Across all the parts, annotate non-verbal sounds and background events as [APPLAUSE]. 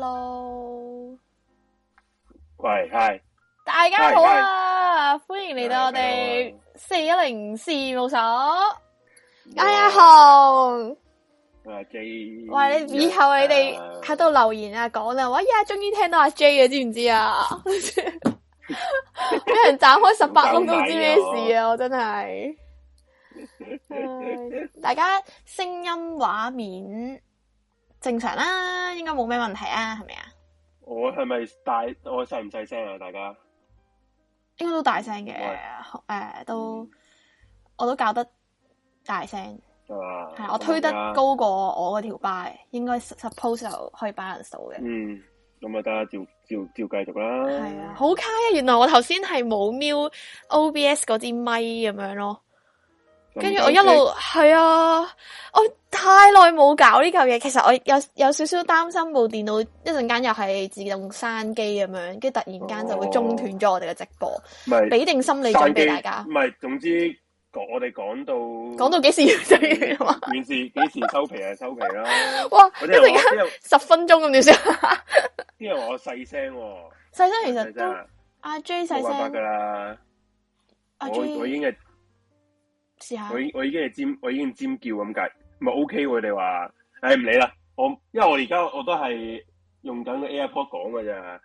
hello，喂，係，大家好啊，Hi, Hi. 歡迎嚟到我哋四一零事務所，阿阿紅，阿、yeah. 啊、J，、啊、哇，你以後你哋喺度留言啊，講啊，喂，呀，終於聽到阿 J 啊，知唔知啊， [LAUGHS] [LAUGHS] [LAUGHS] 不知唔知啊？俾人斬開十八窿都唔知咩事啊，我真係， [LAUGHS] 大家聲音畫面。正常啦、啊，應該冇咩問題啊，係咪啊？我係咪大？我細唔細聲啊？大家應該都大聲嘅，誒、呃，都、嗯、我都搞得大聲，係、啊、我推得高過我嗰條巴應應該 suppose 就可以平衡到嘅。嗯，咁啊，大家照照照繼續啦。係啊，好、嗯、卡啊！原來我頭先係冇瞄 OBS 嗰支咪咁樣咯。跟住我一路係啊，我太耐冇搞呢嚿嘢，其實我有有少少擔心部電腦一陣間又係自動關機咁樣，跟住突然間就會中斷咗我哋嘅直播，俾、哦、定心理準備大家。唔係，總之講我哋講到講到幾時就完幾 [LAUGHS] 時收皮啊？收皮啦。哇！一陣間十分鐘咁點算？因 [LAUGHS] 為我細聲、哦，細聲其實都阿 J 細聲，噶啦。已、啊我已我已經係尖我已經，尖，我已經尖叫咁計，咪 O K 我哋話，誒唔理啦，我因為我而家我都係用緊 AirPod 講噶咋，誒、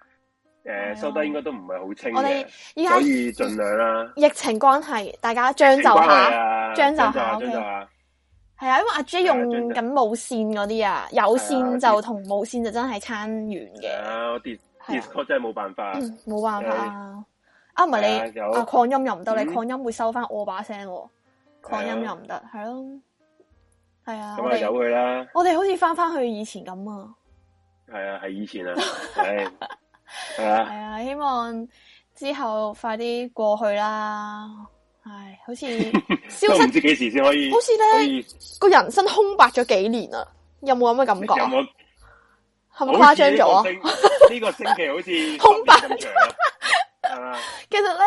呃啊、收得應該都唔係好清的，我哋可以盡量啦、啊。疫情關係大家將就一下，將、啊、就一下，將就一下，係、okay、啊，啊，因為阿 J 用緊無線嗰啲啊，有線就同無線就真係差遠嘅。啊我，Discord 啊真係冇辦法，冇、嗯、辦法啊！啊唔係你啊，擴、啊、音又唔到，你、嗯、擴音會收翻我把聲。擴音又唔得，係咯，係啊。咁咪走佢啦！我哋好似翻翻去以前咁啊！係啊，係以前啊，係係啊，係啊！希望之後快啲過去啦。唉、哎，好似消失，唔知 [LAUGHS] 幾時先可以。好似咧，個人生空白咗幾年啊！有冇咁嘅感覺？有冇？係咪誇張咗啊？呢個， [LAUGHS] 個星期好似空白、 [LAUGHS] 啊。其實咧。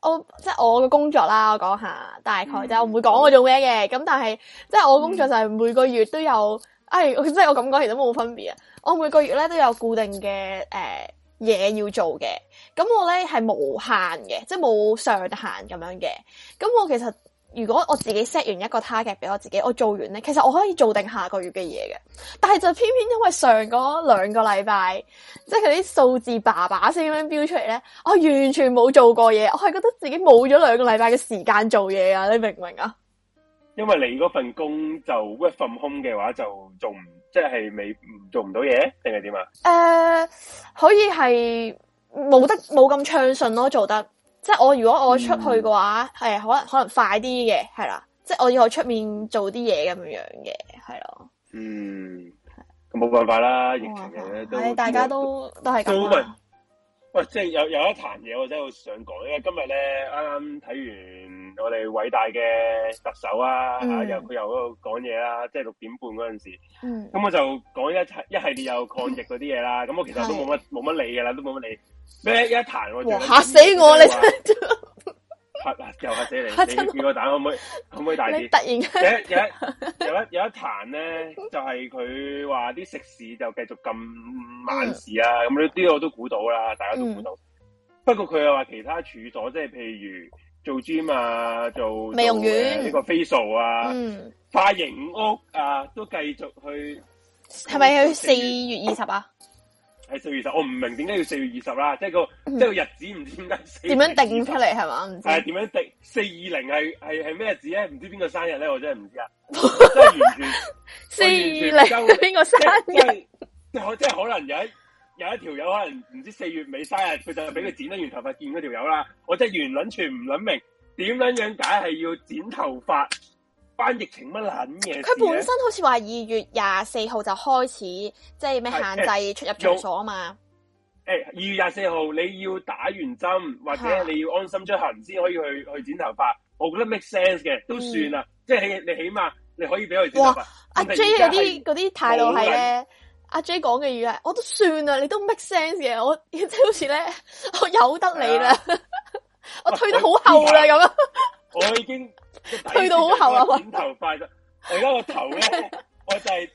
我即係我嘅工作啦，我講下大概、嗯、就係、我唔會講我做咩嘅。咁但係即係我工作就係每個月都有，唉、嗯哎，即係我咁講其實冇分別啊。我每個月咧都有固定嘅誒嘢要做嘅，咁我咧係無限嘅，即係冇上限咁樣嘅。咁我其實。如果我自己 set 完一個 target 俾我自己，我做完咧，其實我可以做定下個月嘅嘢嘅。但係就偏偏因為上嗰兩個禮拜，即係佢啲數字爸爸聲咁樣飆出嚟咧，我完全冇做過嘢，我係覺得自己冇咗兩個禮拜嘅時間做嘢啊！你明唔明啊？因為你嗰份工就 work from home 嘅話，就做唔即係未唔做唔到嘢定係點啊？誒、呃，可以係冇得冇咁暢順咯，做得。即係我如果我出去嘅話，係、嗯、可能可能快啲嘅，係啦。即係我要去出面做啲嘢咁樣樣嘅，係咯。嗯，咁冇辦法啦，疫情嘅都大家都都係咁。喂，即係有有一壇嘢我真係好想講，因為今日咧啱啱睇完我哋偉大嘅特首啊，嗯、啊他又佢又度講嘢啦，即係六點半嗰陣時候，咁、嗯、我就講一一系列又抗疫嗰啲嘢啦。咁 [LAUGHS] 我其實都冇乜冇乜理噶啦，都冇乜理。咩有一彈我吓死我你真係吓， [LAUGHS] 又吓死你！死你個蛋可唔可以可唔可以大啲？突然間有一 [LAUGHS] 有一有一有一彈咧，就係佢話啲食肆就繼續咁慢事啊！咁呢啲我都估到啦，大家都估到、嗯。不過佢又話其他處所，即係譬如做 gym 啊，做美容院呢、啊這個 facial 啊，嗯、髮型屋啊，都繼續去。係咪去四月二十啊？係四月十，我唔明點解要四月二十啦，即、就、係、係個即係、嗯即係、個日子唔知點解四月二十。點樣定出嚟係嘛？係點樣定？四二零係係係咩日子咧？唔知邊個生日咧？我真係唔知啊！ [LAUGHS] 真係完全四二零邊個生日？即係、就是、可能有一有一條友可能唔知四月尾生日，佢就俾佢剪咗、嗯、完頭髮，見嗰條友啦。我真係完全唔諗明點樣樣解係要剪頭髮。翻疫情乜捻嘢？佢本身好似話二月廿四號就開始，即係咩限制出入場所啊嘛。誒、欸，二、欸、月廿四號你要打完針、啊、或者你要安心出行先可以去去剪頭髮。我覺得 make sense 嘅都算啦、嗯，即係你起碼你可以俾佢。哇，阿 J 嗰啲嗰啲態度係咧、啊，阿 J 講嘅嘢我都算啦，你都 make sense 嘅，我即係好似咧，我有得你啦，啊、 [LAUGHS] 我退得好後啦咁啊。 [LAUGHS] 我已經去到好後啊，剪頭髮 [LAUGHS] 就我而家個頭咧，我就係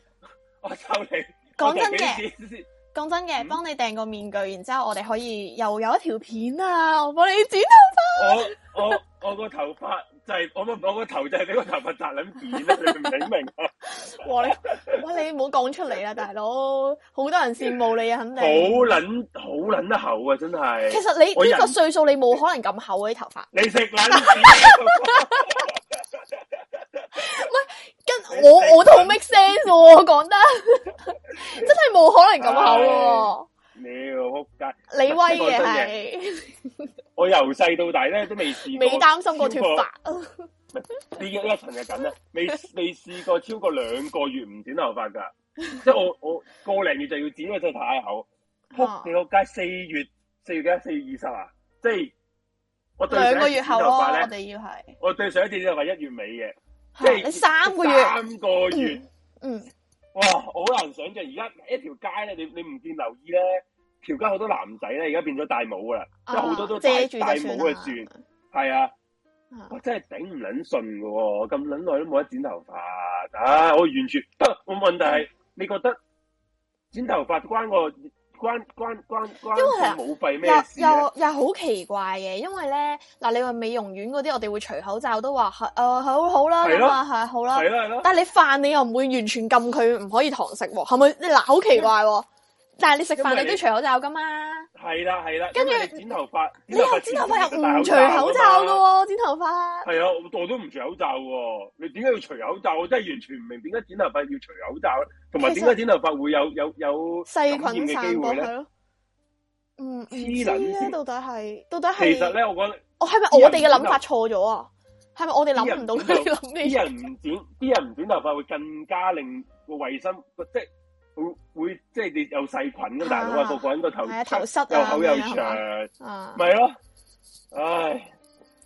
我就嚟。講真嘅，講真嘅，幫你掟個面具，嗯、然之後我哋可以又有一條片啊！我幫你剪頭髮。我我我個頭髮。 [LAUGHS] 就係、是、我個我個頭就係你個頭髮紮捻扁，咩？你明唔明啊？ [LAUGHS] 哇你哇你唔好講出嚟啦，大佬，好多人羨慕你啊，肯定。好捻好捻得厚啊，真係。其實你呢、這個歲數、啊，你冇、 [LAUGHS] [LAUGHS] [LAUGHS] 啊、 [LAUGHS] 可能咁厚啲頭髮。你食捻屎？唔係跟我我都好 make sense 喎，講得真係冇可能咁厚喎。屌，扑街！你威嘅係，我由細 [LAUGHS] 到大咧都未試過，未擔心過脫髮。跌一一層又緊啦，未未試過超過兩 [LAUGHS] [LAUGHS] 個月唔剪頭髮噶，即 [LAUGHS] 係我我個零月就要剪，因為真係太厚。扑你個街四月，四月幾四月二十啊？即係我兩個月後咯、啊，我哋要係。我對上一次就話一月尾嘅， [LAUGHS] 即係三個月，三個月，嗯，哇，好難想象而家一條街咧，你你唔見留意咧？條街好多男仔咧，而家變咗戴帽噶啦，即係好多都遮住戴帽嘅算，係啊，我、啊啊、真係頂唔捻順噶，咁捻耐都冇得剪頭髮，唉、啊，我完全得、啊。我問題係、嗯、你覺得剪頭髮關個關關關關武肺咩事？又又好奇怪嘅，因為咧嗱，你話美容院嗰啲，我哋會除口罩都話，誒、啊啊、好好啦，咁啊係、啊、好啦，係啦係啦。但係你飯你又唔會完全禁佢唔可以堂食喎，係咪？嗱，好奇怪喎。嗯但係你食飯你都除口罩噶嘛係啦係啦。跟住剪頭髮，你又剪頭髮又唔除口罩噶喎剪頭髮係啊，我我都唔除口罩喎。你點解要除口罩？我真係完全唔明，點解剪頭髮要除口罩，同埋點解剪頭髮會有有有細菌嘅機會咧？唔唔知咧，到底係到底係？其實咧，我覺得，係咪我哋嘅諗法錯咗啊？係咪我哋諗唔到佢諗咩？啲人唔剪，啲人唔剪頭髮會更加令個衛生，即係會會即係你有細菌咁，大佬啊，個、啊、個人個頭又、啊啊、又口又長，咪、啊、咯、啊，唉，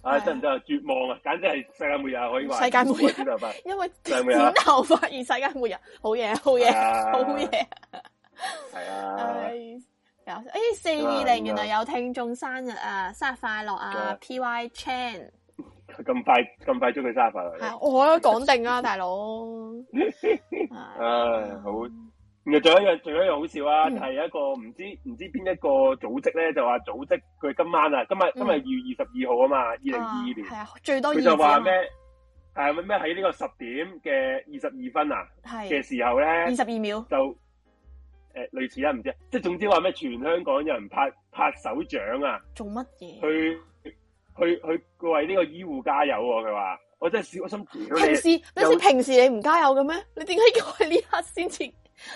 唉得唔得啊、哎真？絕望啊！簡直係世界末日可以話。世界末日，界日，因為剪頭髮而世界末日，好嘢，好嘢、啊，好嘢。係啊，誒四二零，原來有聽眾生日啊，生日快樂啊，P Y Chan。咁、啊啊、快咁快祝佢生日快樂！係我啊，講、啊哦、定啦、啊，大 [LAUGHS] 佬、啊。唉、啊啊，好。仲有一樣仲有一樣好笑啊！係、嗯就是、一個唔知唔知邊一個組織咧，就話組織佢今晚今天、嗯、今天是22啊，今日今日二月二十二號啊嘛，二零二二年係啊，最多、啊。佢就話咩？係咩？喺呢個十點嘅二十二分啊，係嘅時候咧，二十二秒就誒、呃、類似啦、啊，唔知即係總之話咩？全香港有人拍拍手掌啊！做乜嘢？去去去，去為呢個醫護加油、啊！佢話我真係小我心平時，平時平時你唔加油嘅咩？你點解要喺呢刻先至？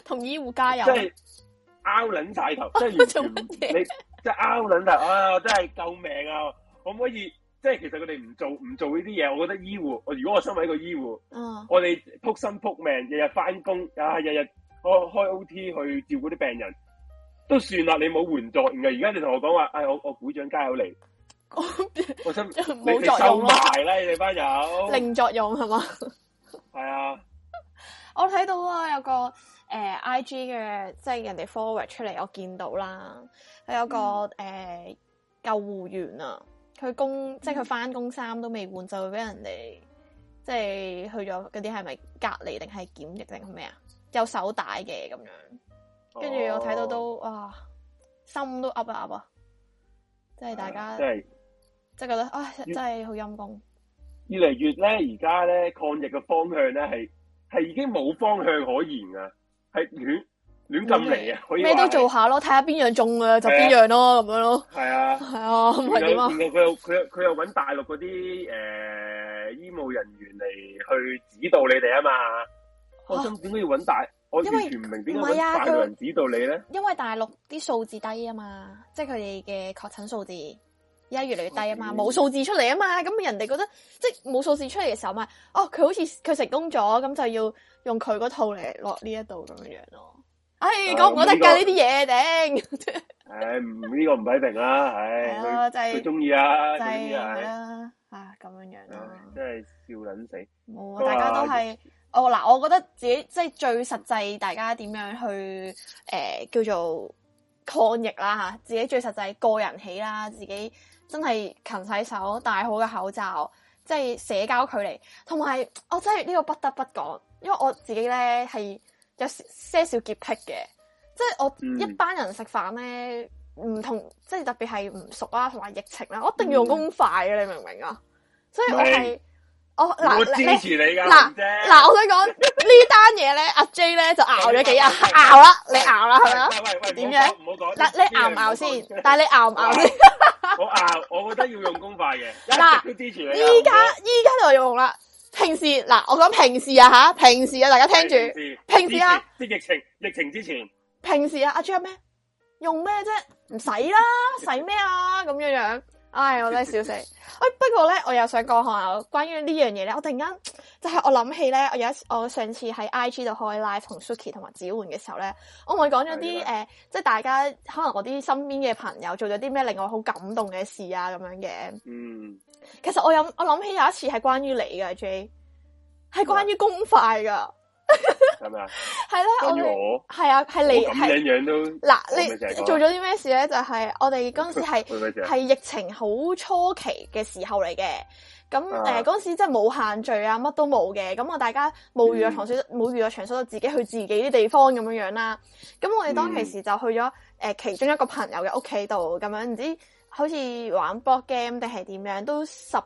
同醫護加油！即係拗捻晒頭，即係做乜嘢你即係拗捻頭啊！真係救命啊！可唔可以即係？其實佢哋唔做唔做呢啲嘢，我覺得醫護，我如果我身為一個醫護，啊、我哋撲身撲命，日日翻工啊，日日、啊、開開 O T 去照顧啲病人，都算啦。你冇援助，而家而家你同我講話，哎，我我鼓掌加油嚟，我想冇作用、啊、你你收埋啦，你哋班友零作用係嘛？係啊， [LAUGHS] 我睇到啊，有個。誒，I G 嘅即係人哋 forward 出嚟，我見到啦，佢有個誒、嗯呃、救護員啊，佢工即係佢翻工衫都未換，就俾、是、人哋即係去咗嗰啲係咪隔離定係檢疫定係咩啊？有手帶嘅咁樣，跟、哦、住我睇到都哇，心都噏啊噏啊，即係大家即係覺得啊、哎，真係好陰功。越嚟越咧，而家咧抗疫嘅方向咧係係已經冇方向可言啊！係亂亂咁嚟啊！咩都做下咯，睇下邊樣中嘅就邊樣咯，咁樣咯。係啊，係啊，咁係點啊？佢又佢又佢又搵大陸嗰啲誒醫務人員嚟去指導你哋啊嘛？啊我想點解要搵大因為？我完全唔明點解搵大陸人指導你咧？因為大陸啲數字低啊嘛，即係佢哋嘅確診數字。而家越嚟越低啊嘛，冇、okay. 數字出嚟啊嘛，咁人哋覺得即係冇數字出嚟嘅時候嘛，哦佢好似佢成功咗，咁就要用佢嗰套嚟落呢一度咁樣樣、啊、咯。哎，講唔講得噶呢啲嘢定？哎，呢個唔批評啦，哎，係、就是、啊，就係佢中意啊，就係啦，啊咁樣樣，真係笑撚死。冇、哦，大家都係、啊，哦，嗱，我覺得自己即係、就是、最實際，大家點樣去誒、呃、叫做抗疫啦吓，自己最實際個人起啦，自己。真係勤洗手，戴好嘅口罩，即係社交距離，同埋我真係呢個不得不講，因為我自己咧係有些少潔癖嘅，即係我一班人食飯咧唔同，即係特別係唔熟啦，同埋疫情啦，我一定要用公筷嘅，你明唔明啊？所以我係。我支持你噶，嗱嗱，我想講呢單嘢咧，阿 J 咧就熬咗幾日，熬啦，你熬啦，係咪啊？點樣？唔好講。嗱，你熬唔熬先？但係你熬唔熬先？好熬，我覺得要用公筷嘅。嗱，都支持你。依家，依家就用啦。平時嗱，我講平時啊吓，平時啊大家聽住。平時啊，啲疫情疫情之前。平時啊，阿 J 用咩？用咩啫？唔使啦，使咩啊？咁樣樣。唉，我真係笑死、 [LAUGHS] 哎。不過咧，我又想講下，關於呢樣嘢咧，我突然間就係、是、我諗起咧，我有一次，我上次喺 I G 度開 live 同 Suki 同埋子煥嘅時候咧，我會講咗啲誒，即係大家可能我啲身邊嘅朋友做咗啲咩令我好感動嘅事啊咁樣嘅。嗯，其實我有我諗起有一次係關於你㗎 J，係關於公筷噶。嗯係 [LAUGHS] 咪是嗎 [LAUGHS] 啊？係咧、啊，我係啊，係你咁樣樣都嗱，你做咗啲咩事咧？就係、是、我哋嗰陣時係係 [LAUGHS] 疫情好初期嘅時候嚟嘅，咁誒嗰陣時真係冇限聚啊，乜都冇嘅，咁我大家冇娛樂場所，冇娛樂場所就自己去自己啲地方咁樣樣啦。咁我哋當其時就去咗誒、嗯、其中一個朋友嘅屋企度咁樣，唔知好似玩 board game 定係點樣，都十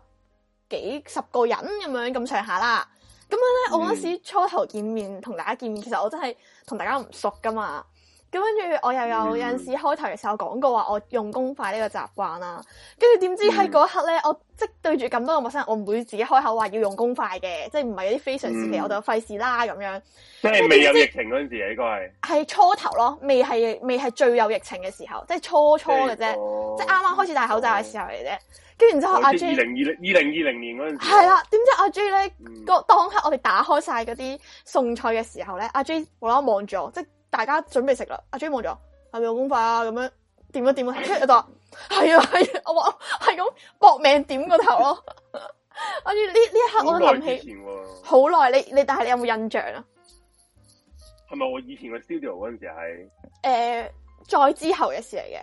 幾十個人咁樣咁上下啦。咁樣咧，我嗰時初頭見面同、嗯、大家見面，其實我真係同大家唔熟噶嘛。咁跟住我又有、嗯、有陣時開頭嘅時候講過話，我用公筷呢個習慣啦、啊。跟住點知喺嗰一刻咧、嗯，我即對住咁多個陌生人，我唔會自己開口話要用公筷嘅，即係唔係嗰啲非常時期、嗯，我就費事啦咁樣。即係未有疫情嗰陣時，應該係係初頭咯，未係未係最有疫情嘅時候，即係初初嘅啫、嗯哦，即係啱啱開始戴口罩嘅時候嚟啫。跟住然之後阿 J 二零二零二零二零年嗰陣，係啦，點知阿 J 咧個當刻我哋打開晒嗰啲餸菜嘅時候咧，阿 J 無啦啦望住我，即係大家準備食啦，阿 J 望咗，我，係咪有功法啊？咁樣點一點 [LAUGHS] 啊？阿 J 就話係啊係、啊，我話係咁搏命點個頭咯。我哋呢呢一刻我都諗起，好耐，你你，你但係你有冇印象啊？係咪我以前嘅 studio 嗰陣時係誒再之後嘅事嚟嘅，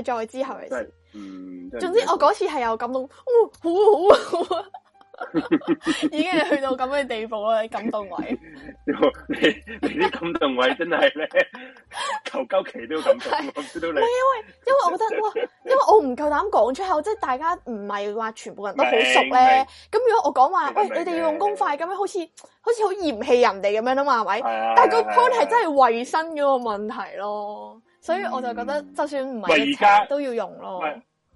係再之後嘅事。嗯、總之我嗰次係有感動，嗚、嗯，好好好啊，哦哦哦哦哦， [LAUGHS] 已經係去到咁嘅地步啦，感動位。 [LAUGHS] 你你啲感動位真係咧，求 [LAUGHS] 鳩期都感動，我都嚟。因為，因為我覺得， [LAUGHS] 哇，因為我唔夠膽講出口，即係大家唔係話全部人都好熟咧。咁如果我講話，喂，你哋要用公筷咁樣，好似好似好嫌棄人哋咁樣啊嘛，係咪？但係個 point 係真係衛生嗰個問題咯。所以我就覺得，嗯、就算唔係而家都要用咯。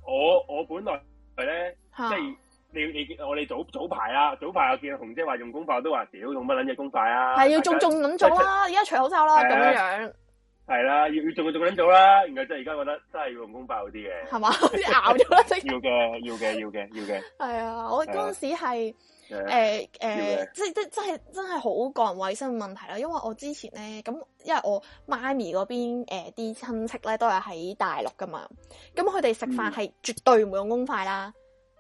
我我本來咧、啊，即係你你我哋早早排啦，早排我見紅姐話用公筷，都話屌用乜撚嘢公筷啊？係要仲仲咁種啦，而家除口罩啦咁、啊、樣係啦、啊啊，要要仲就種啦，然後即係而家覺得真係要用公筷嗰啲嘅。係嘛？熬咗啦！要嘅要嘅要嘅要嘅。係 [LAUGHS] 啊，我嗰時係。誒、yeah. 誒、呃，即係即真係真係好個人衛生嘅問題啦，因為我之前咧咁，因為我媽咪嗰邊誒啲親戚咧都係喺大陸噶嘛，咁佢哋食飯係絕對唔會用公筷啦，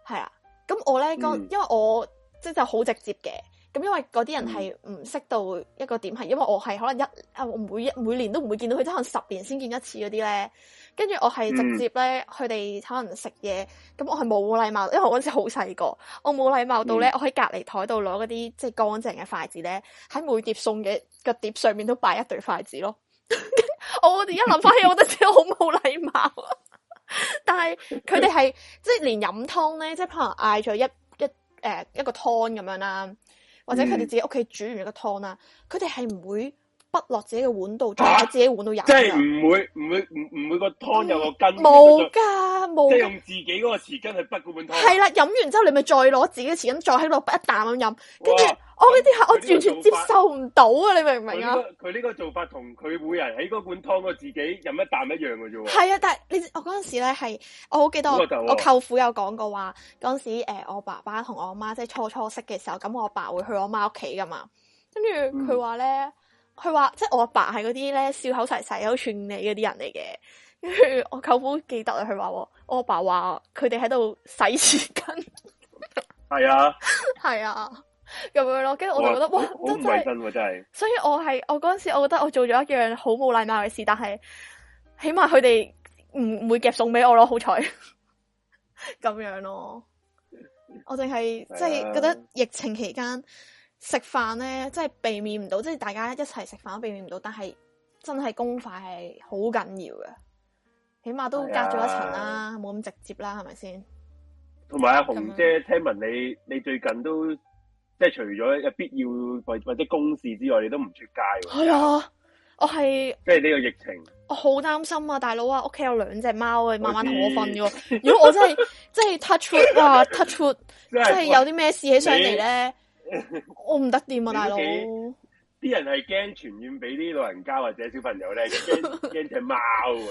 係、mm. 啊，咁我咧講，因為我、mm. 即係就好直接嘅。因為嗰啲人係唔識到一個點，係因為我係可能一啊，每一每年都唔會見到佢，可能十年先見一次嗰啲咧。跟住我係直接咧，佢哋可能食嘢，咁我係冇禮貌，因為我嗰時好細個，我冇禮貌到咧、嗯，我喺隔離台度攞嗰啲即係乾淨嘅筷子咧，喺每碟餸嘅個碟上面都擺一對筷子咯。 [LAUGHS] 我哋一諗翻起，我都知我好冇禮貌啊！ [LAUGHS] 但係佢哋係即係連飲湯咧，即係可能嗌咗一一誒、呃、一個湯咁樣啦。或者佢哋自己屋企煮完一個湯啦，佢哋係唔會。不落自己嘅碗度，再喺自己碗度飲、啊。即係唔會唔會唔唔會，會，會、那個湯有個根。冇噶，冇。即係用自己嗰個匙羹去滗嗰碗湯。係啦，飲完之後你咪再攞自己嘅匙羹再喺度滗一啖咁飲。跟住我嗰啲客，我完全，全接受唔到啊！你明唔明啊？佢呢、這個、個做法同佢每人喺嗰碗湯我自己飲一啖一樣嘅啫。係啊，但係我嗰陣時咧，係我好記得我，我，得我舅父有講過話，嗰陣時誒、呃，我爸爸同我媽即係初初識嘅時候，咁我爸，爸會去我媽屋企噶嘛，跟住佢話咧。佢話即係我阿爸係嗰啲咧，笑口齊齊，好串你嗰啲人嚟嘅，跟住我舅父記得是啊，佢話我阿爸話佢哋喺度洗紙巾，係啊，係啊，咁樣咯。跟住我就覺得哇，真喎，係。所以我係我嗰陣時，我覺得我做咗一樣好冇禮貌嘅事，但係起碼佢哋唔會夾送俾我咯，好彩咁 [LAUGHS] 樣咯。我淨係、啊、即係覺得疫情期間。食飯咧，即係避免唔到，即係大家一齊食飯都避免唔到。但係真係公筷係好緊要嘅，起碼都隔咗一層啦，冇、哎、咁直接啦，係咪先？同埋阿紅姐，聽聞你你最近都即係除咗有必要或者公事之外，你都唔出街喎。係、哎、啊，我係即係呢個疫情，我好擔心啊，大佬啊，屋企有兩隻貓啊，慢慢同我瞓嘅。如果我真係即係 touch wood, 啊 touch wood, 即係有啲咩事起上嚟咧。 [LAUGHS] 我唔得掂啊，大佬！啲人係驚傳染俾啲老人家或者小朋友咧，驚驚隻貓喎，你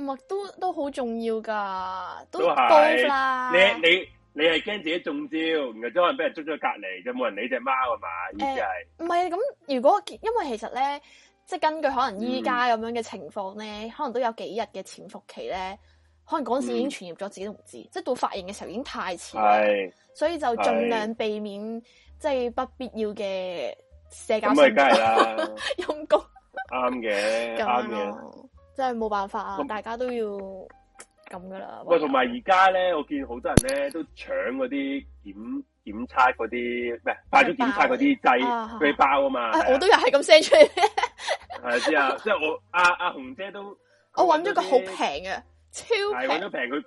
係。 [LAUGHS] 唔係都都好重要噶，都多啦。你你你係驚自己中招，然後可能俾人捉咗隔離，就冇人理隻貓吖嘛？係、嗯，唔係咁，如果因為其實咧，即係根據可能依家咁樣嘅情況咧、嗯，可能都有幾日嘅潛伏期咧，可能嗰時已經傳染咗自己都唔知、嗯，即係到發現嘅時候已經太遲啦。所以就盡量避免。避免即係不必要嘅社交性，咁咪梗係啦，陰公，啱嘅，啱 [LAUGHS] 嘅，即係冇辦法啊！大家都要咁噶啦。喂，同埋而家咧，我見好多人咧都搶嗰啲檢檢測嗰啲，唔係快速檢測嗰啲雞雞包的啊包的嘛。我都有係咁 send 出嚟。係啊，即係、啊、我阿阿紅姐都，我揾咗個好平嘅，超平。係揾咗平，佢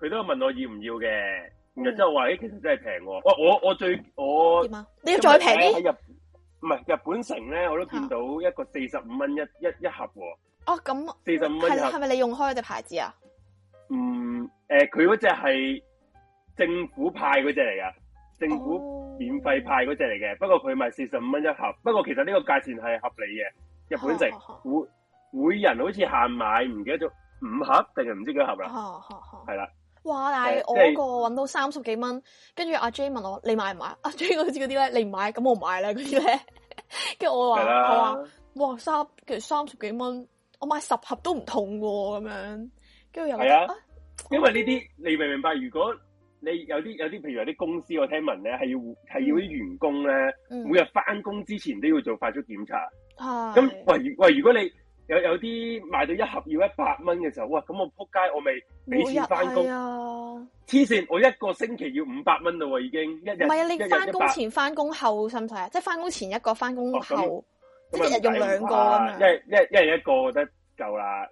佢都問我要唔要嘅。其實真話，誒，其實真係平喎。我我我最我，你要再平啲。喺日唔係日本城咧，我都見到一個四十五蚊一一一盒喎。哦，咁四十五蚊係啦，係咪你用開嗰隻牌子啊？嗯，誒、呃，佢嗰隻係政府派嗰隻嚟噶，政府免費派嗰隻嚟嘅。Oh. 不過佢賣四十五蚊一盒。不過其實呢個價錢係合理嘅。日本城每每、oh, oh, oh. 人好似限買，唔記得咗五盒定係唔知幾多盒啦。哦哦係啦。哇！但係我個搵到三十幾蚊，跟住阿 J 問我，你買唔買？阿 J 好似嗰啲咧，你唔買咁我唔買啦嗰啲咧，跟住 [LAUGHS] 我話，我啊、哎，哇三，其實三十幾蚊，我買十盒都唔痛噶咁樣，跟住又，啊，因為呢啲你明唔明白？如果你有啲有啲譬如，有啲公司，我聽聞咧係要係要啲員工咧、嗯、每日翻工之前都要做快速檢查，咁喂喂，如果你。有有啲賣到一盒要一百蚊嘅時候，哇！咁我仆街，我咪每日翻工，黐線！我一個星期要五百蚊嘞喎，已經一日。唔係啊，你翻工前翻工後心態啊，即係翻工前一個，翻工後一日用兩個啊，啊，一一日、啊、一個我覺得夠啦。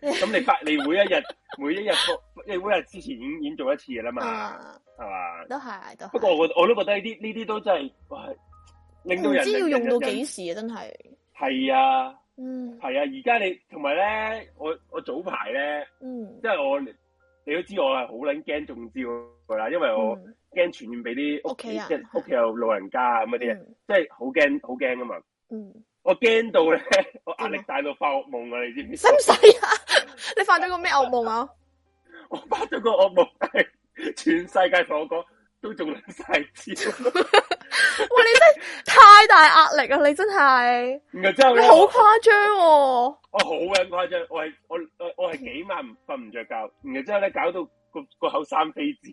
咁你發你每一日 [LAUGHS] 每一日，即係每一日，一日之前演演做一次啦嘛，係、啊、嘛？都係，都不過我我都覺得呢啲呢啲都真係，令到人唔知要用到幾時啊！真係係啊。係、嗯、啊，而家你同埋咧，我我早排咧，即、嗯、係我你都知我係好撚驚中招噶啦，因為我驚傳染俾啲屋企即啊，屋、嗯、企有老人家啊咁嗰啲，即係好驚好驚噶嘛。嗯，我驚到咧，我壓力大到發惡夢啊！你知唔知？使唔使啊？ [LAUGHS] 你發咗個咩惡夢啊？ [LAUGHS] 我發咗個惡夢係全世界同我講。都仲兩晒字，你真係太大壓力啊，你真係，然後你好誇張，啊，我我我好鬼誇張。我係我我我係幾晚瞓唔着覺，然之後咧搞到個個口生飛滋，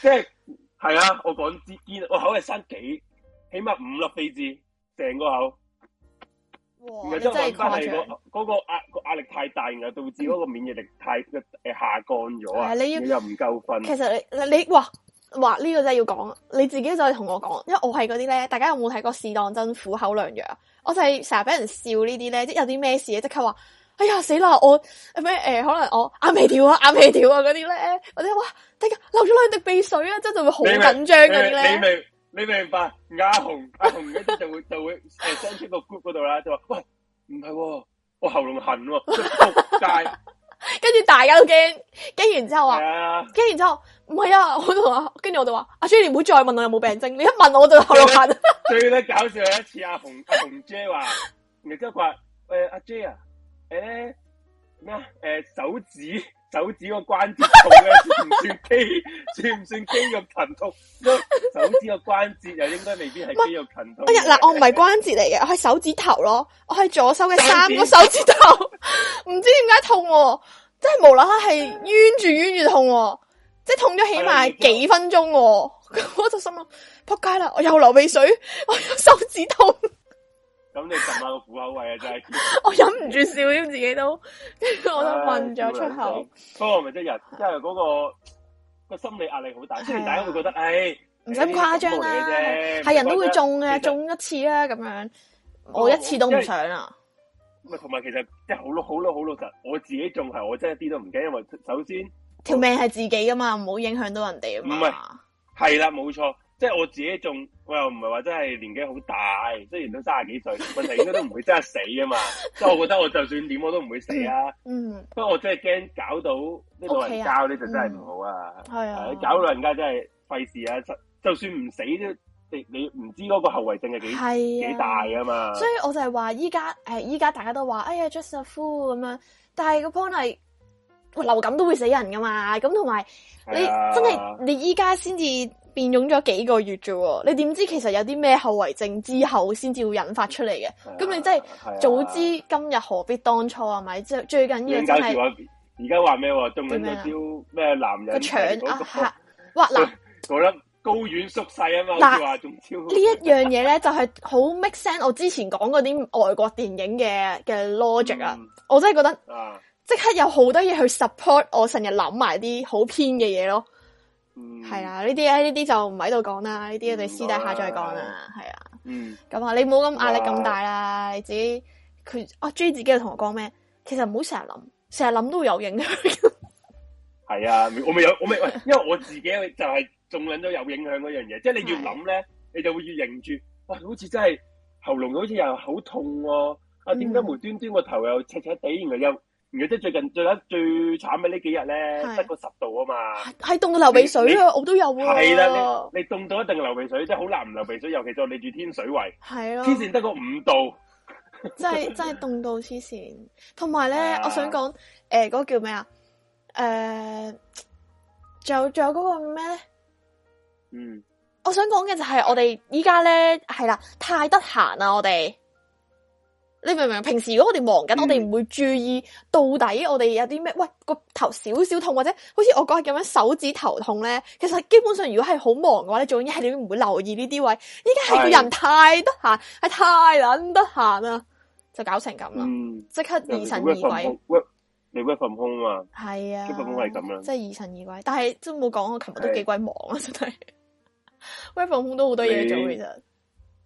即係係啊！我講支煙，我口係生幾起碼五六飛滋，成個口。因為真係嗰個壓力太大，然後導致嗰個免疫力太誒下降咗啊！嗯、夠你又唔夠瞓。其實你你哇哇呢、這個真係要講，你自己就係同我講，因為我係嗰啲咧。大家有冇睇過士當真苦口良藥？我就係成日俾人笑呢啲咧，即有啲咩事咧，即刻話哎呀死啦！我咩誒、欸呃？可能我眼眉跳啊，眼眉跳啊嗰啲咧，或者哇，大家流咗兩滴鼻水啊，真係會好緊張嗰啲咧。你明唔明白？阿紅，阿紅一啲就會就會誒，send 出個 group 嗰度啦，就話，喂，唔係、哦，我喉嚨痕喎、哦，跟住 [LAUGHS] 大家都驚驚，然之後啊，驚、uh, 然之後唔係啊，我同阿、啊，跟住我就話阿 J，你唔好再問我有冇病徵，你一問我我就喉嚨痕。最呢搞笑一次，阿紅阿紅姐話，然之後話誒、呃、阿 J 啊，誒咩啊，誒、呃、手指。手指個關節痛嘅， [LAUGHS] 算唔不算肌？ [LAUGHS] 算唔算肌肉疼痛？ [LAUGHS] 手指個關節又應該未必係肌肉疼痛的。嗱， [LAUGHS] 我唔係關節嚟嘅，我係手指頭咯。我係左手嘅三個手指頭，唔 [LAUGHS] 知點解痛、啊，真係無啦啦係冤住冤住痛、啊，即係痛咗起碼幾分鐘、啊。 [LAUGHS] [LAUGHS] 我就心諗仆街啦，我又流鼻水，我又手指痛。咁你撳下個苦口位啊，真係！ [LAUGHS] 我忍唔住笑，自己都， [LAUGHS] 我都噴咗、啊、出口。嗰、那個咪即日，即係嗰個、那個心理壓力好大，所以大家會覺得，唉、哎，唔使咁誇張啦，係、哎、人都會中嘅，中一次啦、啊，咁樣我。我一次都唔想啊。唔係，同埋其實即係好老、好老、好老實，我自己中係我真係一啲都唔驚，因為首先條命係自己噶嘛，唔好影響到人哋唔係，係啦，冇錯。沒錯即係我自己仲，我又唔係話真係年紀好大，雖然都三十幾歲，問題應該都唔會真係死啊嘛。即 [LAUGHS] 係我覺得我就算點我都唔會死啊。嗯，不、嗯、過我真係驚搞到呢個人家呢、okay 啊，就真係唔好啊。係、嗯、啊，搞、啊、老人家真係費事啊。就算唔死都，你你唔知嗰個後遺症係幾幾大啊嘛。所以我就係話依家誒、依家大家都話，哎呀，just a fool 咁樣。但係個 point 係流感都會死人噶嘛。咁同埋你真係、啊、你依家先至。變蛹咗幾個月啫，你點知其實有啲咩後遺症之後先至會引發出嚟嘅？咁、哎、你真係早知今日何必當初係咪、那個、啊？咪即最最緊要嘅係而家話咩？中文有招咩男人個搶啊？哇、那個！覺、啊、得、那個、高遠縮細啊嘛？嗱，呢、啊、一樣嘢咧就係好 make sense。我之前講嗰啲外國電影嘅嘅 logic 啊、嗯，我真係覺得即刻有好多嘢去 support 我成日諗埋啲好偏嘅嘢咯。係、嗯、啊，呢啲呢啲就唔喺度講啦，呢啲我哋私底下再講啦，係、嗯、啊。咁啊，嗯、那你冇咁壓力咁大啦、啊，你自己佢阿 J 自己嘅同我講咩？其實唔好成日諗，成日諗都會有影響。係啊，我未有，我未 [LAUGHS] 因為我自己就係仲諗咗有影響嗰樣嘢，即、就、係、是、你越諗咧、啊，你就會越認住哇，好似真係喉嚨好似又好痛喎。啊，點、嗯、解無端端個頭又赤赤地咁又……如果得最近最一最慘嘅呢幾日咧，得個十度啊嘛，係凍到流鼻水也啊，我都有係啦，你凍到一定流鼻水，即係好難唔流鼻水，尤其就你住天水圍。係咯，黐線得個五度， [LAUGHS] 真係真係凍到黐線。同埋咧，我想講誒，嗰、呃那個、叫咩啊？誒、呃，仲有仲有嗰個咩咧？嗯，我想講嘅就係我哋依家咧係啦，太得閒啦，我哋。你明唔明？平時如果我哋忙緊，我哋唔會注意到底我哋有啲咩？喂，個頭少少痛或者好似我講係咁樣手指頭痛咧，其實基本上如果係好忙嘅話咧，做一係你唔會留意呢啲位置。依家係個人太，是是太得閒，係太捻得閒啦，就搞成咁啦。即、嗯、刻疑神疑鬼、嗯？你 work 嘛？係啊，份工係咁啦，即係疑神疑鬼。但係都冇講，我琴日都幾鬼忙是啊，真係。work 都好多嘢做，其實。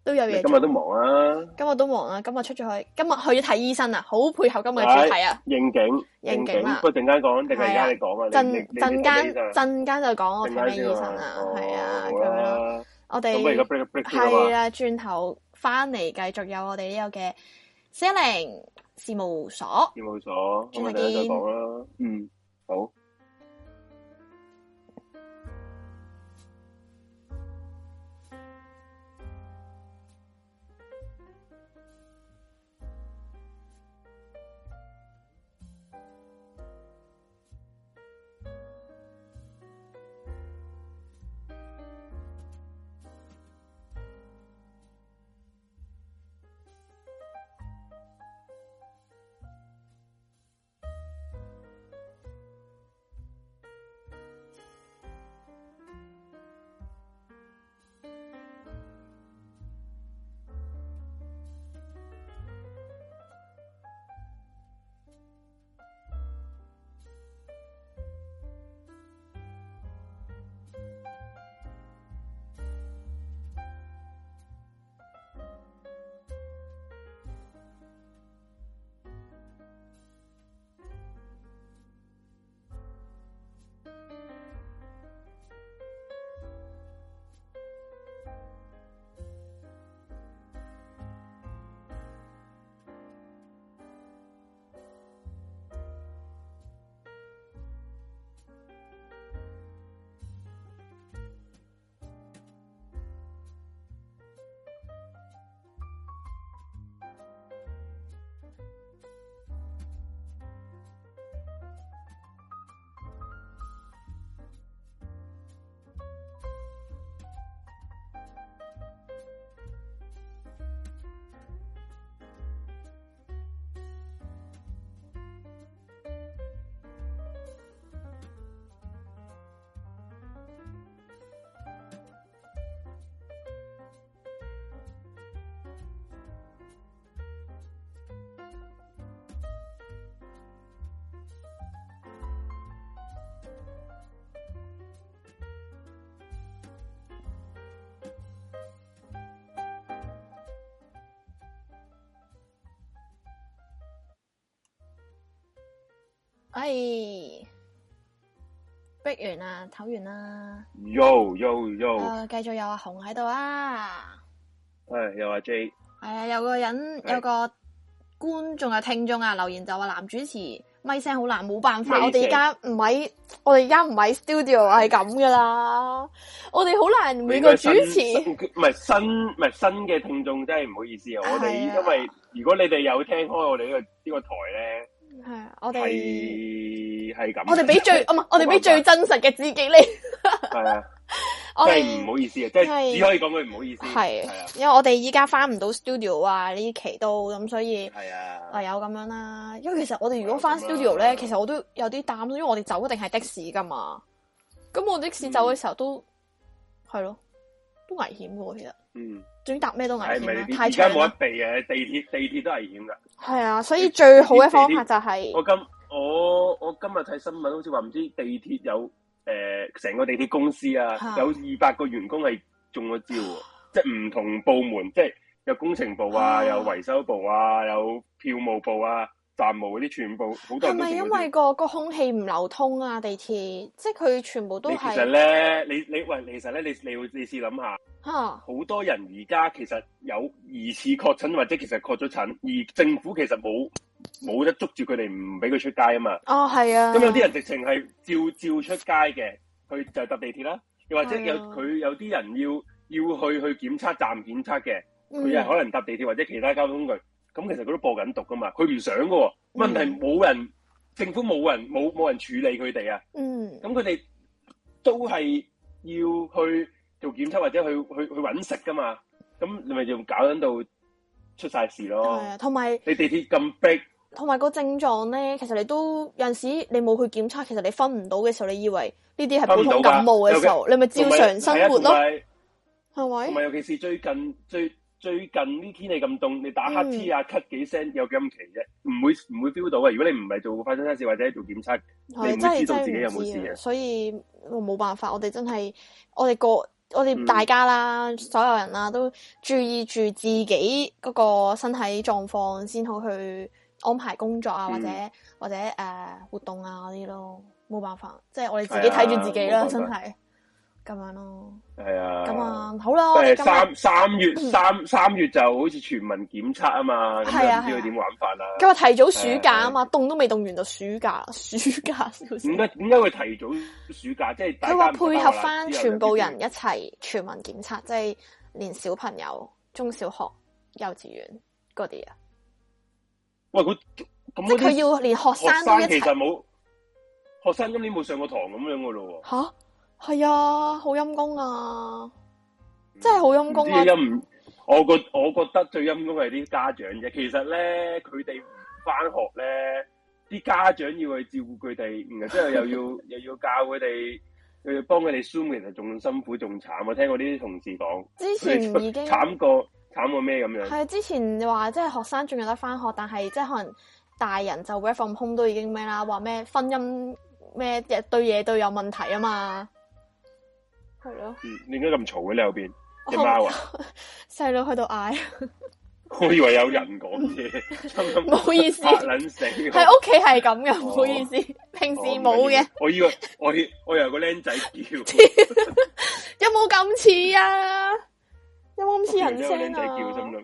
都有嘢今日都忙啊！今日都忙啊！今日出咗去，今日去咗睇醫生啊，好配合今日嘅主題啊！應景，應景。應景應景，不過陣間講，定係而家你講啊？陣陣間，陣間就講我睇咩醫生啊，係啊，咁樣、哦。我哋係啦，轉頭翻嚟繼續有我哋呢個嘅 selling 事務所。事務所，咁我哋再講啦。嗯，好。哎，逼完啦，唞完啦，yo、yo、yo，呃、繼續有阿紅喺度啊，哎，有阿 J，係啊、哎，有個人、哎、有個觀眾啊，聽眾啊留言就話男主持咪聲好難，冇辦法，我哋而家唔係，我哋而家唔係 studio 係咁噶啦，我哋好難每個主持，唔係新唔係新嘅聽眾，真係唔好意思啊、哎，我哋因為如果你哋有聽開我哋呢個呢個台咧。我哋係咁，我哋俾最唔我哋俾最真實嘅自己你。係啊，即係唔好意思啊，即係只可以講句唔好意思。係、係啊啊啊，因為我哋依家翻唔到 studio 啊呢期都咁，所以係啊，有咁樣啦、啊。因為其實我哋如果翻 studio 咧、啊，其實我都有啲擔心，因為我哋走一定係的士㗎嘛。咁我的士走嘅時候都係咯。嗯係啊都危險嘅，其實，嗯，總搭咩都危險係咪呢啲？而家冇得避嘅，地鐵、地鐵都危險噶。係啊，所以最好嘅方法就係、是、我今我我今日睇新聞，好似話唔知地鐵有誒，成、呃、個地鐵公司啊，啊有二百個員工係中咗招、啊，即係唔同部門，即係有工程部啊，啊有維修部啊，有票務部啊。彈幕嗰啲全部，好多人。係咪因為個個空氣唔流通啊？地鐵，即係佢全部都係。其實咧，你你喂，其實咧，你你會你試諗下，好、啊、多人而家其實有疑似確診或者其實確咗診，而政府其實冇冇得捉住佢哋唔俾佢出街啊嘛。哦，係啊。咁有啲人直情係照照出街嘅，佢就搭地鐵啦。又或者有佢、啊、有啲人要要去去檢測站檢測嘅，佢又可能搭地鐵或者其他交通工具。咁其實佢都播緊毒噶嘛，佢唔想噶，問題係冇人、嗯、政府冇人冇冇人處理佢哋啊，嗯，咁佢哋都係要去做檢測或者去去去搵食噶嘛，咁你咪就搞緊到出晒事咯，係、嗯、啊，同埋你地鐵咁逼，同埋個症狀咧，其實你都有陣時你冇去檢測，其實你分唔到嘅時候，你以為呢啲係普通感冒嘅時候，你咪照常生活咯、啊，係咪？同埋尤其是最近最。最近啲天氣咁凍，你打乞嗤啊，咳幾聲有咁奇啫，唔會唔會 feel 到嘅。如果你唔係做發生測試，或者做檢測，你唔知道自己道有冇事嘅、啊、所以冇辦法，我哋真係我哋個我哋大家啦、嗯，所有人啦都注意住自己嗰個身體狀況，先好去安排工作啊、嗯、或者或者誒、呃、活動啊嗰啲咯。冇辦法，即係我哋自己睇住自己啦，真係。咁樣咯，係啊，咁啊好啦、呃，三三月三、嗯、三月就好似全民檢測啊嘛，咁啊唔知佢點玩法啦。佢話，啊提早暑假啊嘛，凍、啊啊、都未凍完到暑假啦，暑假。點解點解會提早暑假？即係佢話配合翻全部人一齊全民檢測，即 [LAUGHS] 係連小朋友、中小學、幼稚園嗰啲啊。喂，佢咁咧？那那即係要連學生，學生其實冇，學生今年冇上過堂咁樣噶咯喎。吓、啊？係啊，好陰公啊！真係好陰公啊！陰，我覺我覺得最陰公係啲家長嘅其實咧，佢哋唔翻學咧，啲家長要去照顧佢哋，然後之後又要又要教佢哋，又要幫佢哋 s o m 其實仲辛苦仲慘。我聽我啲同事講，之前已經慘過慘過咩咁樣。係之前話即係學生仲有得翻學，但係即係可能大人就 work 都已經咩啦，話咩婚姻咩嘢對嘢都有問題啊嘛。係咯，點解咁嘈嘅，你後邊隻貓啊？細佬喺度嗌， [LAUGHS] 我以為有人講嘢，唔 [LAUGHS] 好意思，捻死，喺屋企係咁嘅，唔好意思，平時冇嘅、哦。我以為我我又個僆仔叫，有冇咁似啊？有冇咁似人仔叫，聲啊？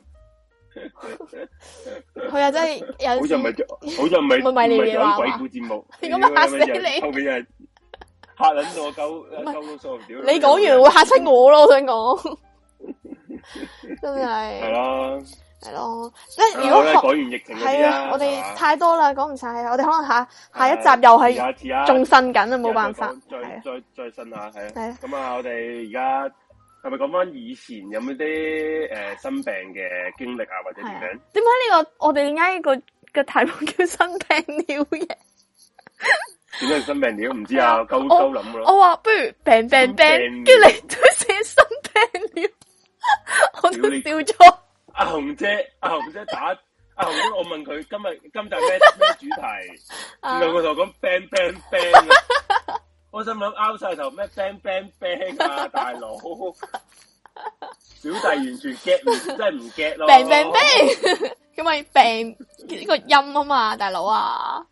佢又 [LAUGHS] [LAUGHS] [LAUGHS] [LAUGHS] [LAUGHS] [LAUGHS] 真係有，好似唔係，好似唔係，唔係你嘅話。鬼故節目，你咁吓死你！後邊係。吓卵到我狗你！你講完會嚇親我咯，我想講， [LAUGHS] 真係係咯，係咯，即係如果講、啊、完疫情，係啊，我哋太多啦，講唔晒，我哋可能下下一集又係，仲新緊啊，冇辦法，再再再新下係啊，咁啊，是是嗯、那我哋而家係咪講翻以前有冇啲誒生病嘅經歷啊，或者點樣？點解呢個我哋點解個、這個題目叫生病呢？烏嘢？ [LAUGHS] 點解生病了唔知啊？鳩鳩諗咯。我話不如病病病，叫你都寫心病了。我都笑咗。阿紅姐，阿紅姐打阿紅姐，我問佢今日今集咩咩主題，兩個就講病病病啊！我心諗拗晒頭咩病病病啊！大佬，小弟完全 get 唔真係唔 get 咯。病病病，因為病呢個音啊嘛，大佬啊。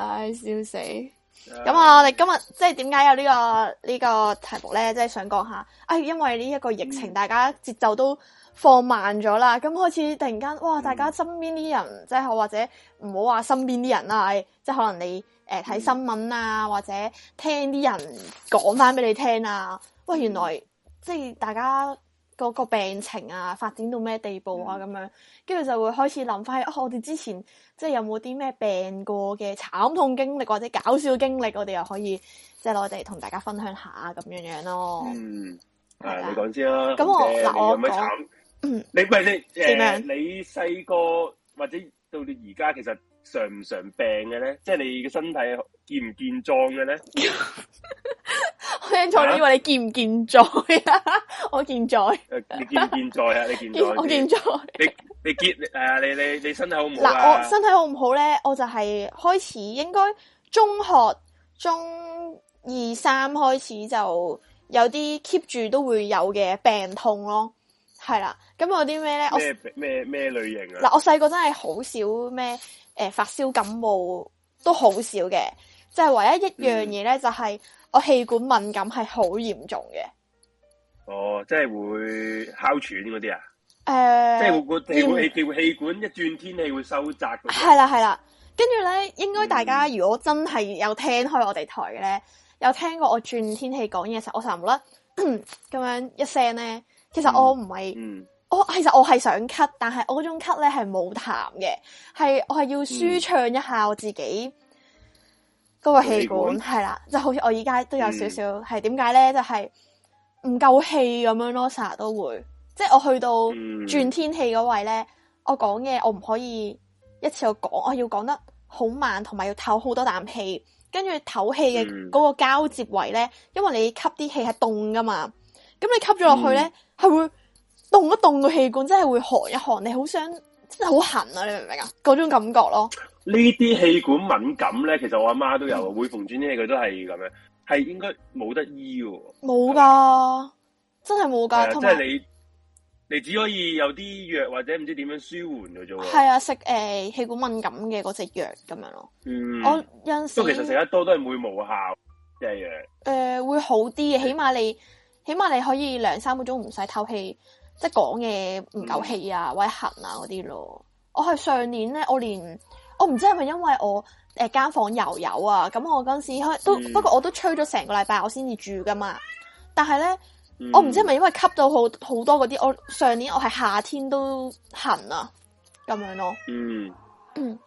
唉，笑死！咁、yeah. 啊，我哋今日即係點解有呢、這個呢、這個題目咧？即、就、係、是、想講下，唉、哎，因為呢一個疫情，mm. 大家節奏都放慢咗啦。咁開始突然間，哇！大家身邊啲人，即、mm. 係或者唔好話身邊啲人啦，即、哎、係、就是、可能你誒睇、呃、新聞啊，mm. 或者聽啲人講翻俾你聽啊。喂、哎，原來即係、就是、大家嗰個病情啊，發展到咩地步啊？咁、mm. 樣，跟住就會開始諗翻，哦、哎，我哋之前。即係有冇啲咩病過嘅慘痛經歷或者搞笑經歷，我哋又可以即係攞嚟同大家分享一下咁樣樣咯。嗯，是啊，啊你講先啦，啊。咁我嗱我講，嗯，你唔係你，呃，你細個或者到你而家，其實常唔常病嘅咧？即係你嘅身體健唔健壯嘅咧？聽錯咗，你以為你健唔健在啊？我健在。你健唔健在啊？你健我健在，啊。你。 [LAUGHS] 你誒，你你你身體好唔好啊？嗱，我身體好唔好咧？我就係開始應該中學中二三開始就有啲 keep 住都會有嘅病痛咯，係啦。咁有啲咩咧？咩咩咩類型啊？嗱，我細個真係好少咩誒、欸，發燒感冒都好少嘅，就係、是，唯一一樣嘢咧，就係、是，我氣管敏感係好嚴重嘅。哦，即係會哮喘嗰啲啊？誒、呃，即係我個氣氣氣管一轉天氣會收窄的。係啦係啦，跟住咧，應該大家如果真係有聽開我哋台嘅咧、嗯，有聽過我轉天氣講嘢嘅時候，我成日啦：咳咳「咁樣一聲咧，其實我唔係、嗯嗯，我其實我係想咳，但係我嗰種咳咧係冇痰嘅，係我係要舒暢一下我自己嗰個氣管，係、嗯、啦，就好似我而家都有少少係點解咧、嗯，就係唔夠氣咁樣咯，成日都會。即係我去到轉天氣嗰位咧、嗯，我講嘢我唔可以一次過講，我要講得好慢，同埋要透好多啖氣，跟住透氣嘅嗰個交接位咧，因為你吸啲氣係凍噶嘛，咁你吸咗落去咧係、嗯、會凍一凍個氣管，真係會寒一寒，你好想真係好痕啊！你明唔明啊？嗰種感覺咯。呢啲氣管敏感咧，其實我阿媽都有、嗯，每逢轉天氣佢都係咁樣，係應該冇得醫喎。冇噶，真係冇噶。係、即係、你。你只可以有啲藥或者唔知點樣舒緩嘅啫喎。係啊，食誒氣管敏感嘅嗰隻藥咁樣咯。嗯，我有陣時其實食得多都係會會冇效，即係誒會好啲，起碼你起碼你可以兩三個鐘唔使透氣，即係講嘢唔夠氣啊或者痕啊嗰啲咯。我係上年咧，我連我唔知係咪因為我誒間、呃、房油油啊，咁我嗰時都、嗯、不過我都吹咗成個禮拜，我先至住噶嘛，但係咧。嗯、我唔知係咪因為吸到好好多嗰啲，我上年我係夏天都痕啊，咁樣咯。嗯，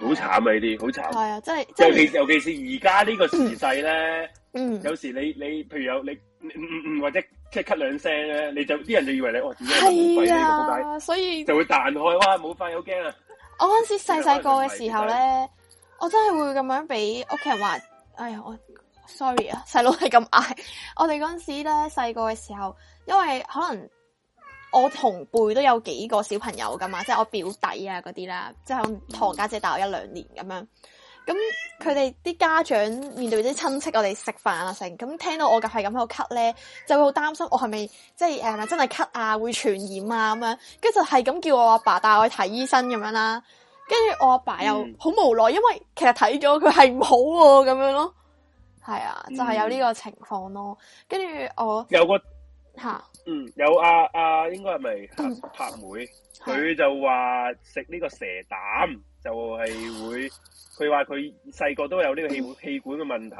好慘啊呢啲，好慘。係啊，即係、啊嗯。尤其尤其是而家呢個時勢咧、嗯，有時你你譬如有你，你嗯、唔、嗯、或者咳咳兩聲咧，你就啲人就以為你我、哦、自己冇肺、啊，所以就會彈開哇，冇肺好驚啊！我嗰時細細個嘅時候咧，我真係會咁樣俾屋企人話，哎呀我。Sorry 啊，細佬係咁嗌。我哋嗰陣時咧，細個嘅時候，因為可能我同輩都有幾個小朋友噶嘛，即係我表弟啊嗰啲啦，即係同我家姐大我一兩年咁樣。咁佢哋啲家長面對啲親戚我們吃飯，啊，我哋食飯啊成咁，聽到我噶係咁喺度咳咧，就會好擔心我係咪即係誒、呃，真係咳，咳傳啊，會傳染啊咁樣。跟住就係咁叫我阿爸帶我去睇醫生咁樣啦。跟住我阿爸，爸又好無奈、嗯，因為其實睇咗佢係唔好咁、啊、樣咯。係啊，就係、是、有呢個情況咯。跟、嗯、住我有個吓，嗯，有阿、啊、阿、啊、應該係咪拍拍妹？佢就話食呢個蛇膽就係會，佢話佢細個都有呢個氣管、嗯、氣管嘅問題。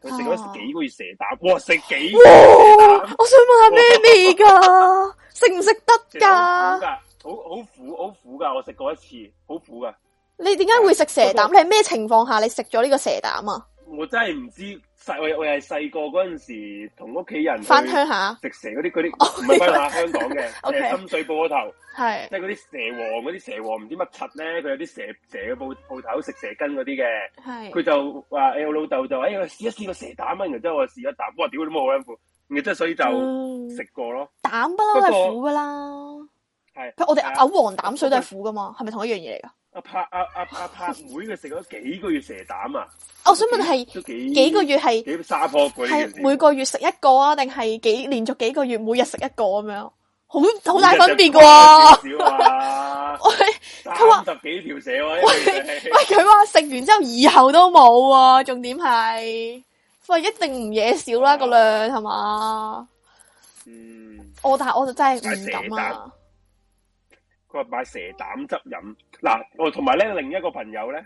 佢食咗幾個月蛇膽，哇！食幾？哇！我想問下咩味噶？食唔食得噶？好噶，好好苦好苦噶！我食過一次，好苦噶。你點解會食蛇膽？你係咩情況下你食咗呢個蛇膽啊？我真係唔知，細我我又係細個嗰陣時同屋企人翻鄉下食蛇嗰啲嗰啲，唔係、oh, okay. 下，香港嘅誒、 [LAUGHS] okay. 嗯、深水埗鋪頭，即係嗰啲蛇王嗰啲蛇王唔知乜柒咧，佢有啲蛇蛇嘅鋪鋪頭食蛇羹嗰啲嘅，佢就話誒、哎、我老豆就話誒、哎、我試一試個蛇膽㗎，然之後我試一啖，哇我屌都冇好辛苦，然之後所以就食過咯。膽、嗯、不嬲係苦㗎啦，係佢我哋嘔黃膽水都係苦㗎嘛，係咪同一樣嘢嚟㗎？阿拍阿阿阿拍妹佢食咗幾個月蛇膽啊？我想問，係幾幾個月係幾沙坡鬼？係每個月食一個啊？定係幾連續幾個月每日食一個咁樣？好好大分別噶喎！喂，佢話十幾條蛇喎！喂喂，佢話食完之後以後都冇喎。重點係，喂，一定唔惹少啦個量係嘛？嗯，我但係我就真係唔敢啊！佢話買蛇膽汁飲。嗱、啊，我同埋咧另一個朋友咧，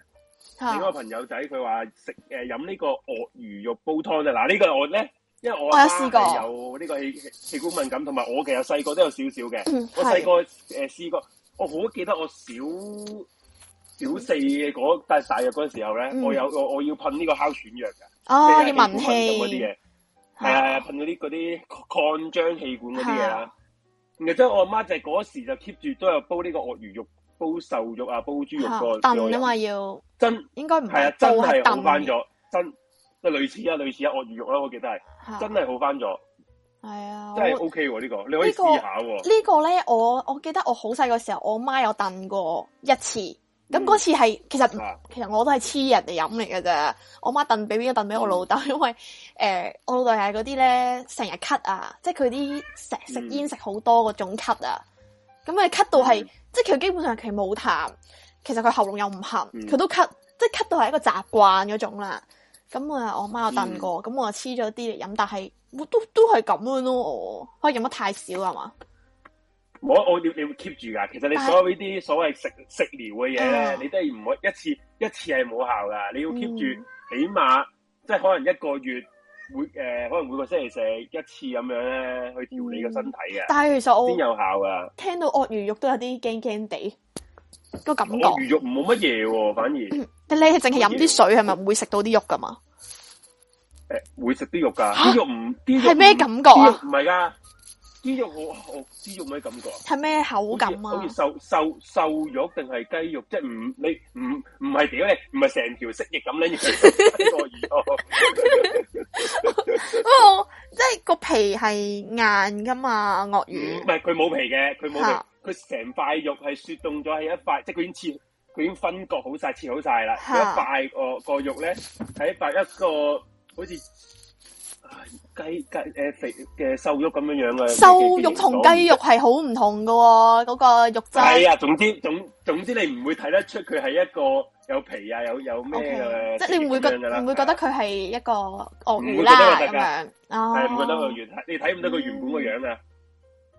另一個朋友、啊、個朋友仔佢話食誒飲呢個鰐魚肉煲湯嗱呢個我咧，因為我，我試過有媽係有呢個氣氣管敏感，同埋我其實細個都有少少嘅。我細個誒試過，我好記得我小小四嘅嗰但係嗰陣時候咧、嗯，我有我，我要噴呢個哮喘藥嘅。哦、啊啊，要聞氣咁嗰啲嘢，係啊，噴嗰啲嗰啲擴張氣管嗰啲嘢啊，啊。其實即我阿媽就嗰時就 keep 住都有煲呢個鰐魚肉。煲瘦肉啊，煲豬肉燉啊，嘛要真應該唔係啊，真係燉翻咗真即係類似啊，類似啊，鱷魚肉啦、啊，我記得係真係好翻咗係啊，真係 O K 喎，呢個你可以試下喎，呢個咧，我我記得我好細個時候，我媽有燉過一次咁嗰、嗯、次係其實、啊、其實我都係黐人嚟飲嚟噶咋。我媽燉俾邊個燉俾我老豆、嗯，因為誒、呃、我老豆係嗰啲咧成日咳啊，即係佢啲成日食煙食好多嗰種咳啊，咁、嗯、啊咳到係。嗯即係佢基本上佢冇痰，其實佢喉嚨又唔痕，佢、嗯、都咳，即係咳到係一個習慣嗰種啦。咁啊，我媽有燉過，咁、嗯、我就黐咗啲嚟飲，但係都都係咁樣咯。我可以飲得太少係嘛？我我你要你會 keep 住噶，其實你所有呢啲所謂食食療嘅嘢咧，你都係唔可一次一次係冇效噶，你要 keep 住、嗯、起碼即係可能一個月。誒、呃，可能每個星期食一次咁樣咧，去調你個身體嘅、嗯。但係其實我先有效噶。聽到鱷魚肉都有啲驚驚地個感覺。鱷魚肉冇乜嘢喎，反而 [COUGHS] 但你係淨係飲啲水，係咪會食到啲肉噶嘛？誒、欸，會食啲肉噶，啲 [COUGHS] 肉唔，啲肉係咩感覺？唔係噶。豬肉我好豬肉咩感覺？係咩口感啊？好似瘦瘦瘦肉定係雞肉？即係唔你唔唔係屌你？唔係成條蜥蜴咁咧？亦、 [LAUGHS] [LAUGHS] [LAUGHS] [LAUGHS] [LAUGHS] [LAUGHS] 哦哦、即係個皮係硬噶嘛？鱷魚唔係佢冇皮嘅，佢冇皮，佢成塊肉係雪凍咗，係一塊，即係佢已經切，佢已經分割好晒，切好晒啦。 [LAUGHS] 一塊個、那個肉咧，係一塊一個好似。唉雞誒、呃、肥嘅瘦肉咁樣樣嘅，瘦肉，瘦肉，雞肉是很不同雞肉係好唔同噶，嗰、那個肉質係啊。總之總總之你唔會睇得出佢係一個有皮啊，有有咩、啊 okay。即係你唔會覺唔會覺得佢係一個哦鱷魚啦咁、啊、樣。唔得你睇唔到佢原本個樣噶。啊，雞、啊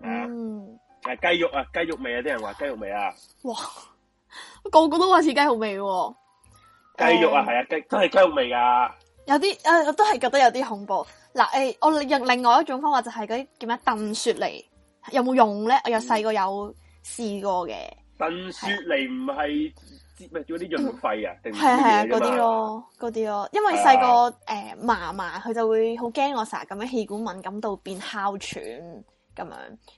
嗯啊嗯啊、肉啊，雞肉味啊，啲人話雞肉味啊。哇，個個都話似雞肉味。雞肉啊，係啊，都係雞肉味噶。有啲誒、啊，我都係覺得有啲恐怖。嗱、啊，誒、欸，我另另外一種方法就係嗰啲叫咩？燉雪梨有冇用咧？我又細個有試過嘅。燉雪梨唔係叫啲潤肺啊？定係啊？係啊，嗰、嗯、啲咯，嗰啲咯、啊。因為細個誒，嫲嫲佢就會好驚我成日咁樣氣管敏感到變哮喘咁樣。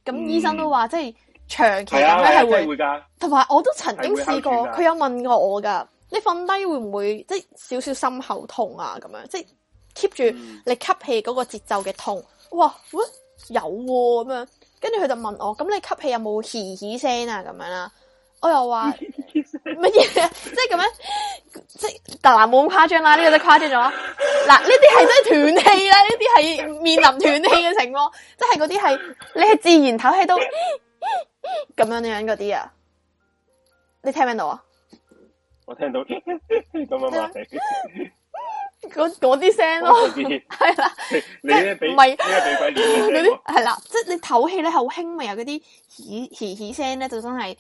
咁醫生都話、嗯、即係長期咁樣係會。會噶。同埋、啊、我都曾經試過，佢有問過我噶。你瞓低會唔會即係少少心口痛啊？咁樣即係 keep 住你吸氣嗰個節奏嘅痛，哇，有咁、啊、樣，跟住佢就問我：咁你吸氣有冇嘻嘻聲啊？咁樣啦，我又話乜嘢？ [LAUGHS] 什麼 [LAUGHS] 即係咁樣，即係嗱冇咁誇張啦，呢、啊啊這個都誇誇張咗。嗱、 [LAUGHS] 啊，呢啲係真係斷氣啦，呢啲係面臨斷氣嘅情況，即係嗰啲係你係自然唞氣到咁樣樣嗰啲啊，你聽唔聽到啊？我聽到咁 [LAUGHS] 樣嘛説， [LAUGHS] 嗰嗰啲聲咯，係啦，你咧鼻唔係，因為鼻涕黏嗰啲係啦，即係你唞氣咧好輕，微有嗰啲嘻嘻嘻聲咧，就，是、你嘻嘻嘻嘻就真係誒、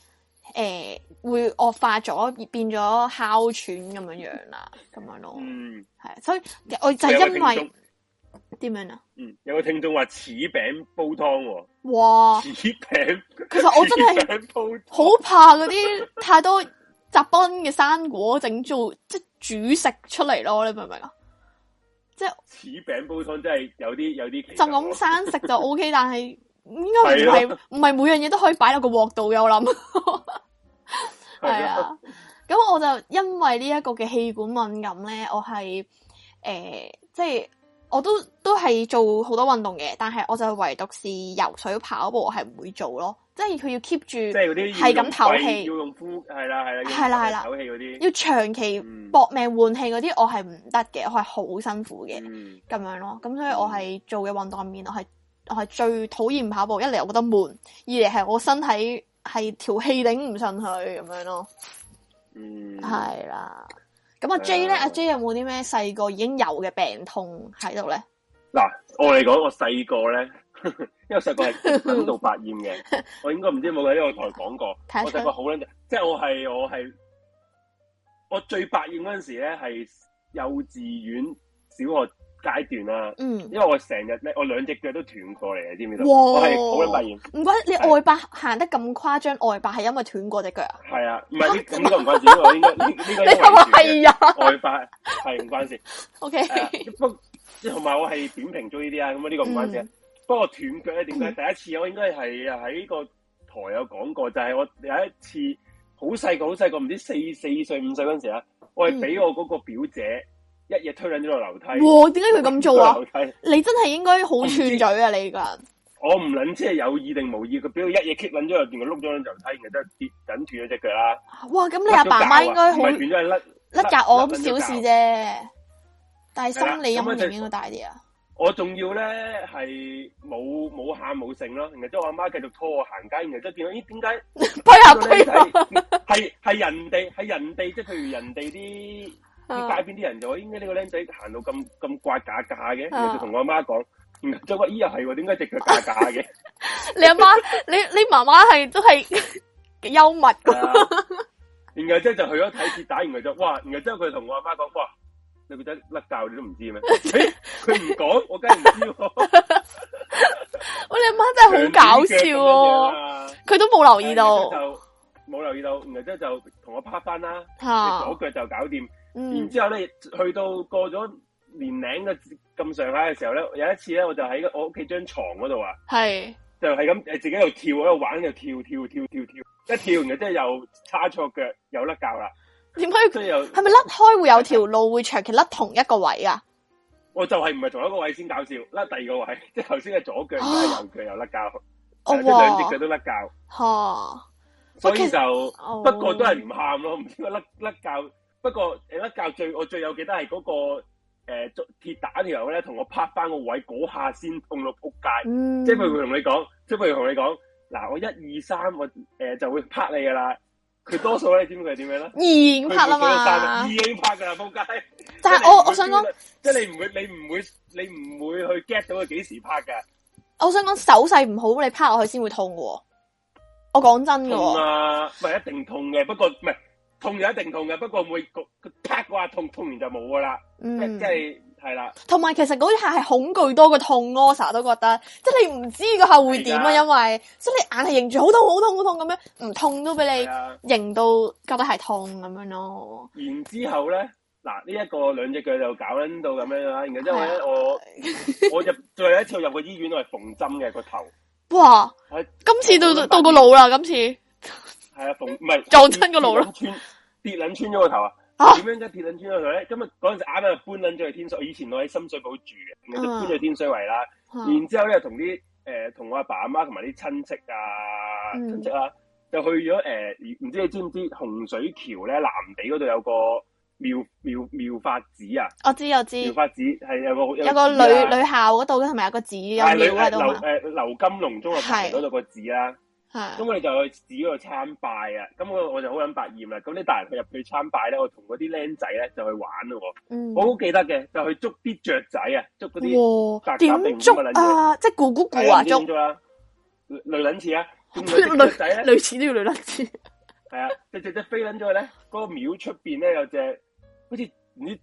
呃、會惡化咗，變變咗哮喘咁樣樣啦，咁樣咯，嗯，係，所以我就因為點樣啊？嗯，有個聽眾話柿餅煲湯、哦、哇，柿餅，其實我真係好怕嗰啲太多。 [LAUGHS] 十奔嘅生果整做，做即係煮食出嚟咯，你明唔明啊？即係。似餅煲湯真係有啲有啲奇。就咁生食就 O、OK, K， [LAUGHS] 但係應該唔係唔係每樣嘢都可以擺落個鑊度嘅，我諗。係啊， [LAUGHS] 咁我就因為呢一個嘅氣管敏感咧，我係誒、呃、即係。我都都係做好多運動嘅，但係我就唯獨是游水、跑步我係唔會做咯。即係佢要 keep 住，係咁透氣，要用呼，係啦係啦，係啦係啦，透氣嗰啲，要長期搏命換氣嗰啲，我係唔得嘅，我係好辛苦嘅，咁、嗯、樣咯。咁所以我係做嘅運動面，我係我係最討厭跑步。一嚟我覺得悶，二嚟係我身體係條氣頂唔順去咁樣咯。嗯，係啦。咁阿 J 咧，uh, 阿 J 有冇啲咩細個已經有嘅病痛喺度咧？嗱、啊，我嚟講我細個咧，因為細 [LAUGHS] 個係諗到百厭嘅，我應該唔知有冇喺呢個台講講過，我細個好捻，即係我係我係我最百厭嗰陣時咧，係幼稚園小學。階段啦、啊，嗯，因為我成日我兩隻腳都斷過嚟，知唔知道？我係好有發現。唔怪得，你外八行得咁誇張，外八係因為斷過隻腳啊？係啊，唔係呢？咁個唔關事，我個應該呢個因啊，外八係唔、啊 [LAUGHS] 啊、關事。O、okay. K，、啊、不，同埋我係扁平咗呢啲啊，咁啊呢個唔關事、嗯。不過斷腳咧，點解、嗯、第一次我應該係喺個台有講過，就係、是、我有一次好細個，好細個，唔知四四歲五歲嗰陣時啊，我係俾我嗰個表姐。嗯一夜推捻咗、哦啊啊、個樓梯，哇！嗯嗯、點解佢咁做啊？你真係應該好串嘴啊！你噶，我唔捻知係有意定無意。佢畀我一夜 kick 咗見佢碌咗個樓梯，咪真係跌緊斷咗隻腳啦！哇！咁你阿爸阿媽應該好，斷斷咗甩甩架，我咁小事啫。但係心理陰影應該大啲啊？我仲要咧係冇冇喊冇聲咯，然後即係我阿媽繼續拖我行街，然後即係變咗咦？點、欸、解 [LAUGHS] 推下推下係係 [LAUGHS] 人哋係人哋，即係譬如人哋啲。街邊啲人就話：點解呢個僆仔行到咁咁怪假假嘅、啊？然後就同我阿媽講：周伯依又係，點解隻腳架假嘅？ [LAUGHS] 你阿媽， [LAUGHS] 你你媽媽係都係幽默、啊。然後之後就去咗睇跌打，然後就哇！然後之後佢同我阿媽講：哇，你個仔甩臼，你都唔知咩？佢唔講，我梗係唔知、啊。我 [LAUGHS] [LAUGHS] 你阿媽真係好搞笑哦！佢都冇留意到，冇、啊、留意到。然後之後就同我拍翻啦、啊，左腳就搞掂。嗯、然之後咧，去到過咗年齡嘅咁上下嘅時候咧，有一次咧，我就喺我屋企張床嗰度啊，係，就係咁誒自己又跳，喺度玩，又跳跳跳跳跳，一跳完嘅即又叉錯腳，又甩骹啦。點解佢又係咪甩開會有條路會長期甩同一個位啊？我就係唔係同一個位先搞笑，甩第二個位，即係頭先係左腳，而右腳又甩骹，啊、兩隻兩隻腳都甩骹。嗬、啊，所以就、啊、不過都係唔喊咯，唔知個甩甩骹不過，甩骹最我最有記得係嗰、那個誒鐵、呃、打條友咧，同我拍翻個位嗰下先痛到扑街、嗯。即係佢會同你講，即係譬如同你講，嗱我一二三，我誒、呃、就會拍你噶啦。佢多數咧，你知唔知佢係點樣咧？二已經拍啦嘛，二已經拍噶啦扑街。但係我 [LAUGHS] [LAUGHS] [LAUGHS] 我想講，即係你唔會，你唔會，你唔會去 get 到佢幾時拍噶。我想講 [LAUGHS] 手勢唔好，你拍落去先會痛嘅、哦。我講真嘅、哦，嗯、啊，唔係一定痛嘅。不過唔係。痛就一定痛嘅，不過每啪嘅話痛痛完就冇噶啦，即係係啦。同埋其實嗰下係恐懼多過痛、啊，我成日都覺得，即係你唔知嗰下會點啊，因為所以你硬係凝住，好痛好痛好痛咁樣，唔痛都俾你凝到覺得係痛咁樣咯、嗯。然之後咧，嗱呢一個兩隻腳就搞喺到咁樣啦，然之後咧我、哎、我入最後一次入個醫院係縫針嘅個頭。哇！那個、今次我到到個腦啦，今次。係啊，逢唔係撞親個路咯，跌捻穿咗個頭啊！點樣嘅跌捻穿咗個頭咧？今日嗰陣時啱啱，搬捻咗去天水。我以前我喺深水埗住嘅，咁就搬去天水圍啦、嗯。然之後咧，同啲誒，同、呃、我阿爸阿媽同埋啲親戚啊，親、嗯、戚啦、啊，就去咗誒，唔、呃、知你知唔知洪水橋咧南地嗰度有個妙妙妙法寺啊？我知我知，妙法寺係有個有個，、啊、有個女女校嗰度嘅，同埋有個寺有廟喺度嘛？誒、劉、呃呃、金龍中學校嗰度個寺啦、啊。咁、嗯嗯、我哋就去寺嗰度參拜啊！咁我我就好撚百厭啦。咁你大人去入去參拜咧，我同嗰啲僆仔咧就去玩咯、嗯。我好記得嘅就去捉啲雀仔啊，捉嗰啲點捉啊？即係咕咕咕啊！捉。捉咗啦，類似啊！似類似啊！類似都要類撚似。係啊，只只隻飛撚咗咧。嗰個廟出邊咧有隻好似唔知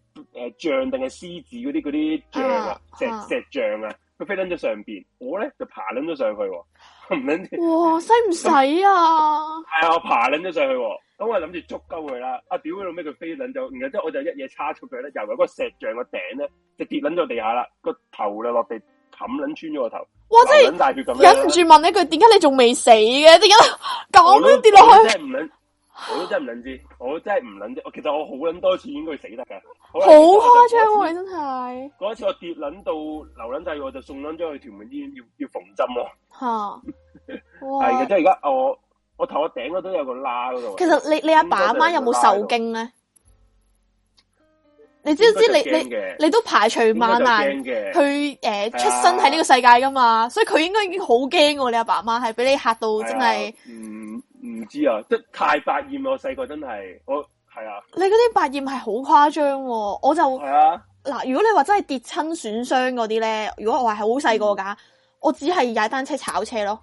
誒象定係獅子嗰啲嗰啲象啊，石石象啊。佢飛掕咗上邊，我咧就爬掕咗上去，唔掕。哇，使唔使啊？係 [LAUGHS] 啊，我爬掕咗上去，咁我諗住捉鳩佢啦。阿、啊、屌，嗰度咩？佢飛掕就，然之後我就一嘢叉出佢咧，又喺嗰石像個頂咧，就跌掕咗地下啦。個頭就落，落地，冚掕穿咗個頭。哇，真係忍唔住問一句，點解你仲未死嘅？點解咁樣跌落去？即唔我都真係唔捻知，我真係唔捻知。其實我好捻多次應該死得㗎，好誇張喎！你真係。嗰一次我跌捻到流捻滯，我就送捻咗去屯門醫院要要縫針咯。吓！係！ [LAUGHS] 係，即係而家我我頭頂個頂嗰度都有個罅嗰度。其實你你阿爸阿媽有冇受驚咧？你知唔知你你你都排除萬難去誒、呃、出生喺呢個世界噶嘛？所以佢應該已經好驚喎！你阿爸阿媽係俾你吓到真係。嗯。唔知啊，即太百厭咯！細個真係，我係啊。你嗰啲百厭係好誇張，我就係啊。嗱，如果你話真係跌親損傷嗰啲咧，如果我話係好細個噶，我只係踩單車炒車咯。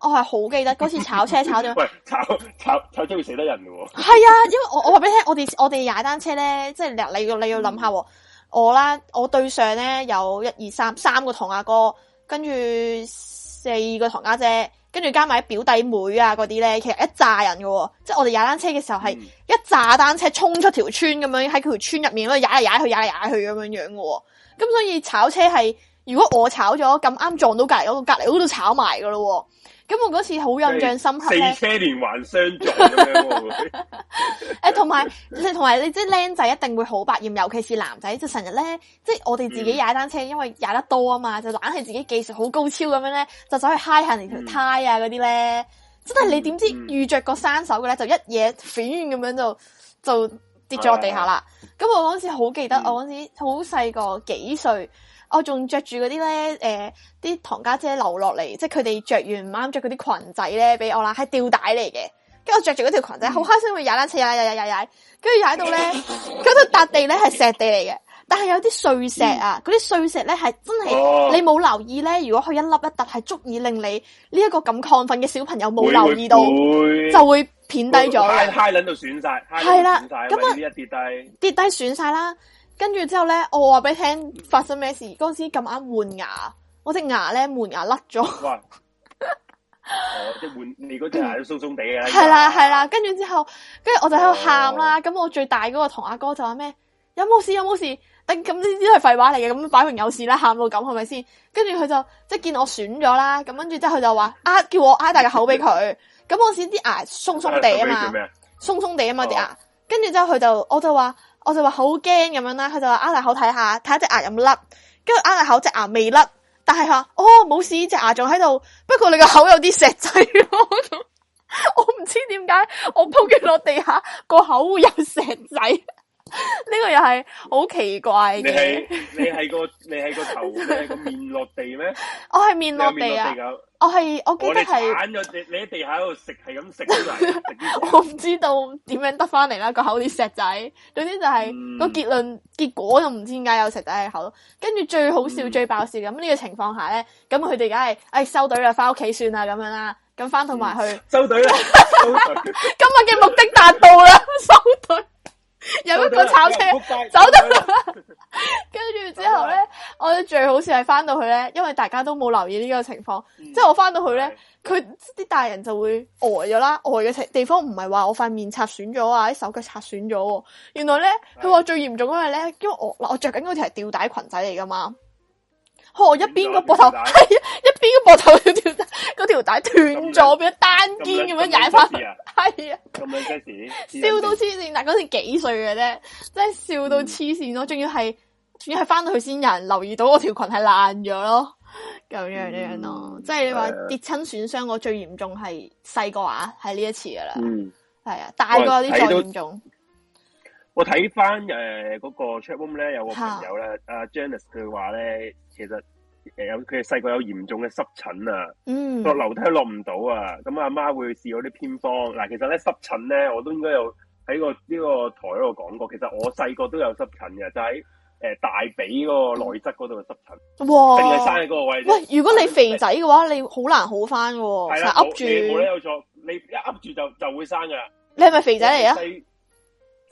我係好記得嗰次炒車炒咗， [LAUGHS] 喂，炒炒炒車會死得人噶。係啊，因為我我話俾你聽，我哋我哋踩單車咧，即係你你要你要諗下、嗯、我啦，我對上咧有一二三三個唐阿哥，跟住四個唐家姐。跟住加埋表弟妹啊，嗰啲咧，其實一炸人噶，哦，即係我哋踩單車嘅時候係一炸單車衝出條村咁樣，喺佢條村入面咁樣踩嚟踩去，踩嚟踩去咁樣樣噶，咁、嗯、所以炒車係，如果我炒咗咁啱撞到隔籬嗰個，隔籬嗰度炒埋噶咯。咁我嗰次好印象深刻，四車連環相撞誒，同埋，同埋，你，你知靚仔一定會好百厭，尤其是男仔，就成日咧，即係我哋自己踩單車，嗯、因為踩得多啊嘛，就懶係自己技術好高超咁樣咧，就走去嗨下條胎啊嗰啲咧，真、嗯、係你點知遇着個生手嘅咧，就一嘢飛咁樣就就跌咗落地下啦。咁、啊、我嗰時好記得，嗯、我嗰時好細個幾歲。我仲着住嗰啲咧，誒，啲唐家姐留落嚟，即係佢哋着完唔啱着嗰啲裙仔咧，俾我啦，係吊帶嚟嘅。跟住我着住嗰條裙仔，好開心會踩單車，踩踩踩踩踩，跟住踩到咧，嗰度笪地咧係石地嚟嘅，但係有啲碎石啊，嗰啲碎石咧係真係，你冇留意咧，如果佢一粒一笪，係足以令你呢一個咁亢奮嘅小朋友冇留意到，就會仆低咗。喺呔輪度損晒，係啦，咁啊跌低，跌低損晒啦。跟住之後咧，我話俾你聽發生咩事？嗰時咁啱換牙，我隻牙咧、 [LAUGHS] 哦、門牙甩咗。我隻換你嗰隻牙都鬆鬆地嘅。係啦，係啦，跟住之後，跟住我就喺度喊啦。咁、哦、我最大嗰個同阿哥，哥就話咩？有冇事？有冇事？等咁呢啲都係廢話嚟嘅，咁擺明有事啦，喊到咁係咪先？跟住佢就即係見我損咗啦。咁跟住之後佢就話啊，叫我挨大個口俾佢。咁我先啲牙鬆鬆地啊嘛，鬆鬆地啊鬆鬆嘛啲牙。跟住之後佢就，就我就話。我就話好驚咁樣啦，佢就話啱大口睇下，睇下隻牙有冇甩，跟住啱大口隻牙未甩，但係話：「哦冇事，呢隻牙仲喺度，不過你個口有啲石仔咯」，我唔知點解我撲住落地下個口會有石仔。呢 [LAUGHS] 個又係好奇怪嘅。你係你係個你係個頭，你 [LAUGHS] 係個面落地咩？我係面落地啊！地我係我記得係。我咗你喺地下度食，係咁食。 [LAUGHS] 我唔知道點樣得翻嚟啦。個口啲石仔，總之就係、係、個、嗯、結論結果又唔知點解有石仔喺口。跟住最好笑、嗯、最爆笑咁呢個情況下咧，咁佢哋梗係唉收隊啦，翻屋企算啦咁樣啦。咁翻同埋去、嗯、收隊啦。 [LAUGHS] 收隊了 [LAUGHS] [LAUGHS] 今日嘅目的達到啦， [LAUGHS] [LAUGHS] 收隊。 [LAUGHS] 有一個炒車走咗啦，跟 [LAUGHS] 住 [LAUGHS] 之後咧，我的最好笑係翻到去咧，因為大家都冇留意呢個情況、嗯，即係我翻到去咧，佢啲大人就會呆咗啦，呆嘅地方唔係話我塊面擦損咗啊，啲手腳擦損咗，原來咧佢話最嚴重嗰個咧，因為我我着緊嗰條係吊帶裙仔嚟噶嘛。我一邊個膊頭係啊，一邊個膊頭條帶嗰條帶斷咗，變咗單肩咁樣踩翻，係啊，咁樣即係， [LAUGHS] [LAUGHS] 笑，笑到黐線？但嗰時幾歲嘅啫，真係笑到黐線咯。仲要係仲要係翻到去先有人留意到我條裙係爛咗咯，咁樣這樣咯，嗯。即係你話跌親損傷，我最嚴重係細個啊，係呢一次噶啦，係啊，大個啲再嚴重。我睇翻誒嗰個 chat room 咧，有個朋友咧，阿、啊 uh, Janice 佢話咧。其實誒、呃、有佢哋細個有嚴重嘅濕疹啊，落、嗯、樓梯落唔到啊，咁阿媽會試嗰啲偏方。嗱，其實咧濕疹咧，我都應該有喺、這個呢、呢個台嗰度講過。其實我細個都有濕疹嘅，就喺、是、誒、呃、大髀個內側嗰度嘅濕疹，哇，淨係生喺嗰個位置。喂，如果你肥仔嘅話，你好難好翻喎，係啊，噏住冇有錯、欸，你一噏住就就會生噶啦。你係咪肥仔嚟啊？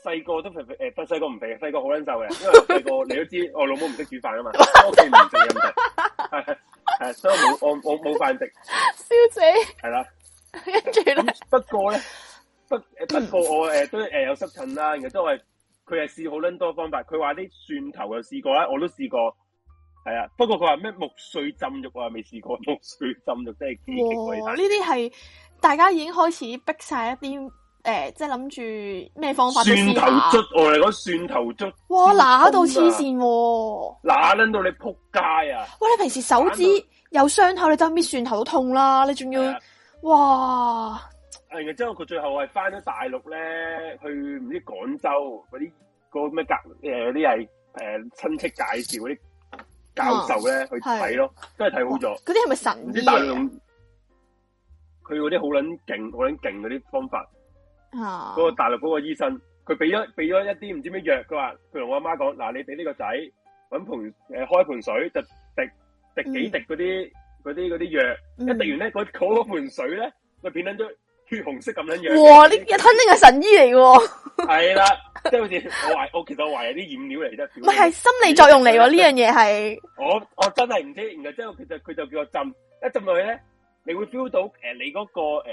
細個都肥肥，誒，但細個唔肥，細個好捻瘦嘅，因為細個你都知，我老母唔識煮飯啊嘛，多謝唔食飲食，係 [LAUGHS] 係不行 [LAUGHS] 所以冇我冇冇飯食，燒死，係啦，跟住咧，不過咧，不不過我誒都誒有濕疹啦，然後都係，佢係試好捻多方法，佢話啲蒜頭又試過啦，我都試過，係啊，不過佢話咩木碎浸肉啊，未試過木碎浸肉，真係刺激過呢啲係大家已經開始逼晒一啲。誒、欸，即係諗住咩方法？蒜頭粥我哋蒜頭粥，哇，嗱到黐線，啊，嗱捻到你撲街啊！哇，你平時手指有傷口，你執搣蒜頭都痛啦，你仲要、呃、哇？係、那個呃、啊，即佢最後係翻咗大陸咧，去唔知廣州嗰啲咩隔誒嗰啲係誒親戚介紹嗰啲教授咧去睇咯，真係睇好咗。嗰啲係咪神？唔知大陸佢嗰啲好捻勁，好捻勁嗰啲方法。嗰、那個大陸嗰個醫生，佢俾咗俾咗一啲唔知咩藥，佢話佢同我阿媽講，嗱、啊、你俾呢個仔揾盆誒、呃、開盆水，就滴滴幾滴嗰啲嗰啲啲藥，一滴完咧，佢嗰嗰盆水咧，佢變緊咗血紅色咁樣嘅。哇！呢肯定係神醫嚟嘅，係啦，即係好似我我其實我懷疑啲染料嚟啫，唔係心理作用嚟喎呢樣嘢係。我我真係唔知，然之後其實佢就叫我浸，一浸落去咧。你會 feel 到誒、呃，你嗰、那個誒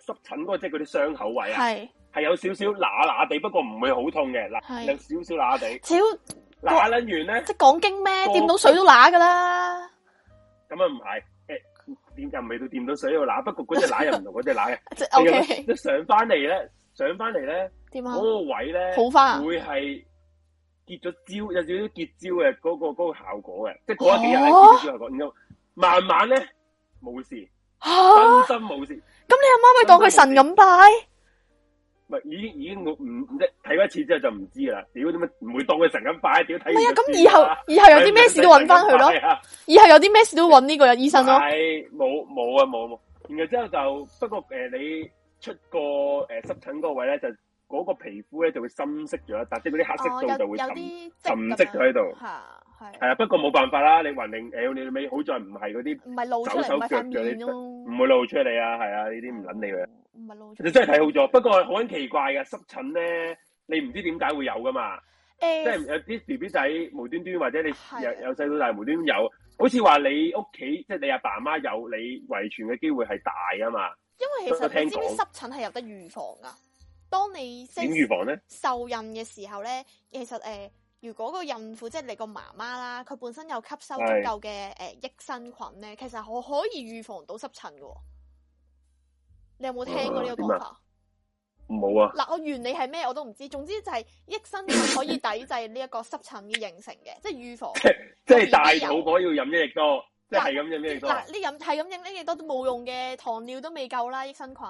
濕、呃、疹嗰即係嗰啲傷口位啊，係係有少少乸乸地，不過唔會好痛嘅，嗱有少少乸地。少乸捻完咧，即係講經咩？掂、那個、到水都乸噶啦。咁啊唔係誒，點解未到掂到水都乸，不過嗰隻乸又唔同嗰隻乸嘅。即係 OK。即上翻嚟咧，上翻嚟咧，嗰、那個位咧好翻、啊，會係結咗焦，有少少結焦嘅嗰、那個、那個效果嘅，即係過一幾日係結焦效果，然、oh? 後慢慢咧冇事。真、啊、心冇事，咁你阿媽咪當佢神咁拜，咪，係已經已經我唔唔識睇一次之後就唔知啦。屌點解唔會當佢神咁拜？屌睇唔係啊！咁以後以後有啲咩事都揾翻佢咯，以後有啲咩事都揾呢、啊、個、啊、醫生咯、啊。係冇冇啊冇，然後之後就不過誒、呃，你出過、呃、濕個誒濕疹嗰位咧就。嗰、那個皮膚咧就會深色咗，但係嗰啲黑色素就會沉、哦、沉積咗喺度。係啊，不過冇辦法啦，你雲令，誒，你咪好在唔係嗰啲走手，手，手不是出來腳腳，唔會露出嚟啊！係啊，呢啲唔撚你嘅。唔、嗯、係露出嚟。真係睇好咗，不過好鬼奇怪嘅濕疹咧，你唔知點解會有噶嘛？誒、欸，即係有啲 BB 仔無端端或者你由由細到大無端端有，好似話你屋企即係你阿爸阿媽有，你遺傳嘅機會係大啊嘛。因為其實不聽你知唔濕疹係有得預防噶？當你生受孕嘅時候咧，其實誒、呃，如果個孕婦即係你個媽媽啦，佢本身有吸收足夠嘅誒益生菌咧，其實可可以預防到濕疹嘅、哦。你有冇聽過呢個講法？冇啊！嗱，我、啊、原理係咩，我都唔知道，總之就係益生菌可以抵制呢一個濕疹嘅形成嘅， [LAUGHS] 即係預防。即係大肚婆要飲益力多。即係咁飲呢？啊、多嗱，呢飲係咁飲呢？幾多都冇用嘅，糖尿都未夠啦，益生菌。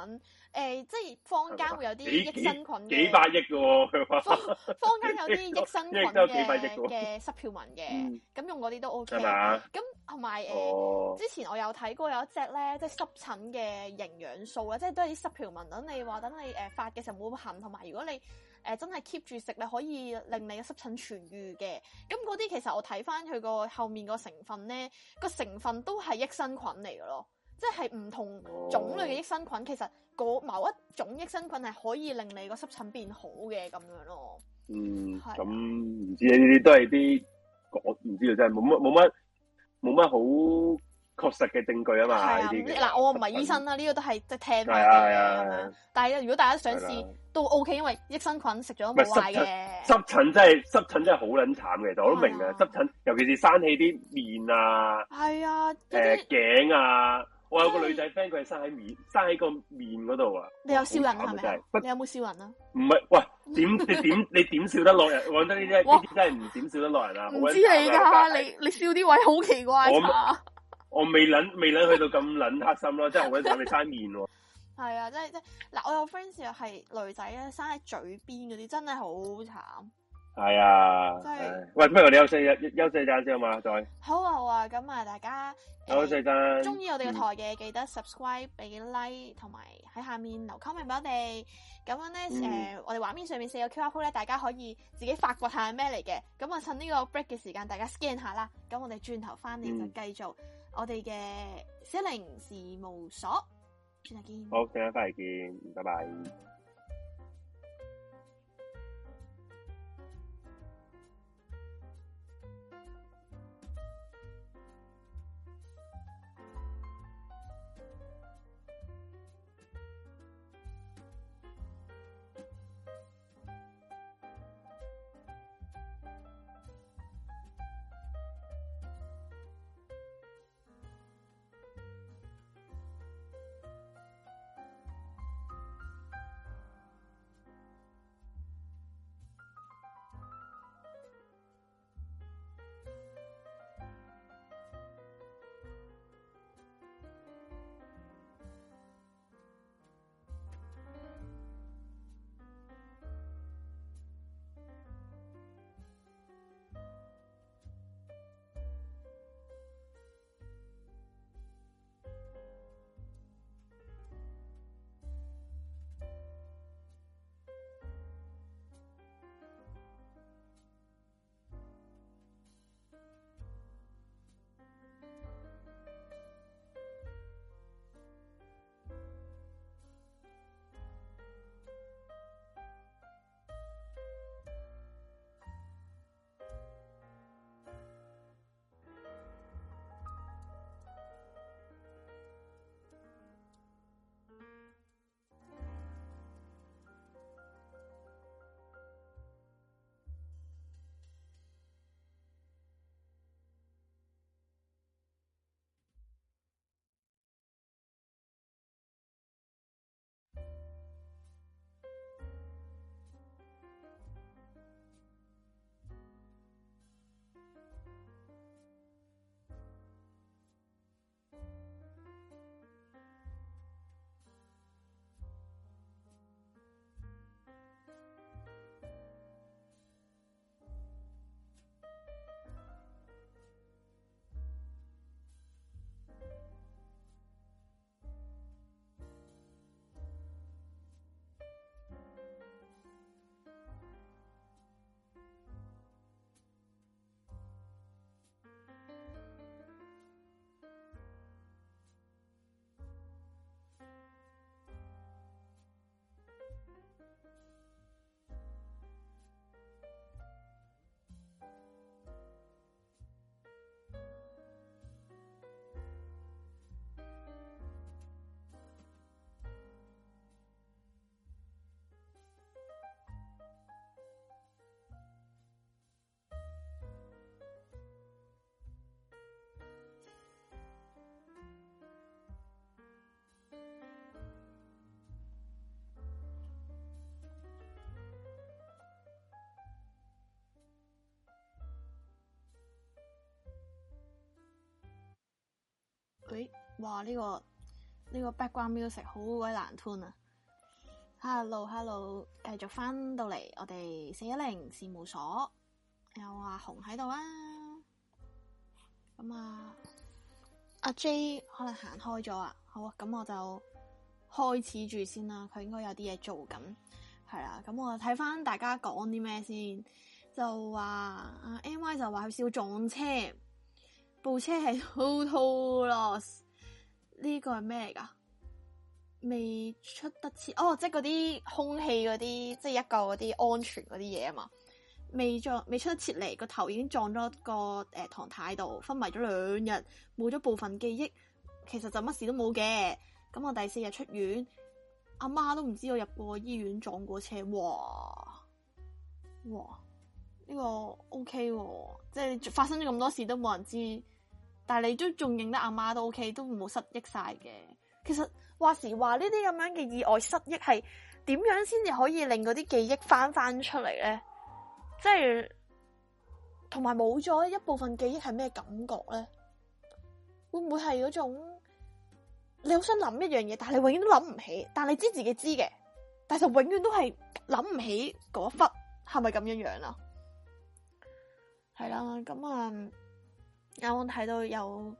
誒、哎，即係坊間會有啲益生菌，的幾幾益生菌的，幾百億嘅喎。坊間有啲益生菌幾百億嘅濕票紋嘅，咁、嗯嗯、用嗰啲都 O、OK、K。係啊！咁同埋誒，之前我有睇過有一隻咧，即係濕疹嘅營養素咧、哦，即係都係啲濕條紋，等你話，等你誒發嘅時候冇痕，同埋如果你。誒，真係 keep 住食，你可以令你嘅濕疹痊愈嘅。咁嗰啲其實我睇翻佢個後面個成分咧，個成分都係益生菌嚟嘅咯，即係唔同種類嘅益生菌，哦，其實某一種益生菌係可以令你個濕疹變好嘅咁樣咯。嗯，咁唔知呢啲都係啲我唔知道，知道真係冇乜冇乜冇乜好確實嘅證據啊嘛。嗱、啊，我唔係醫生啦，呢個都係即係聽翻嘅咁樣。但係如果大家想試。都 OK，因為益生菌食咗冇壞嘅。濕疹，濕疹真係濕疹真係好撚慘嘅，我都明嘅。濕、啊、疹，尤其是生起啲面啊，係啊，誒、呃、頸啊，我有個女仔 friend 佢係生喺面，生喺個面嗰度啊。你有笑人係咪？你有冇笑人啊？唔係，喂，點你點你點笑得落人？ [LAUGHS] 我覺得呢啲呢啲真係唔點笑得落人啊！唔知你噶，你你笑啲位好奇怪我, [LAUGHS] 我未撚未撚去到咁撚黑心咯， [LAUGHS] 真係好撚慘，你生面喎。係啊，即係即係嗱，我有 friend 又係女仔咧，生喺嘴邊嗰啲，真係好慘。係、哎、啊，即係、哎、喂，不如我哋休息休息一陣先好嘛，再好啊好啊，咁啊，大家休息陣，中意我哋個台嘅記得 subscribe、俾 like 同埋喺下面留 comment 俾我哋。咁樣咧，誒、嗯呃，我哋畫面上面四個 Q R code 咧，大家可以自己發掘下咩嚟嘅。咁啊，趁呢個 break 嘅時間，大家 scan 一下啦。咁我哋轉頭翻嚟就繼續、嗯、我哋嘅小玲事務所。好，聽日再見，拜拜。喂、哎，哇呢、這個呢、這個 background music 好鬼難吞啊！Hello，Hello，hello，繼續翻到嚟我哋四一零事務所，又阿紅喺度啊！咁啊，阿、啊、J 可能行開咗啊，好啊，咁我就開始住先啦，佢應該有啲嘢做緊，係啦、啊，咁我睇翻大家講啲咩先，就話阿、啊、MY 就話佢少撞車。部車係 total loss，呢個係咩嚟噶？未出得切哦，即係嗰啲空氣嗰啲，即係一個嗰啲安全嗰啲嘢啊嘛。未撞，未出得切嚟，個頭已經撞咗個誒唐太度，昏迷咗兩日，冇咗部分記憶，其實就乜事都冇嘅。咁我第四日出院，阿媽都唔知我入過醫院撞過車，哇哇！呢個 OK，即係發生咗咁多事都冇人知，但係你都仲認得阿媽都 OK，都冇失憶晒嘅。其實話時話呢啲咁樣嘅意外失憶係點樣先至可以令嗰啲記憶翻翻出嚟咧？即係同埋冇咗一部分記憶係咩感覺咧？會唔會係嗰種你好想諗一樣嘢，但係你永遠都諗唔起，但係你知自己知嘅，但係就永遠都係諗唔起嗰一忽係咪咁樣樣啊？係啦，咁啊，有冇睇到有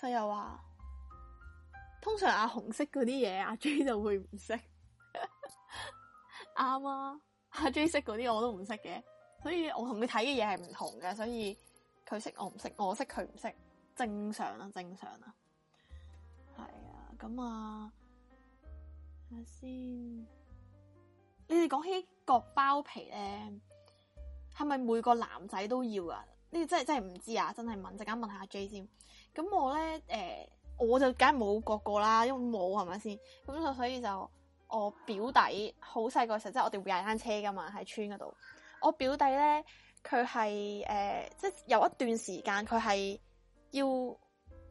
室友話，通常阿紅色嗰啲嘢，阿 J 就會唔識，啱 [LAUGHS] 對啊， [LAUGHS] 阿 J 那些識嗰啲我都唔識嘅，所以我他看的東西是不同佢睇嘅嘢係唔同嘅，所以佢識我唔識，我識佢唔識，正常啊，正常啊，係啊，咁啊，睇下先，你哋講起個包皮咧。係咪每個男仔都要啊？呢個真係真係唔知啊！真係問，陣間問下 J 先。咁我咧誒、呃，我就梗係冇割過啦，因為冇係咪先？咁就所以就我表弟好細個時候，即係我哋會踩單車噶嘛，喺村嗰度。我表弟咧，佢係誒，即、呃、係、就是、有一段時間佢係要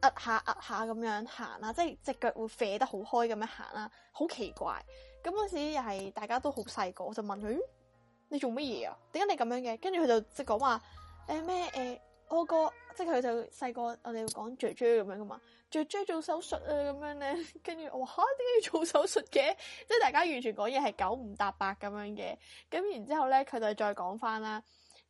呃下呃下咁樣行啦，即係隻腳會飛得好開咁樣行啦，好奇怪。咁嗰時又係大家都好細個，我就問佢。你做乜嘢啊？點解你咁樣嘅？跟住佢就即係講話誒咩誒，我個即係佢就細個，我哋會講 J J 咁樣噶嘛？J J 做手術啊，咁樣咧，跟住我吓，點解要做手術嘅？即係大家完全講嘢係九唔搭八咁樣嘅。咁然之後咧，佢就再講翻啦。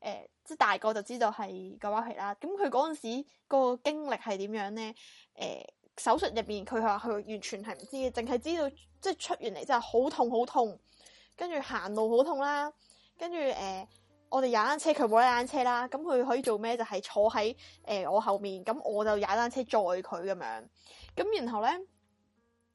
誒、呃，即係大個就知道係個話題啦。咁佢嗰陣時個經歷係點樣咧？誒、呃，手術入邊佢話佢完全係唔知嘅，淨係知道，知道即係出完嚟之後好痛好痛，跟住行路好痛啦。跟住，誒，我哋踩單車，佢冇得踩單車啦。咁佢可以做咩？就係坐喺誒我後面，咁我就踩單車載佢咁樣。咁然後咧，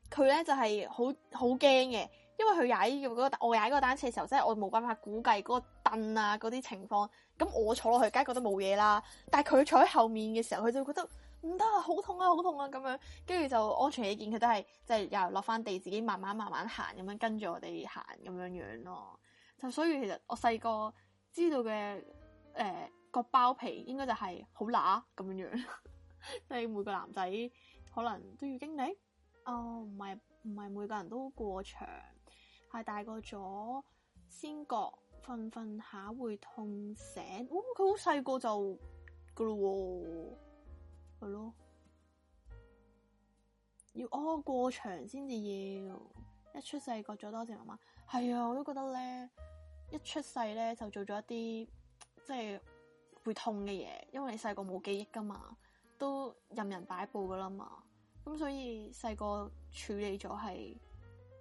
佢咧就係好好驚嘅，因為佢踩嗰個我踩嗰個單車嘅時候，真係我冇辦法估計嗰個凳啊嗰啲情況。咁我坐落去，梗係覺得冇嘢啦。但係佢坐喺後面嘅時候，佢就覺得唔得啊，好痛啊，好痛啊咁樣。跟住就安全起見，佢都係即係又落翻地，自己慢慢慢慢行咁樣跟住我哋行咁樣樣咯。就所以，其實我細個知道嘅誒個包皮應該就係好乸咁樣，即 [LAUGHS] 係每個男仔可能都要經歷。哦，唔係唔係每個人都過長，係大個咗先覺瞓瞓下會痛醒。哦，佢好細個就㗎咯喎，係、哦、咯，要哦過長先至要。一出世割咗多謝媽媽。係啊，我都覺得咧。一出世咧就做咗一啲即係會痛嘅嘢。因為你細個冇記憶噶嘛，都任人擺布噶啦嘛，咁所以細個處理咗係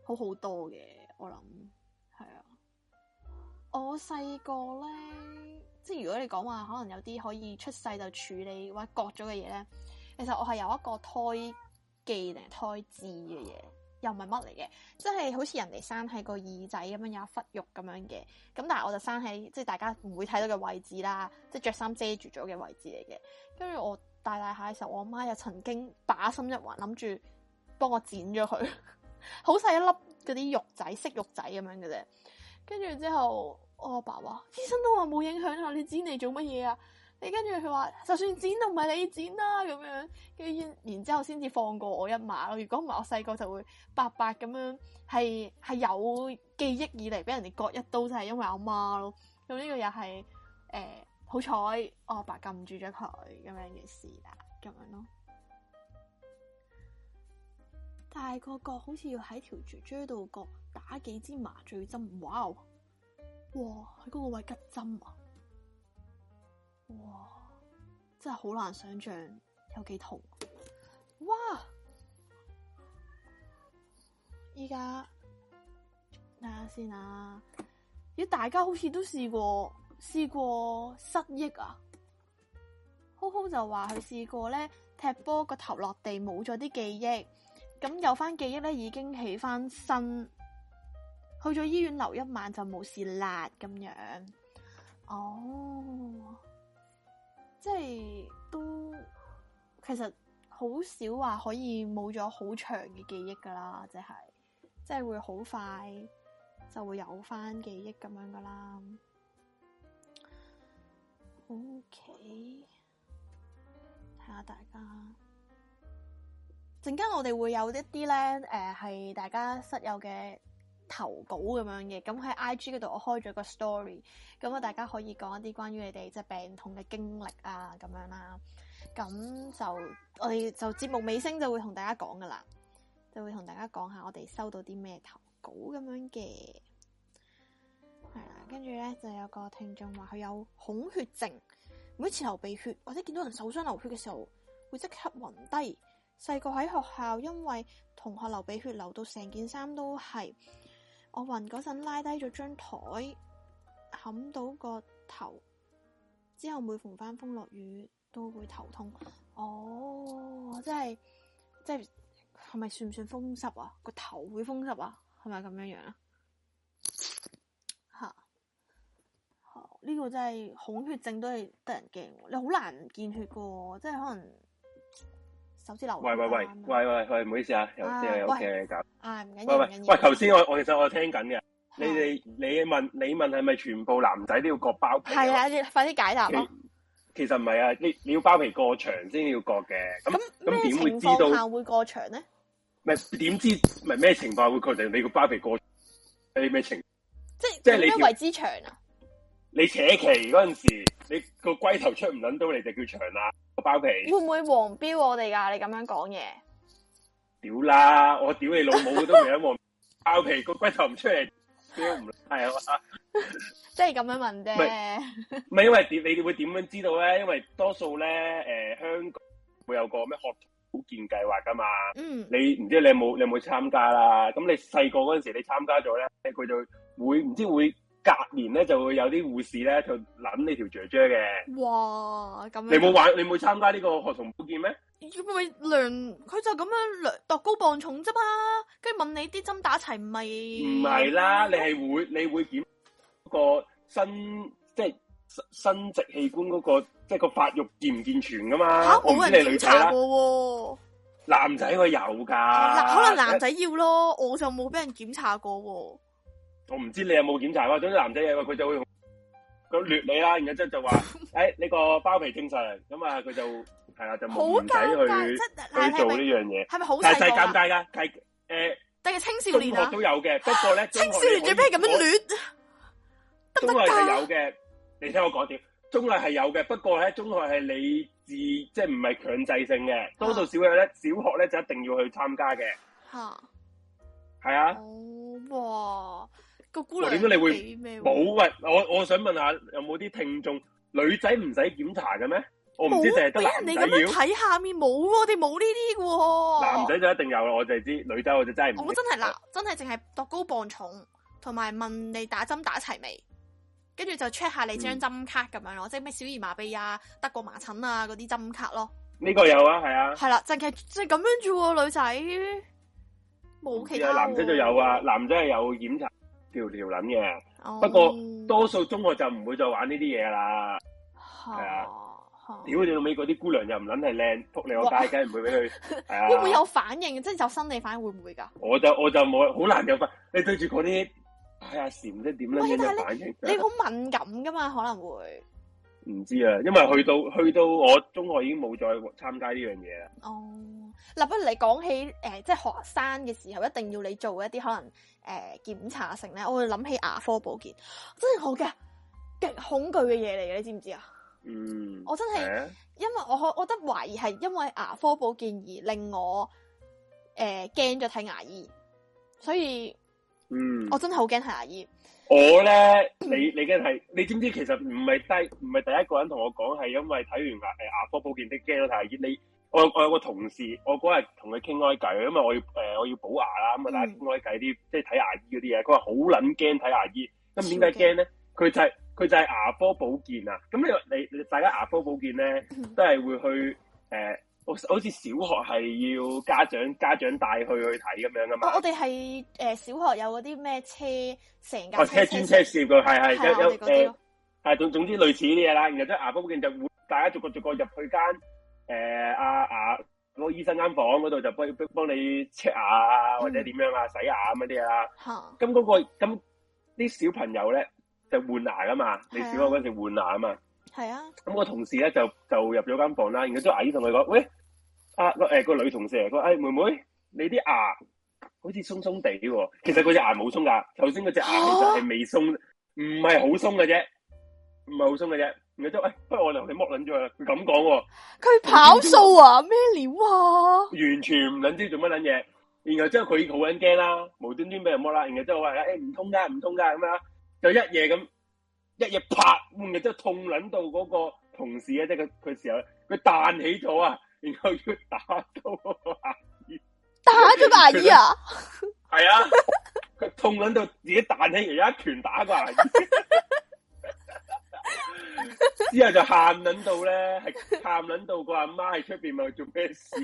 好好多嘅，我諗係啊。我細個咧，即係如果你講話可能有啲可以出世就處理或者割咗嘅嘢咧，其實我係有一個胎記定胎痣嘅嘢。又唔係乜嚟嘅，即係好似人哋生喺個耳仔咁樣有一忽肉咁樣嘅，咁但係我就生喺即係大家唔會睇到嘅位置啦，即係着衫遮住咗嘅位置嚟嘅。跟住我大大下嘅時候，我媽又曾經把心一橫，諗住幫我剪咗佢，好細一粒嗰啲肉仔，色肉仔咁樣嘅啫。跟住之後我阿爸話，醫生都話冇影響，你剪嚟做乜嘢啊？你跟住佢話，就算剪都唔係你剪啦，啊，咁樣跟然之後先至放過我一馬咯。如果唔係，我細個就會白白咁樣，係係有記憶以嚟俾人哋割一刀，就係、是、因為我媽咯。咁呢個又係誒好彩我阿爸撳住咗佢咁樣嘅事啦，咁樣咯。大個個好似要喺條柱椎度割打幾支麻醉針，哦，哇！哇佢嗰個位拮針啊！哇！真係好難想象有幾痛啊。哇！依家睇下先啊，咦？大家好似都試過試過失憶啊？好好就話佢試過咧，踢波個頭落地冇咗啲記憶，咁有翻記憶咧已經起翻身，去咗醫院留一晚就冇事啦咁樣。哦。即係都，其實好少話可以冇咗好長嘅記憶㗎喇，即係，即係會好快就會有返記憶咁樣㗎喇。OK，睇下大家，陣間我哋會有一啲咧，誒、呃，係大家室友嘅。投稿咁樣嘅，咁喺 IG 嗰度我開咗個 story，咁啊大家可以講一啲關於你哋即係病痛嘅經歷啊，咁樣啦。咁就我哋就節目尾聲就會同大家講噶啦，就會同大家講下我哋收到啲咩投稿咁樣嘅。係啦，跟住咧就有個聽眾話佢有恐血症，每次流鼻血或者見到人受傷流血嘅時候會即刻暈低。細個喺學校因為同學流鼻血流到成件衫都係。我暈嗰陣拉低咗張台，冚到個頭，之後每逢翻風落雨都會頭痛。哦，即係即係係咪算唔算風濕啊？個頭會風濕啊？係咪咁樣樣啊？吓，呢個真係恐血症都係得人驚，你好難見血噶，即係可能。喂喂喂喂喂喂，唔好意思啊，有即係屋企嚟搞。唔緊要。喂喂喂，頭先我我其實我聽緊嘅，啊，你哋你問你問係咪全部男仔都要割包皮？係啊，快啲解答其，其實唔係啊，你你要包皮過長先要割嘅。咁咁點會知道會過長咧？係點知係咩情況會確定你個包皮過？你咩情況？即係即係你。為之長啊！你扯旗嗰陣時，你個龜頭出唔撚到你就叫長啦，個包皮。會唔會黃標我哋噶、啊？你咁樣講嘢，屌啦！我屌你老母 [LAUGHS] 都未響黃皮包皮個龜頭唔出嚟，屌唔係啊！即係咁樣問啫。咪係因為點你哋會點樣知道咧？因為多數咧，誒、呃，香港會有個咩學徒保健計劃噶嘛。嗯。你唔知你有冇你有冇參加啦？咁你細個嗰陣時候你參加咗咧，佢就會唔知會。隔年咧就會有啲護士咧就攆呢條雀雀嘅。哇，咁你冇玩你冇參加呢個學童保健咩？佢量佢就咁樣量度高磅重啫嘛，跟住問你啲針打齊唔係？唔係啦，你係會你會檢嗰個身即係生殖器官嗰個即係個發育健唔健全噶嘛？嚇，我冇人檢查過喎。男仔我有噶，可能男仔要咯，我就冇俾人檢查過喎。我唔知你有冇檢查喎，總之男仔嘢喎，佢就會個虐你啦，然之後就話：誒、 [LAUGHS] 哎，你個包皮清晒。他就」嚟，咁啊佢就係啦，就冇女仔去但是是不是去做的是、呃是啊、的不呢樣嘢。係咪好細個？大細咁但㗎，青少年學都 [LAUGHS] 有嘅， [LAUGHS] 不過咧，青少年最怕咁樣虐。中學係有嘅，你聽我講啲，中學係有嘅，不過咧，中學係你自即係唔係強制性嘅、啊，多數小學咧，小學咧就一定要去參加嘅。吓？係啊。好喎。個姑娘冇喂，我我想問一下有冇啲聽眾女仔唔使檢查嘅咩？我唔知淨係得男仔要。睇下面冇、啊，我哋冇呢啲嘅。男仔就一定有啦，我就知道女仔我就真係唔。我真係啦，真係淨係度高磅重，同埋問你打針打齊未？跟住就 check 下你張針卡咁樣咯、嗯，即係咩小兒麻痹啊、德國麻疹啊嗰啲針卡咯。呢、這個有啊，係啊。係啦、啊，就係就係咁樣啫、啊，女仔冇其他、啊。男仔就有啊，男仔係有檢查。條條捻嘅，不過、嗯、多數中學就唔會再玩呢啲嘢啦。係啊，屌你老味，嗰啲姑娘又唔捻係靚，仆你個街梗唔會俾佢。會 [LAUGHS] 唔、uh, 會有反應？即、就、係、是、有心理反應，會唔會噶？我就我就冇，好難有反應。你對住嗰啲係阿嬋，即係點反應你 [LAUGHS] 你好敏感噶嘛？可能會。唔知啊，因為去到、嗯、去到我中學已經冇再參加呢樣嘢啦。哦，嗱，不如你講起誒、呃，即係學生嘅時候一定要你做一啲可能誒檢、呃、查性咧，我會諗起牙科保健，真係好㗎極恐懼嘅嘢嚟，嘅，你知唔知啊？嗯，我真係、啊、因為我我覺得懷疑係因為牙科保健而令我誒驚咗睇牙醫，所以嗯，我真係好驚睇牙醫。我咧，你你梗係，你知唔知？其實唔係第唔係第一個人同我講，係因為睇完牙誒牙科保健都驚咯，睇牙醫你我有我有個同事，我嗰日同佢傾開偈，因為我要、呃、我要補牙啦，咁啊大家傾開偈啲即係睇牙醫嗰啲嘢。佢話好撚驚睇牙醫，咁點解驚咧？佢就係、係、佢就係牙科保健啊！咁你你你大家牙科保健咧，都係會去誒。呃好似小學係要家長家長帶去去睇咁樣噶嘛？哦、我哋係誒小學有嗰啲咩車，成架車？哦，車專車，試佢係係有有係、呃、總總之類似啲嘢啦。然後即係牙科嗰邊就大家逐個逐個入去間誒阿阿個醫生間房嗰度，就幫幫你 check、嗯、或者點樣啊洗牙嗰啲啊。咁、嗯、嗰、嗰個咁啲小朋友咧就換牙㗎嘛、嗯？你小學嗰時換牙啊嘛？係啊，咁、那個同事咧就就入咗間房啦，然後都阿姨同佢講：喂，阿、啊、誒、欸那個女同事嚟，個、哎、誒妹妹，你啲牙好似鬆鬆地喎，其實嗰隻牙冇鬆噶，頭先嗰隻牙其實係未鬆，唔係好鬆嘅啫，唔係好鬆嘅啫。然後即喂、哎，不過我哋同你剝捻咗啦。佢咁講喎，佢跑數啊，咩料啊？完全唔捻知做乜捻嘢，然後之後佢好捻驚啦，無端端俾人剝啦，然後之後我話誒唔通噶，唔通噶咁樣，就一夜咁。一日拍，每日都痛撚到嗰個同事咧，即係佢佢時候佢彈起咗啊，然後要打到個阿姨，打咗個阿姨 [LAUGHS] 啊，係啊，佢痛撚到自己彈起，而家一拳打個阿姨， [LAUGHS] [LAUGHS] 之後就喊撚到咧，係喊撚到個阿媽喺出邊，問做咩事，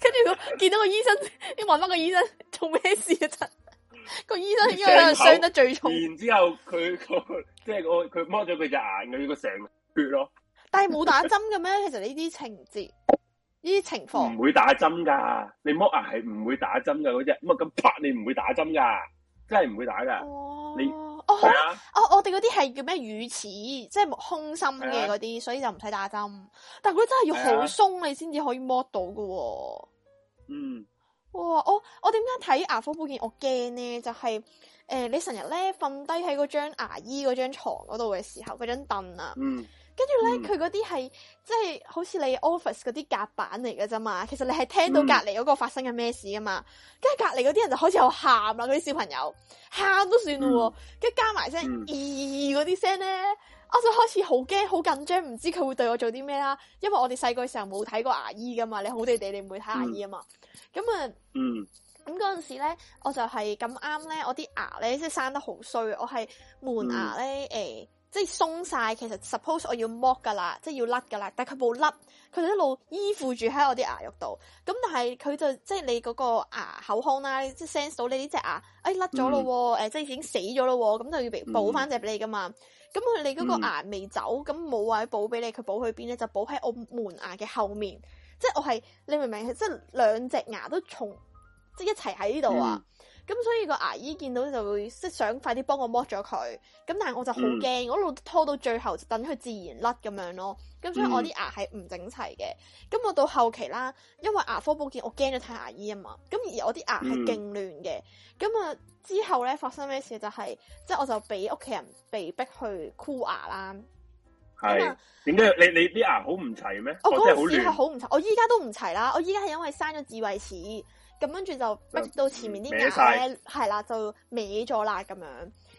跟住佢見到個醫生，你 [LAUGHS] 問翻個醫生做咩事啊？真。 [LAUGHS] 個醫生應該有傷得最重，然之後佢個即係個佢剝咗佢隻眼，佢個成血咯。但係冇打針嘅咩？其實呢啲情節，呢啲情況唔會打針噶。你剝牙係唔會打針噶嗰隻咁啊咁，啪你唔會打針噶，真係唔會打噶。哦，哦，哦、啊啊啊，我哋嗰啲係叫咩乳齒，即係空心嘅嗰啲，所以就唔使打針。但係嗰啲真係要好鬆你先至可以剝到噶、啊。嗯。哇！我我點解睇牙科保健我驚咧？就係、是、誒、呃，你成日咧瞓低喺嗰張牙醫嗰張床嗰度嘅時候，嗰張凳啊，跟住咧佢嗰啲係即係好似你 office 嗰啲夾板嚟嘅啫嘛。其實你係聽到隔籬嗰個發生緊咩事噶嘛。跟住隔籬嗰啲人就開始有喊啦，嗰啲小朋友喊都算咯，跟、嗯、住加埋聲咦，嗰啲聲咧。欸我就開始好驚好緊張，唔知佢會對我做啲咩啦。因為我哋細個嘅時候冇睇過牙醫噶嘛，你好地地你唔會睇牙醫啊嘛。咁、嗯、啊，咁嗰陣時咧，我就係咁啱咧，我啲牙咧即係生得好衰，我係門牙咧誒。嗯欸即係鬆晒，其實 suppose 我要剝噶啦，即係要甩噶啦，但係佢冇甩，佢就一路依附住喺我啲牙肉度。咁但係佢就即係你嗰個牙口腔啦，即係 sense 到你呢隻牙，哎甩咗咯，誒、嗯、即係已經死咗咯，咁就要補翻隻俾你噶嘛。咁、嗯、佢你嗰個牙未走，咁冇話補俾你，佢補去邊咧？就補喺我門牙嘅後面。即係我係你明唔明？即係兩隻牙都重，即係一齊喺呢度啊！嗯咁所以個牙醫見到就會即想快啲幫我剝咗佢，咁但係我就好驚、嗯，我一路拖到最後就等佢自然甩咁樣咯。咁所以我啲牙係唔整齊嘅。咁、嗯、我到後期啦，因為牙科保健我驚咗睇牙醫啊嘛。咁而我啲牙係勁亂嘅。咁、嗯、啊之後咧發生咩事就係、是，即係我就俾屋企人被逼去箍牙啦。係，點解你你啲牙好唔齊咩？我嗰時係好唔齊，我依家都唔齊啦。我依家係因為生咗智慧齒。咁跟住就，逼到前面啲牙咧，係啦就歪咗啦咁樣。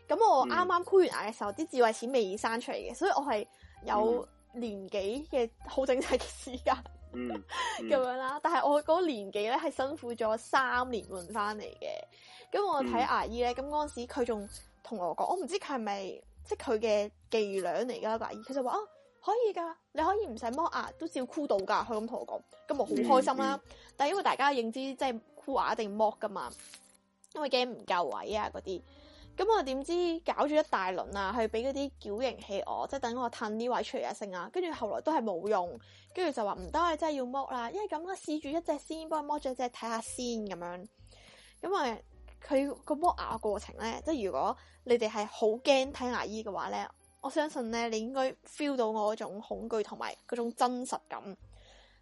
咁我啱啱箍完牙嘅時候，啲、嗯、智慧齒未生出嚟嘅，所以我係有年幾嘅好整齊嘅時間咁、嗯、樣啦。但係我嗰年幾咧係辛苦咗三年換翻嚟嘅。咁我睇牙醫咧，咁嗰時佢仲同我講，我唔知佢係咪即係佢嘅伎倆嚟噶啦牙醫，佢就話哦。可以噶，你可以唔使剝牙，都照箍到噶。佢咁同我講，咁我好開心啦、啊。 [LAUGHS] 但係因為大家認知即係箍牙一定剝噶嘛，因為驚唔夠位啊嗰啲。咁我點知搞咗一大輪啊，去俾嗰啲矯形器我，即係等我褪呢位出嚟一聲啊。跟住後來都係冇用，跟住就話唔得啊，真係要剝啦。因為咁我試住一隻先，幫佢剝咗一隻睇下先咁樣。咁為佢個剝牙過程咧，即係如果你哋係好驚睇牙醫嘅話咧。我相信咧，你應該 feel 到我嗰種恐懼同埋嗰種真實感他什麼呢。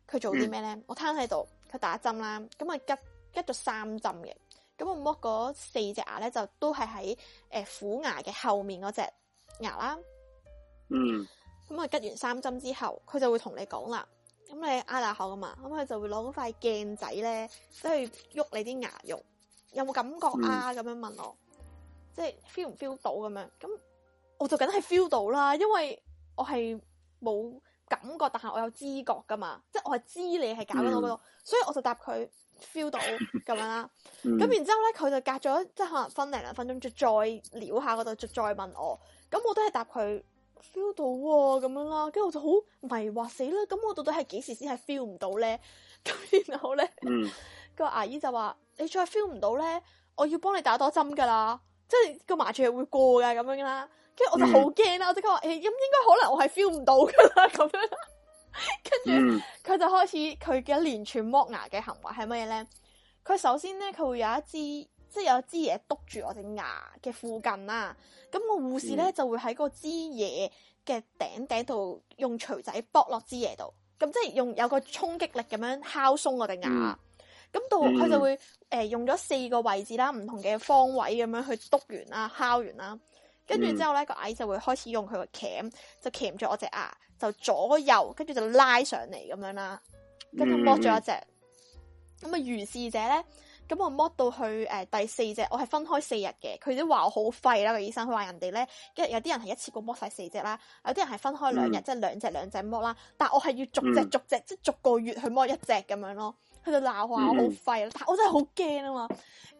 佢做啲咩咧？我攤喺度，佢打針啦。咁啊，拮拮咗三針嘅。咁我剝嗰四隻牙咧，就都係喺誒虎牙嘅後面嗰隻牙啦。嗯。咁啊，拮完三針之後，佢就會同你講啦。咁你擘大口噶嘛？咁佢就會攞嗰塊鏡仔咧，即係喐你啲牙肉，有冇感覺啊？咁、嗯、樣問我，即係 feel 唔 feel 到咁樣？咁。我就梗係 feel 到啦，因為我係冇感覺，但係我有知覺噶嘛，即係我係知你係搞緊我嗰度，嗯、所以我就答佢 feel 到咁樣啦。咁、嗯、然之後咧，佢就隔咗即係可能分零零分鐘聊，就再撩下嗰度，就再問我咁，我都係答佢 feel 到喎、啊，咁樣啦。跟住我就好迷惑死啦，咁我到底係幾時先係 feel 唔到咧？咁然後咧，嗯、 [LAUGHS] 個牙醫就話你再 feel 唔到咧，我要幫你打多針噶啦，即係個麻醉會會過嘅，咁樣啦。跟住我就好驚啦！我即刻話：誒、哎，咁應該可能我係 feel 唔到噶啦，咁樣。跟住佢就開始佢嘅連串剝牙嘅行為係乜嘢咧？佢首先咧，佢會有一支即係有一支嘢督住我隻牙嘅附近啦。咁、那個護士咧、嗯、就會喺嗰支嘢嘅頂頂度用錘仔剝落支嘢度，咁即係用有一個衝擊力咁樣敲鬆我隻牙。咁、嗯、到佢就會誒、呃、用咗四個位置啦，唔同嘅方位咁樣去督完啦，敲完啦。跟住之後咧，個矮就會開始用佢個鉗，就鉗住我隻牙，就左右跟住就拉上嚟咁樣啦。跟住剝咗一隻，咁、嗯、啊，如是者咧，咁、嗯嗯、我剝到去誒、呃、第四隻，我係分開四日嘅。佢都話我好廢啦，個醫生佢話人哋咧，一有啲人係一次過剝晒四隻啦，有啲人係分開兩日、嗯，即係兩隻兩隻剝啦。但我係要逐隻、嗯、逐隻，即係逐個月去剝一隻咁樣咯。佢就鬧話我好廢啦，但我真係好驚啊嘛。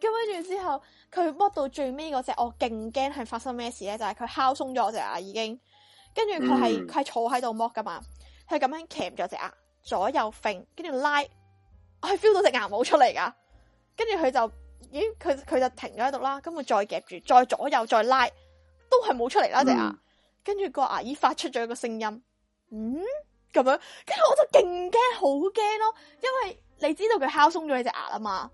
咁跟住之後，佢剝到最尾嗰隻，我勁驚係發生咩事咧？就係佢敲鬆咗我隻牙已經，跟住佢係佢係坐喺度剝噶嘛，佢咁樣鉗咗隻牙，左右揈，跟住拉，我係 feel 到隻牙冇出嚟噶。跟住佢就，咦？佢佢就停咗喺度啦。咁佢再夾住，再左右再拉，都係冇出嚟啦隻牙。嗯、跟住個牙醫發出咗個聲音，嗯咁樣。跟住我就勁驚，好驚咯，因為。你知道佢敲鬆咗你隻牙啊嘛？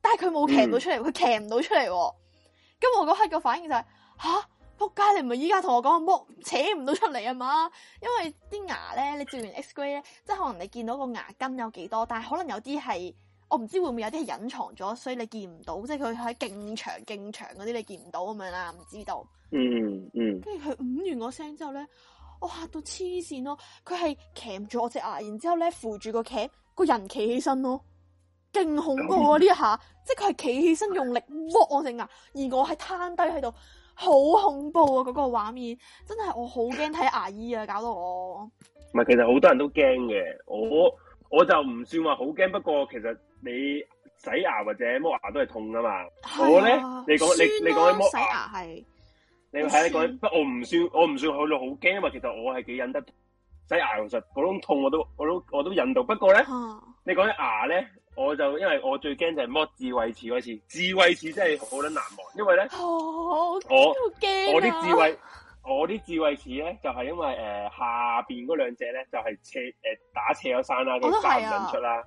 但係佢冇鉗到出嚟，佢鉗唔到出嚟。咁我嗰刻個反應就係吓仆街，你唔係依家同我講剝扯唔到出嚟啊嘛？因為啲牙咧，你照完 X 光咧，即係可能你見到個牙根有幾多，但係可能有啲係我唔知會唔會有啲係隱藏咗，所以你見唔到，即係佢喺勁長勁長嗰啲，你見唔到咁樣啦，唔知道。嗯嗯。跟住佢捂完我聲之後咧，我吓到黐線咯！佢係鉗住我隻牙，然之後咧扶住個鉗。個人企起身咯、哦，勁恐怖喎！呢一下，即係佢係企起身用力剝我隻牙，而我係攤低喺度，好恐怖啊！嗰個畫面真係我好驚睇牙醫啊，搞到我。唔係，其實好多人都驚嘅，我我就唔算話好驚。不過其實你洗牙或者剝牙都係痛㗎嘛。啊、我咧，你講你你講啲剝牙係，你講你講，牙你你我我不我唔算我唔算去到好驚，啊嘛。其實我係幾忍得。睇牙其實嗰種痛我都我都我都忍到，不過咧，uh, 你講啲牙咧，我就因為我最驚就係剝智慧齒嗰次，智慧齒真係好難忘，因為咧、oh, 啊，我我啲智慧我啲智慧齒咧就係、是、因為誒、呃、下邊嗰兩隻咧就係、是、斜誒、呃、打斜咗山啦，都攰唔出啦，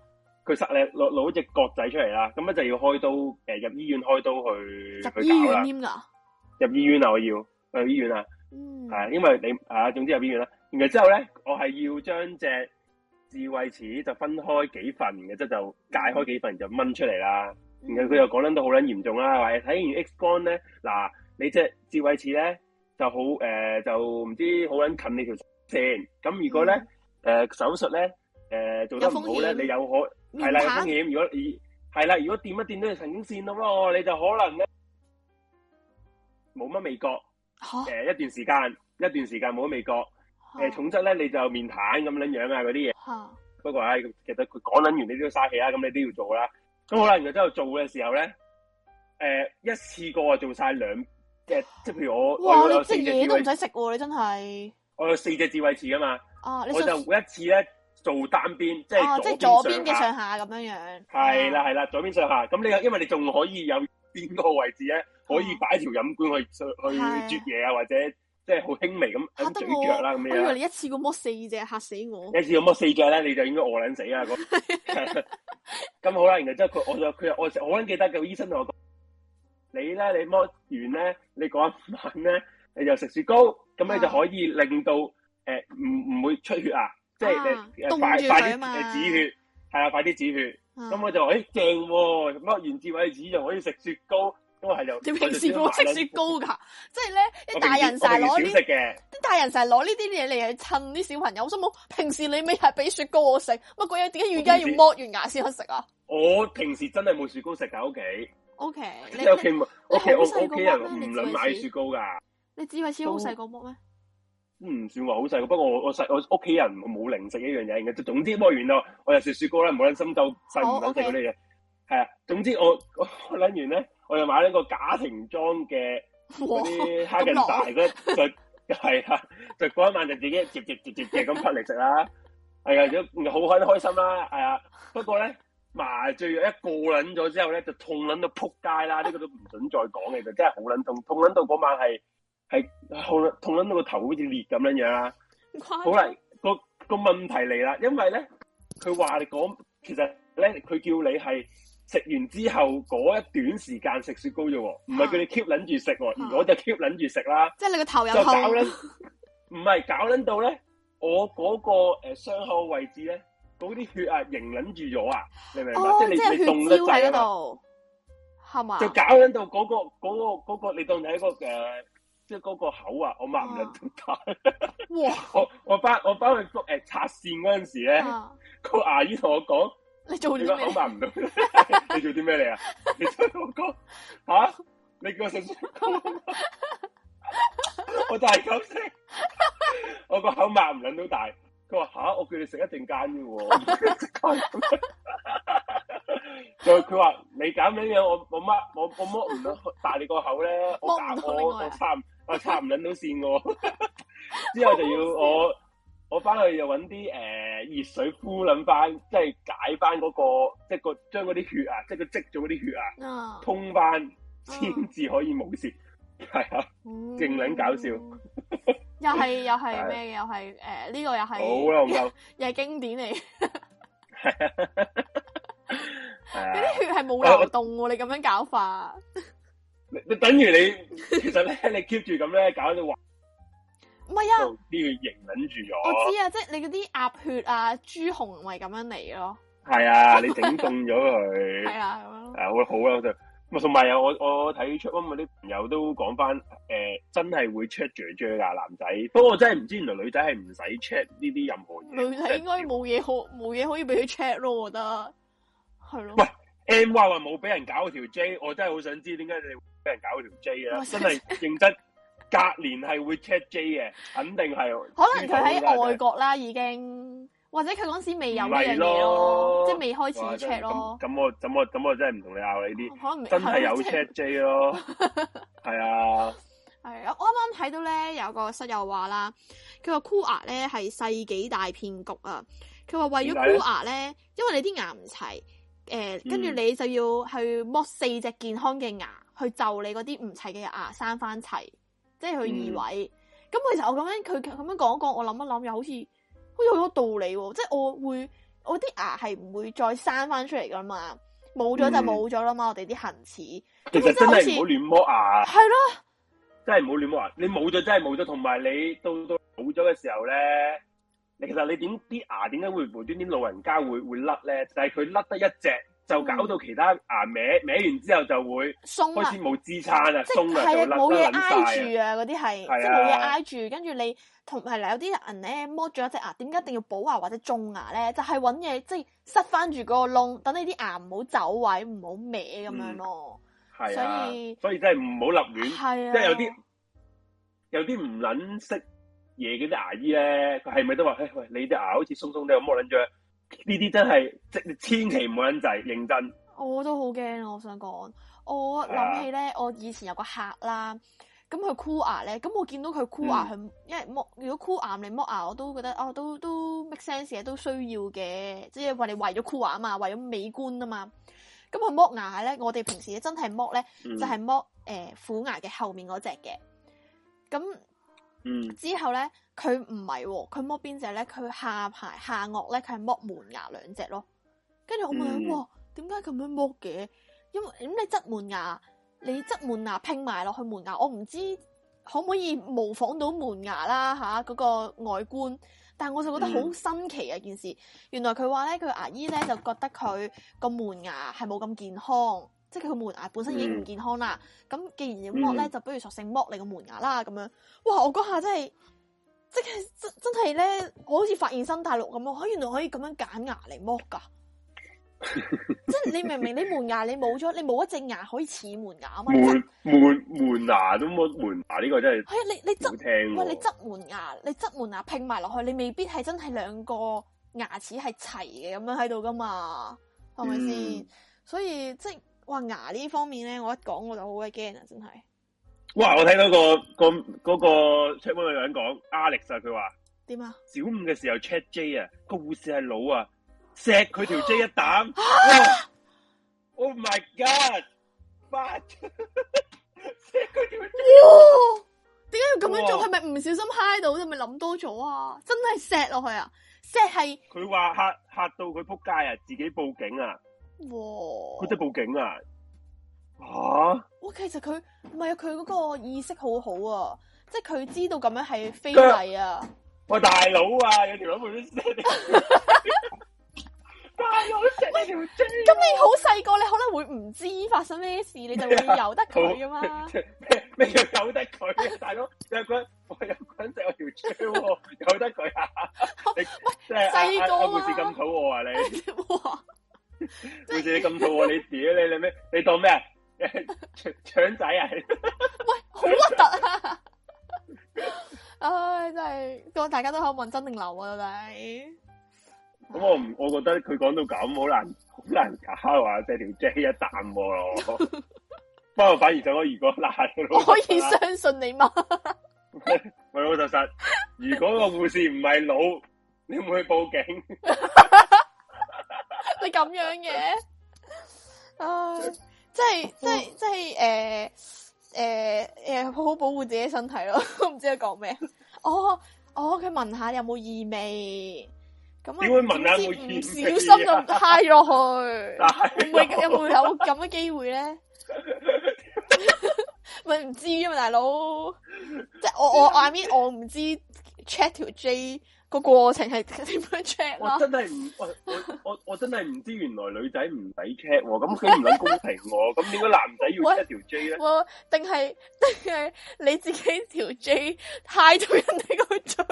佢、啊、塞你攞攞隻角仔出嚟啦，咁啊就要開刀誒、呃、入醫院開刀去搞啦，入醫院啊我要去醫院、嗯、啊，係因為你誒、啊、總之入醫院啦。然之後咧，我係要將隻智慧齒就分開幾份嘅，即就解開幾份就掹出嚟啦、嗯。然後佢又講得都好撚嚴重啦，係咪？睇完 X 光咧，嗱，你隻智慧齒咧就好誒、呃，就唔知好撚近你條線。咁如果咧，誒、嗯呃、手術咧，誒、呃、做得唔好咧，你有可係啦，有風險。如果係啦，如果掂一掂到你神經線，咁你就可能冇乜味覺。誒、啊呃，一段時間，一段時間冇乜味覺。誒、呃、重質咧，你就面癱咁樣樣啊嗰啲嘢。嚇。不過唉，其實佢講撚完呢啲都嘥氣啦，咁你都要做啦。咁好啦，然後之後做嘅時候咧，誒、呃、一次過啊做晒兩隻、呃，即係譬如我哇，我你執嘢都唔使食喎，你真係。我有四隻智慧齒噶嘛。哦、啊，你我就每一次咧做單邊，即係左邊上下咁樣、啊、樣。係啦，係、啊、啦，左邊上下。咁你因為你仲可以有邊個位置咧、嗯，可以擺條飲管去去去啜嘢啊，或者。即係好輕微咁咀嚼啦咁樣啦。我以為你一次過摸四隻，嚇死我！你一次咁摸四隻咧，你就應該餓撚死啦。咁 [LAUGHS] [LAUGHS] 好啦，然之後佢我就佢又我我記得個醫生同我講：你咧你剝完咧，你講一晚咧，你就食雪糕，咁你就可以令到誒唔唔會出血啊！即係你快快啲止血，係啊，快啲止血。咁、啊、我就話誒正、欸啊，剝完智慧齒就可以食雪糕。因為係有平時冇食雪糕噶，即係咧，啲大人成日攞呢嘅啲大人成日攞呢啲嘢嚟，去襯啲小朋友。我想冇平時你咪係俾雪糕我食，乜鬼嘢，點解而家要剝完牙先得食啊？我平時真係冇雪糕食，喺屋企。O K，屋企人唔撚買雪糕㗎。你牙超好細個剝咩？唔算話好細個，不過我我我屋企人冇零食一樣嘢嘅。總之剝完咯，我又食雪糕啦，唔好諗心咒，細唔好食嗰啲嘢。係啊，總之我我諗完咧。 [LAUGHS] 我又買個個家庭裝嘅嗰啲哈根大的，嗰就係啦，就嗰、啊、一晚就自己接接接接咁剝嚟食啦。係 [LAUGHS] 啊，好開開心啦、啊，係啊。不過咧，麻醉藥一過捻咗之後咧，就痛捻到撲街啦。呢、這個都唔准再講嘅，就真係好捻痛，痛捻到嗰晚係係痛痛捻到個頭好似裂咁樣樣、啊、啦。好啦，個、那個問題嚟啦，因為咧，佢話你講，其實咧，佢叫你係。食完之後嗰一短時間食雪糕啫喎，唔係佢哋 keep 捻住食，我就 keep 捻住食啦。即係你、嗰個頭有痛。搞捻，唔係搞捻到咧，我嗰個誒傷口位置咧，嗰啲血啊凝捻住咗啊，明唔明白？即係你你凍喺度，係嘛？就搞捻到嗰個嗰個個，你當係一個誒，即係個口啊，我冚唔到底。哇！我我翻、啊啊、我翻去復誒拆線嗰陣時咧，個牙醫同我講。你做啲咩？口擘唔到，你,什麼 [LAUGHS] 你做啲咩嚟啊？食我糕，吓？你叫我食蛋糕？我就係咁食！我個口擘唔捻到大。佢話吓，我叫你食一陣間嘅喎。就佢話你揀咩嘢？我我抹我我抹唔到但係你個口咧，我夾我我插唔我插唔捻到線我。啊、 [LAUGHS] 之後就要我.。 [LAUGHS] 我翻去又搵啲誒熱水敷捻翻，即係解翻嗰、嗰個，即係個將嗰啲血，壓血壓、uh, uh, 啊，即係佢積咗嗰啲血啊，通翻先至可以冇事，係啊，勁捻搞笑，嗯嗯、 [LAUGHS] 又係又係咩、啊、又係誒呢個又係，好啦，又係經典嚟，嗰 [LAUGHS] 啲、 [LAUGHS] [LAUGHS] uh, 血係冇流動的、uh, 你這 [LAUGHS] 你你，你咁樣搞法，你等於你其實咧，你 keep 住咁咧搞到。唔係啊，呢個型穩住咗。我知啊，即係你嗰啲鴨血啊、豬紅咪咁樣嚟咯。係啊，你整凍咗佢。係 [LAUGHS] 啊，誒，好啦，好啦，啊。同埋啊，我我睇出邊嗰啲朋友都講翻誒，真係會 check jay 噶男仔。不過我真係唔知原來女仔係唔使 check 呢啲任何嘢。女仔應該冇嘢好，冇嘢可以俾佢 check 咯，我覺得係咯、啊。喂，M Y 話冇俾人搞條 j，我真係好想知點解你俾人搞條 j 啊，真係認真。 [LAUGHS] 隔年係會 check J 嘅，肯定係，可能佢喺外國啦，已經或者佢嗰時未有呢樣嘢咯，即係未開始 check 咯。咁我咁我咁我真係唔同你拗你啲，可能有的真係有 check J 咯，係 [LAUGHS] 啊。係我啱啱睇到咧，有個室友話啦，佢話箍牙咧係世紀大騙局啊。佢話為咗箍牙咧，因為你啲牙唔齊，誒、呃，跟、嗯、住你就要去剝四隻健康嘅牙去就你嗰啲唔齊嘅牙生翻齊。即係佢以為，咁、嗯、其實我咁樣佢咁樣講一講，我諗一諗又好似好似好多道理喎、哦。即係我會，我啲牙係唔會再生翻出嚟噶嘛，冇咗就冇咗啦嘛。嗯、我哋啲恆齒，其實真係唔好亂摸牙。係咯，真係唔好亂摸牙。你冇咗真係冇咗，同埋你到到冇咗嘅時候咧，你其實你點啲牙點解會無端端老人家會會甩咧？就係佢甩得一隻。就搞到其他牙歪歪，完之後就會，開始冇支撐啊，鬆啊，就甩啦，冇嘢挨住啊，嗰啲係，即係冇嘢挨住。跟住你同係有啲人咧，磨咗一隻牙，點解一定要補牙或者種牙咧？就係揾嘢，即係塞翻住嗰個窿，等你啲牙唔好走位，唔好歪咁樣咯。係啊，所以所以真係唔好立亂，即係有啲有啲唔捻識嘢嗰啲牙醫咧，佢係咪都話誒，你啲牙好似鬆鬆地咁，冇捻着？呢啲真係即千祈唔好人仔認真。我都好驚啊！我想講，我諗起咧、啊，我以前有個客啦，咁佢箍牙咧，咁我見到佢箍牙，佢、嗯、因為剝如果箍牙你剝牙，我都覺得哦，都都 make sense 嘅，都需要嘅，即係話你為咗箍牙啊嘛，為咗美觀啊嘛。咁佢剝牙咧，我哋平時真係剝咧，就係剝誒虎牙嘅後面嗰隻嘅，咁、嗯。嗯之後咧，佢唔係喎，佢剝邊隻咧？佢下排下顎咧，佢係剝門牙兩隻咯。跟住我問、嗯，哇，點解咁樣剝嘅？因為咁你側門牙，你側門牙拼埋落去門牙，我唔知可唔可以模仿到門牙啦吓嗰、那個外觀。但係我就覺得好新奇啊、嗯、件事，原來佢話咧，佢牙醫咧就覺得佢個門牙係冇咁健康。即係佢門牙本身已經唔健康啦，咁、嗯、既然要剝咧，就不如索性剝你個門牙啦，咁樣。哇！我嗰下真係，即、就、係、是、真真係咧，我好似發現新大陸咁樣。我原來可以咁樣揀牙嚟剝噶。 [LAUGHS] 即係你明唔明你門牙你冇咗，你冇一隻牙可以似門牙啊。門門，門牙都冇門牙呢個真係。係啊，你你執喂、哎、你側門牙，你側門牙拼埋落去，你未必係真係兩個牙齒係齊嘅咁樣喺度噶嘛，係咪先？所以即係。哇牙，呢方面咧，我一講我就好鬼驚啊！真係。哇！我睇到個個嗰個、那個、chat 人講 Alex 啊，佢話點啊？小五嘅時候 chat J 啊，個護士係老啊，錫佢條 J 一啖。啊、 [LAUGHS] Oh my god！ [LAUGHS] 錫佢條 J 哇，點解要咁樣做？係咪唔小心嗨到？係咪諗多咗啊？真係錫落去啊！錫係。佢話吓嚇到佢撲街啊，自己報警啊。佢真係報警啊！吓，我其實佢唔係佢嗰個意識好好啊，即係佢知道咁樣係非禮啊！喂，大佬啊，有條佬食你、啊，大佬食條蕉咁你好細個，你可能會唔知發生咩事，你就會由得佢噶嘛？咩、啊、叫由得佢、啊？ [LAUGHS] 大佬有個人，我有個人食我條蕉、啊，由得佢啊，啊、就是、啊，啊，啊，啊！你好係細個啊？咁肚餓啊你？ [LAUGHS] 護士 [MUSIC] 你咁做， [LAUGHS] 你屌你你咩？你當咩啊？腸 [LAUGHS] 仔啊？喂，好核突啊！唉、 [LAUGHS] [LAUGHS] 哎，真係個大家都好問真定流啊到底。咁、嗯、我唔，我覺得佢講到咁好難，好難搞啊！即係條 J 一啖喎。不 [LAUGHS] 過反而就講，如果爛，我可以相信你嘛！喂 [LAUGHS] 老實實，如果個護士唔係老，你會唔去報警？ [LAUGHS] [LAUGHS] 你咁樣嘅，唉、 [LAUGHS] uh,，即係即係即係誒誒誒，好好、呃呃呃、保護自己身體咯、oh, oh, [LAUGHS] [LAUGHS] 啊。 [LAUGHS] 我唔 [LAUGHS] I mean, 知佢講咩，哦哦，佢聞下有冇異味，咁點會聞下啊？唔小心就嗨落去，會唔會有咁嘅機會咧？咪唔知啫嘛，大佬，即係我我 I mean, 我唔知 check 條 J。個過程係點樣 check 我真係唔，我我我真係唔知，原來女仔唔使 check 喎，咁佢唔肯公平喎，咁點解男仔要一條 J 咧？定係定係你自己條 J 太到人哋個嘴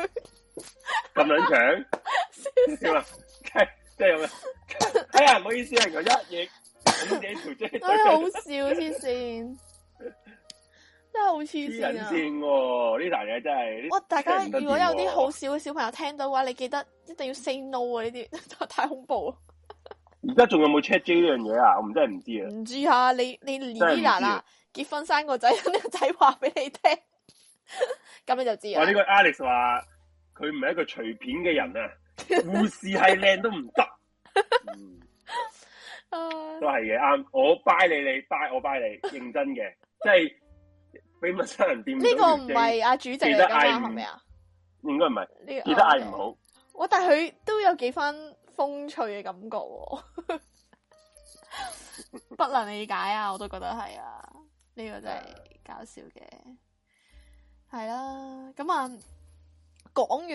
咁樣搶先笑啦、 [LAUGHS] [LAUGHS] [LAUGHS] 哎，係真係咩？哎呀，唔好意思，我一億咁多條 J，好笑先先。 [LAUGHS] 真係好黐線啊！呢樣嘢真係哇，大家如果有啲好少嘅小朋友聽到嘅話，你記得一定要 say no 啊！呢啲太恐怖啊。而家仲有冇 check J 呢樣嘢啊？我唔真係唔知啊。唔知啊？你你 Lila、啊、結婚生個仔，呢個仔話俾你聽，咁 [LAUGHS] 你就知啊！我呢、呢個 Alex 話佢唔係一個隨便嘅人啊，護 [LAUGHS] 士係靚都唔得。 [LAUGHS] 嗯 uh, 都係嘅，啱。我拜你，你拜我拜你，認真嘅，即係。 [LAUGHS] 呢、這個唔係阿主席嘅，係咪啊？應該唔係，記得嗌唔、這個、好。我、okay. 哦、但係佢都有幾番風趣嘅感覺、哦， [LAUGHS] [LAUGHS] 不能理解啊！我都覺得係啊，呢、這個真係搞笑嘅。係、uh, 啦，咁啊，講完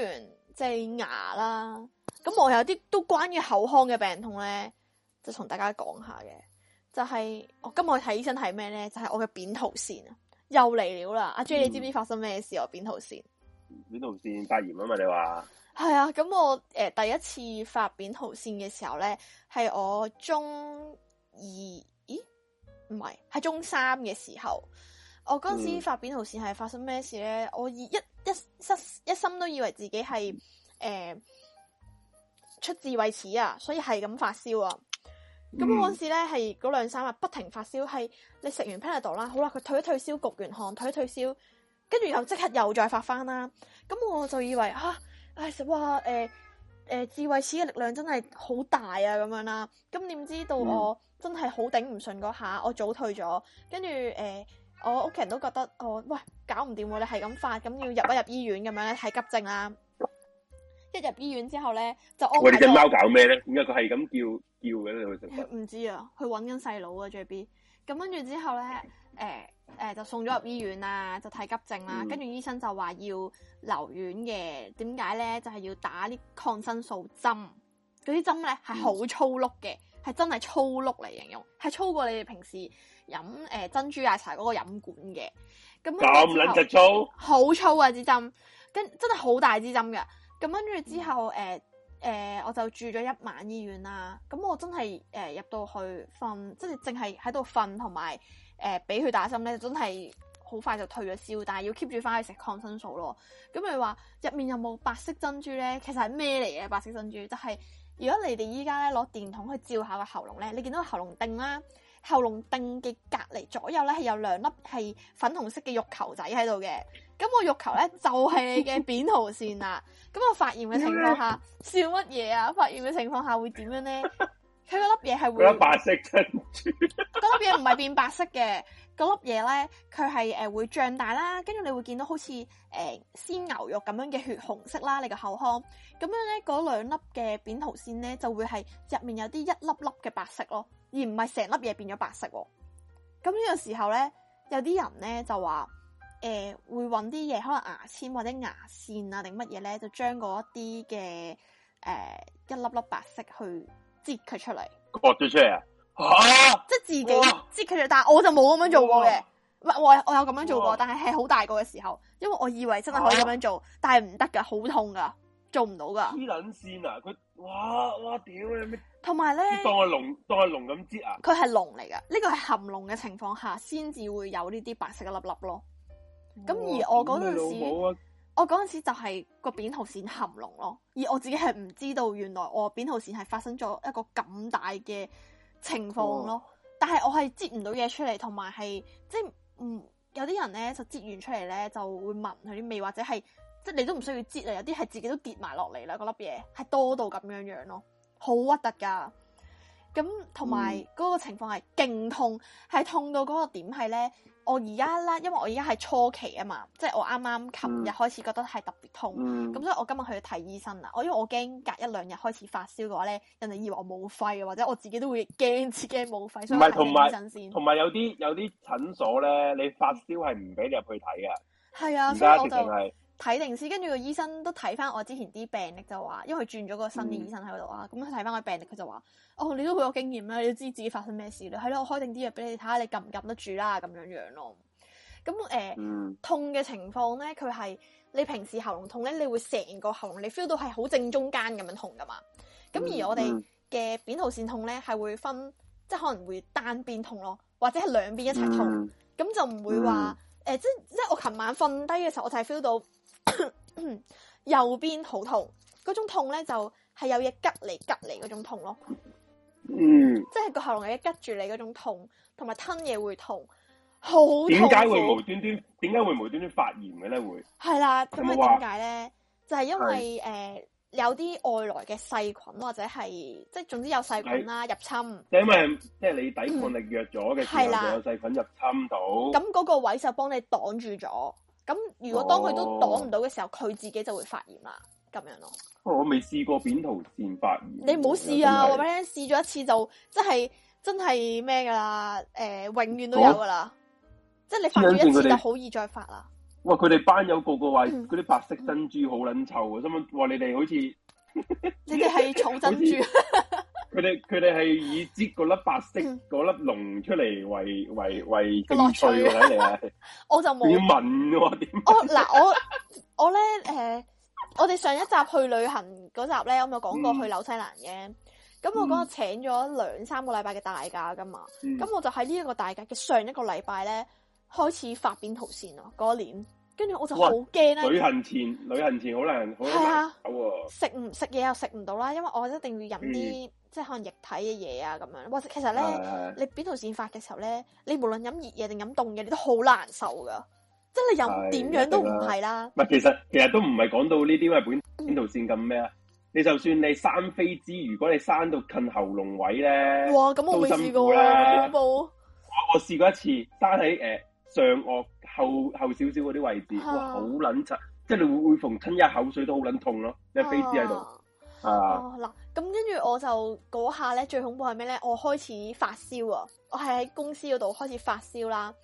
即係牙啦，咁我有啲都關於口腔嘅病痛咧，就同大家講下嘅。就係、是、我今日睇醫生係咩咧？就係、是、我嘅扁桃腺啊。又嚟了啦，阿 J，你知唔知發生咩事，嗯？我扁桃腺，扁桃腺發炎啊嘛？你話係啊？咁我誒、呃、第一次發扁桃腺嘅時候咧，係我中二，咦？唔係喺中三嘅時候，我嗰陣時發扁桃腺係發生咩事咧，嗯？我一一失一心都以為自己係誒、呃、出自衛恥啊，所以係咁發燒啊。咁我嗰時咧，係嗰兩三日不停發燒，係你食完 Panadol 啦，好啦，佢退一退燒，焗完汗，退一退燒，跟住又即刻又再發翻啦。咁我就以為啊，唉、哎、哇，誒、呃、誒、呃、智慧齒嘅力量真係好大啊咁樣啦。咁點知道我真係好頂唔順嗰下，我早退咗，跟住誒我屋企人都覺得哦，喂，搞唔掂喎，你係咁發，咁要入一入醫院咁樣咧，係急症啦。一入醫院之後咧，就我我隻貓搞咩咧？點解佢係咁叫叫嘅咧？佢成日唔知啊，去搵緊細佬啊 J B。咁跟住之後咧，誒、呃、誒、呃、就送咗入醫院啦，就睇急症啦。跟、嗯、住醫生就話要留院嘅，點解咧？就係、是、要打啲抗生素針。嗰啲針咧係好粗碌嘅，係、嗯、真係粗碌嚟形容，係粗過你哋平時飲誒、呃、珍珠奶茶嗰個飲管嘅。咁咁捻隻粗，好、嗯、粗啊支針，跟真係好大支針嘅。咁跟住之後，誒、呃呃、我就住咗一晚醫院啦。咁我真係、呃、入到去瞓，即係淨係喺度瞓，同埋誒俾佢打針咧，真係好、呃、快就退咗燒。但係要 keep 住翻去食抗生素咯。咁咪話入面有冇白色珍珠咧？其實係咩嚟嘅白色珍珠？就係、是、如果你哋依家咧攞電筒去照下個喉嚨咧，你見到喉嚨定啦、啊，喉嚨定嘅隔離左右咧係有兩粒係粉紅色嘅肉球仔喺度嘅。咁我肉球咧就係、是、你嘅扁桃腺啦。咁 [LAUGHS] 我發炎嘅情況下笑乜嘢啊？發炎嘅情況下會點樣咧？佢 [LAUGHS] 嗰粒嘢係會變白色嘅。嗰粒嘢唔係變白色嘅，嗰粒嘢咧佢係誒會脹大啦。跟住你會見到好似誒、呃、鮮牛肉咁樣嘅血紅色啦。你個口腔咁樣咧，嗰兩粒嘅扁桃腺咧就會係入面有啲一粒粒嘅白色咯，而唔係成粒嘢變咗白色。咁呢個時候咧，有啲人咧就話。誒、呃，會搵啲嘢，可能牙籤或者牙線啊，定乜嘢咧，就將嗰一啲嘅誒一粒粒白色去擠佢出嚟。割咗出嚟啊，啊！即係自己擠佢，但係我就冇咁樣做過嘅。唔，我我有咁樣做過，但係係好大個嘅時候，因為我以為真係可以咁樣做，啊、但係唔得噶，好痛噶，做唔到噶。黐捻線啊！佢哇哇屌、啊、你咩？同埋咧，當係龍當係龍咁擠啊！佢係龍嚟噶，呢個係含龍嘅情況下，先至會有呢啲白色一粒粒咯。咁、哦、而我嗰陣時，我嗰陣時就係個扁桃腺含膿咯，而我自己係唔知道原來我扁桃腺係發生咗一個咁大嘅情況咯、哦。但係我係擠唔到嘢出嚟，同埋係即係唔、嗯、有啲人咧就擠完出嚟咧就會聞佢啲味，或者係即係你都唔需要擠啊。有啲係自己都跌埋落嚟啦，嗰粒嘢係多到咁樣樣咯，好核突噶。咁同埋嗰個情況係勁痛，係、嗯、痛到嗰個點係咧。我而家啦，因為我而家係初期啊嘛，即係我啱啱琴日開始覺得係特別痛，咁、嗯嗯、所以我今日去睇醫生啦。我因為我驚隔一兩日開始發燒嘅話咧，人哋以為我冇肺，或者我自己都會驚自己冇肺，所以唔係同埋，同埋有啲有啲診所咧，你發燒係唔俾你入去睇嘅。係啊，而家決定睇定先，跟住個醫生都睇翻我之前啲病歷就話，因為轉咗個新嘅醫生喺嗰度啊，咁佢睇翻我病歷，佢就話：哦，你都好有經驗啦，你都知自己發生咩事啦，係咯，我開定啲藥俾你，睇下你撳唔撳得住啦，咁樣樣咯。咁、呃嗯、痛嘅情況咧，佢係你平時喉嚨痛咧，你會成個喉嚨你 feel 到係好正中間咁樣痛噶嘛？咁而我哋嘅扁桃腺痛咧，係會分即係可能會單邊痛咯，或者係兩邊一齊痛，咁、嗯、就唔會話、嗯呃、即係即我琴晚瞓低嘅時候，我就係 feel 到。 [COUGHS] 右邊好痛，嗰種痛咧就係、是、有嘢拮嚟拮嚟嗰種痛咯，嗯，即係個喉嚨有嘢拮住你嗰種痛，同埋吞嘢會痛，好點解會無端端？點解會無端端發炎嘅咧？會係啦，咁係點解咧？就係、是、因為誒、呃、有啲外來嘅細菌或者係即係總之有細菌啦入侵，因為即係、就是、你抵抗力弱咗嘅時候，係、嗯、啦，有細菌入侵到，咁嗰個位就幫你擋住咗。咁如果當佢都擋唔到嘅時候，佢、oh. 自己就會發炎啦，咁樣咯。我未試過扁桃腺發炎。你唔好試啊！我俾人試咗一次就，即係真係咩噶啦？誒、呃，永遠都有噶啦。Oh. 即係你發咗一次就好易再發啦。哇！佢哋班友個個話嗰啲白色珍珠很臭、嗯、你們好撚臭啊！點解？話你哋好似你哋係草珍珠。 [LAUGHS] 佢哋佢哋係以接嗰粒白色嗰粒龍出嚟為、嗯、為為興趣嚟 [LAUGHS] 我就冇要問我點？我嗱我我咧誒，我哋、呃、上一集去旅行嗰集咧，我咪講過去紐西蘭嘅。咁、嗯、我講我請咗兩三個禮拜嘅大假噶嘛。咁、嗯、我就喺呢一個大假嘅上一個禮拜咧，開始發癲圖先嗰年，跟住我就好驚。旅行前旅行前難、嗯、好難好難走喎、啊。食唔食嘢又食唔到啦，因為我一定要飲啲。嗯即係可能液體嘅嘢啊，咁樣，或者其實咧，你扁桃腺發嘅時候咧，你無論飲熱嘢定飲凍嘢，你都好難受噶。即係你又點樣都唔係啦。唔係、啊、其實其實都唔係講到呢啲，因為扁扁桃腺咁咩啊？你就算你生痱滋，如果你生到近喉嚨位咧，哇！咁我未試過啦、啊，我我試過一次，生喺誒上顎後後少少嗰啲位置，的哇！好撚柒，即係你會會逢吞一口水都好撚痛咯，有痱滋喺度，係啊。啊啊咁跟住我就嗰下咧，最恐怖係咩咧？我開始發燒啊！我係喺公司嗰度開始發燒啦。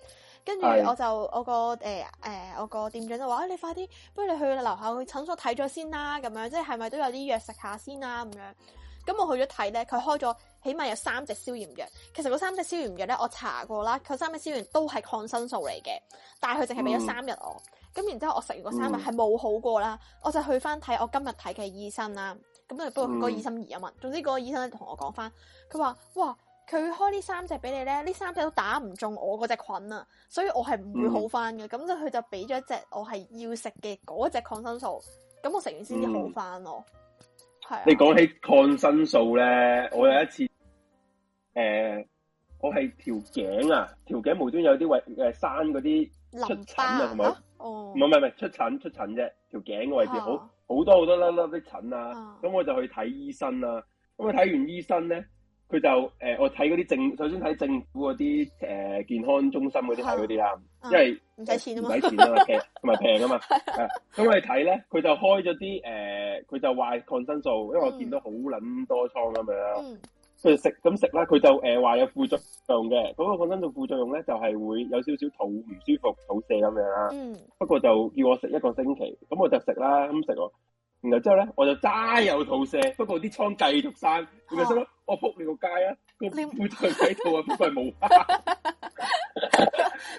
跟住我就我個誒誒、呃呃、我個店長就話、哎：，你快啲不如你去樓下去診所睇咗先啦。咁樣即係係咪都有啲藥食下先啦、啊？咁樣咁我去咗睇咧，佢開咗起碼有三隻消炎藥。其實嗰三隻消炎藥咧，我查過啦，佢三隻消炎都係抗生素嚟嘅。但係佢淨係俾咗三日我。咁、嗯、然之後我食完個三日係冇好過啦，我就去翻睇我今日睇嘅醫生啦。咁啊，不過嗰個醫生而啊嘛，總之嗰個醫生咧同我講翻，佢話：哇，佢開呢三隻俾你咧，呢三隻都打唔中我嗰隻菌啊，所以我係唔會好翻嘅。咁、嗯、就佢就俾咗一隻我係要食嘅嗰隻抗生素，咁我食完先至好翻咯。係、嗯啊。你講起抗生素咧，我有一次，誒、呃，我係條頸啊，條頸無端有啲位誒生嗰啲出疹啊，係咪、啊？哦，唔係唔係唔係出疹出疹啫，條頸個位置好。啊好多好多粒粒啲疹啊，咁、oh. 我就去睇醫生啦。咁佢睇完醫生咧，佢就誒、呃，我睇嗰啲政首先睇政府嗰啲誒健康中心嗰啲睇嗰啲啦，因為唔使、oh. 呃、錢啊嘛，唔 [LAUGHS] 使錢啊嘛，平同埋平啊嘛。咁、 [LAUGHS] 啊、我哋睇咧，佢就開咗啲誒，佢、呃、就話抗生素，因為我見到好捻多瘡咁樣。Mm. 嗯佢食咁食啦，佢就誒話、呃、有副作用嘅。咁我講真，到副作用咧就係、是、會有少少肚唔舒服、肚瀉咁樣啦。嗯。不過就叫我食一個星期，咁我就食啦，咁食喎。然後之後咧，我就齋有肚瀉，不過啲瘡繼續生。咁咪得咯，我撲你個街啊！咁你唔會再睇到啊？不過係冇。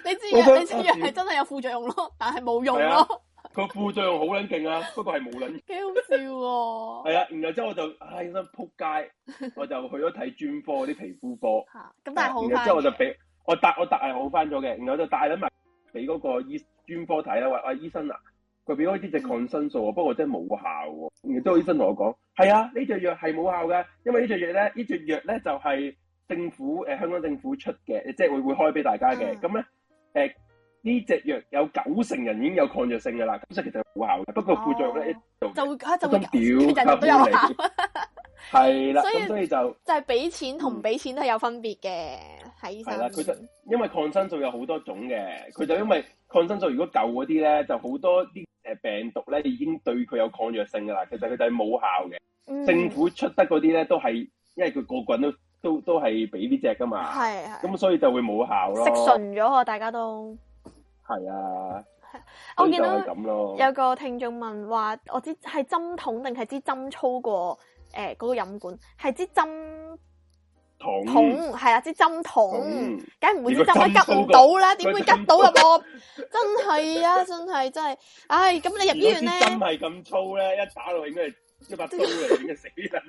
你知啊？你知唔知係真係有副作用咯？但係冇用咯。個 [LAUGHS] 副作用好撚勁啊，不過係冇撚。幾 [LAUGHS] 好笑喎！係 [LAUGHS] 啊，然後之後我就唉，咁、哎、撲街，我就去咗睇專科嗰啲皮膚科。嚇！ [LAUGHS] 咁但係好然之後我就俾我答我答係好翻咗嘅，然後就帶咗埋俾嗰個醫專科睇啦。喂：啊醫生啊，佢俾開啲隻抗生素，啊、嗯，不過真係冇效喎。然後之後醫生同我講：係、嗯、啊，呢隻藥係冇效嘅，因為這呢隻藥咧，呢隻藥咧就係、是、政府誒、呃、香港政府出嘅，即、就、係、是、會會開俾大家嘅。咁咧誒。呢隻藥有九成人已經有抗藥性噶啦，咁所以其實冇效嘅。不過副作用咧就、哦、就會，吓、啊、就會掉，吓都有效。效，係啦，咁所以就就係、是、俾錢同唔俾錢都係有分別嘅，係醫生。係啦，其實因為抗生素有好多種嘅，佢就因為抗生素如果舊嗰啲咧，就好多啲誒病毒咧已經對佢有抗藥性噶啦，其實佢就係冇效嘅、嗯。政府出得嗰啲咧都係，因為佢個個人都都都係俾呢隻噶嘛，係系，咁所以就會冇效咯。食純咗，大家都。係啊，我見到有個聽眾問話，我知係針筒定係支針粗過誒嗰、欸那個飲管，係支針筒，係啊支針筒，梗唔會支針可以吉唔到啦，點會吉到啦噃？真係啊， [LAUGHS] 真係真係，唉、哎，咁你入醫院咧，針係咁粗咧，一打落去應該係一把刀嚟嘅。 [LAUGHS] 死人，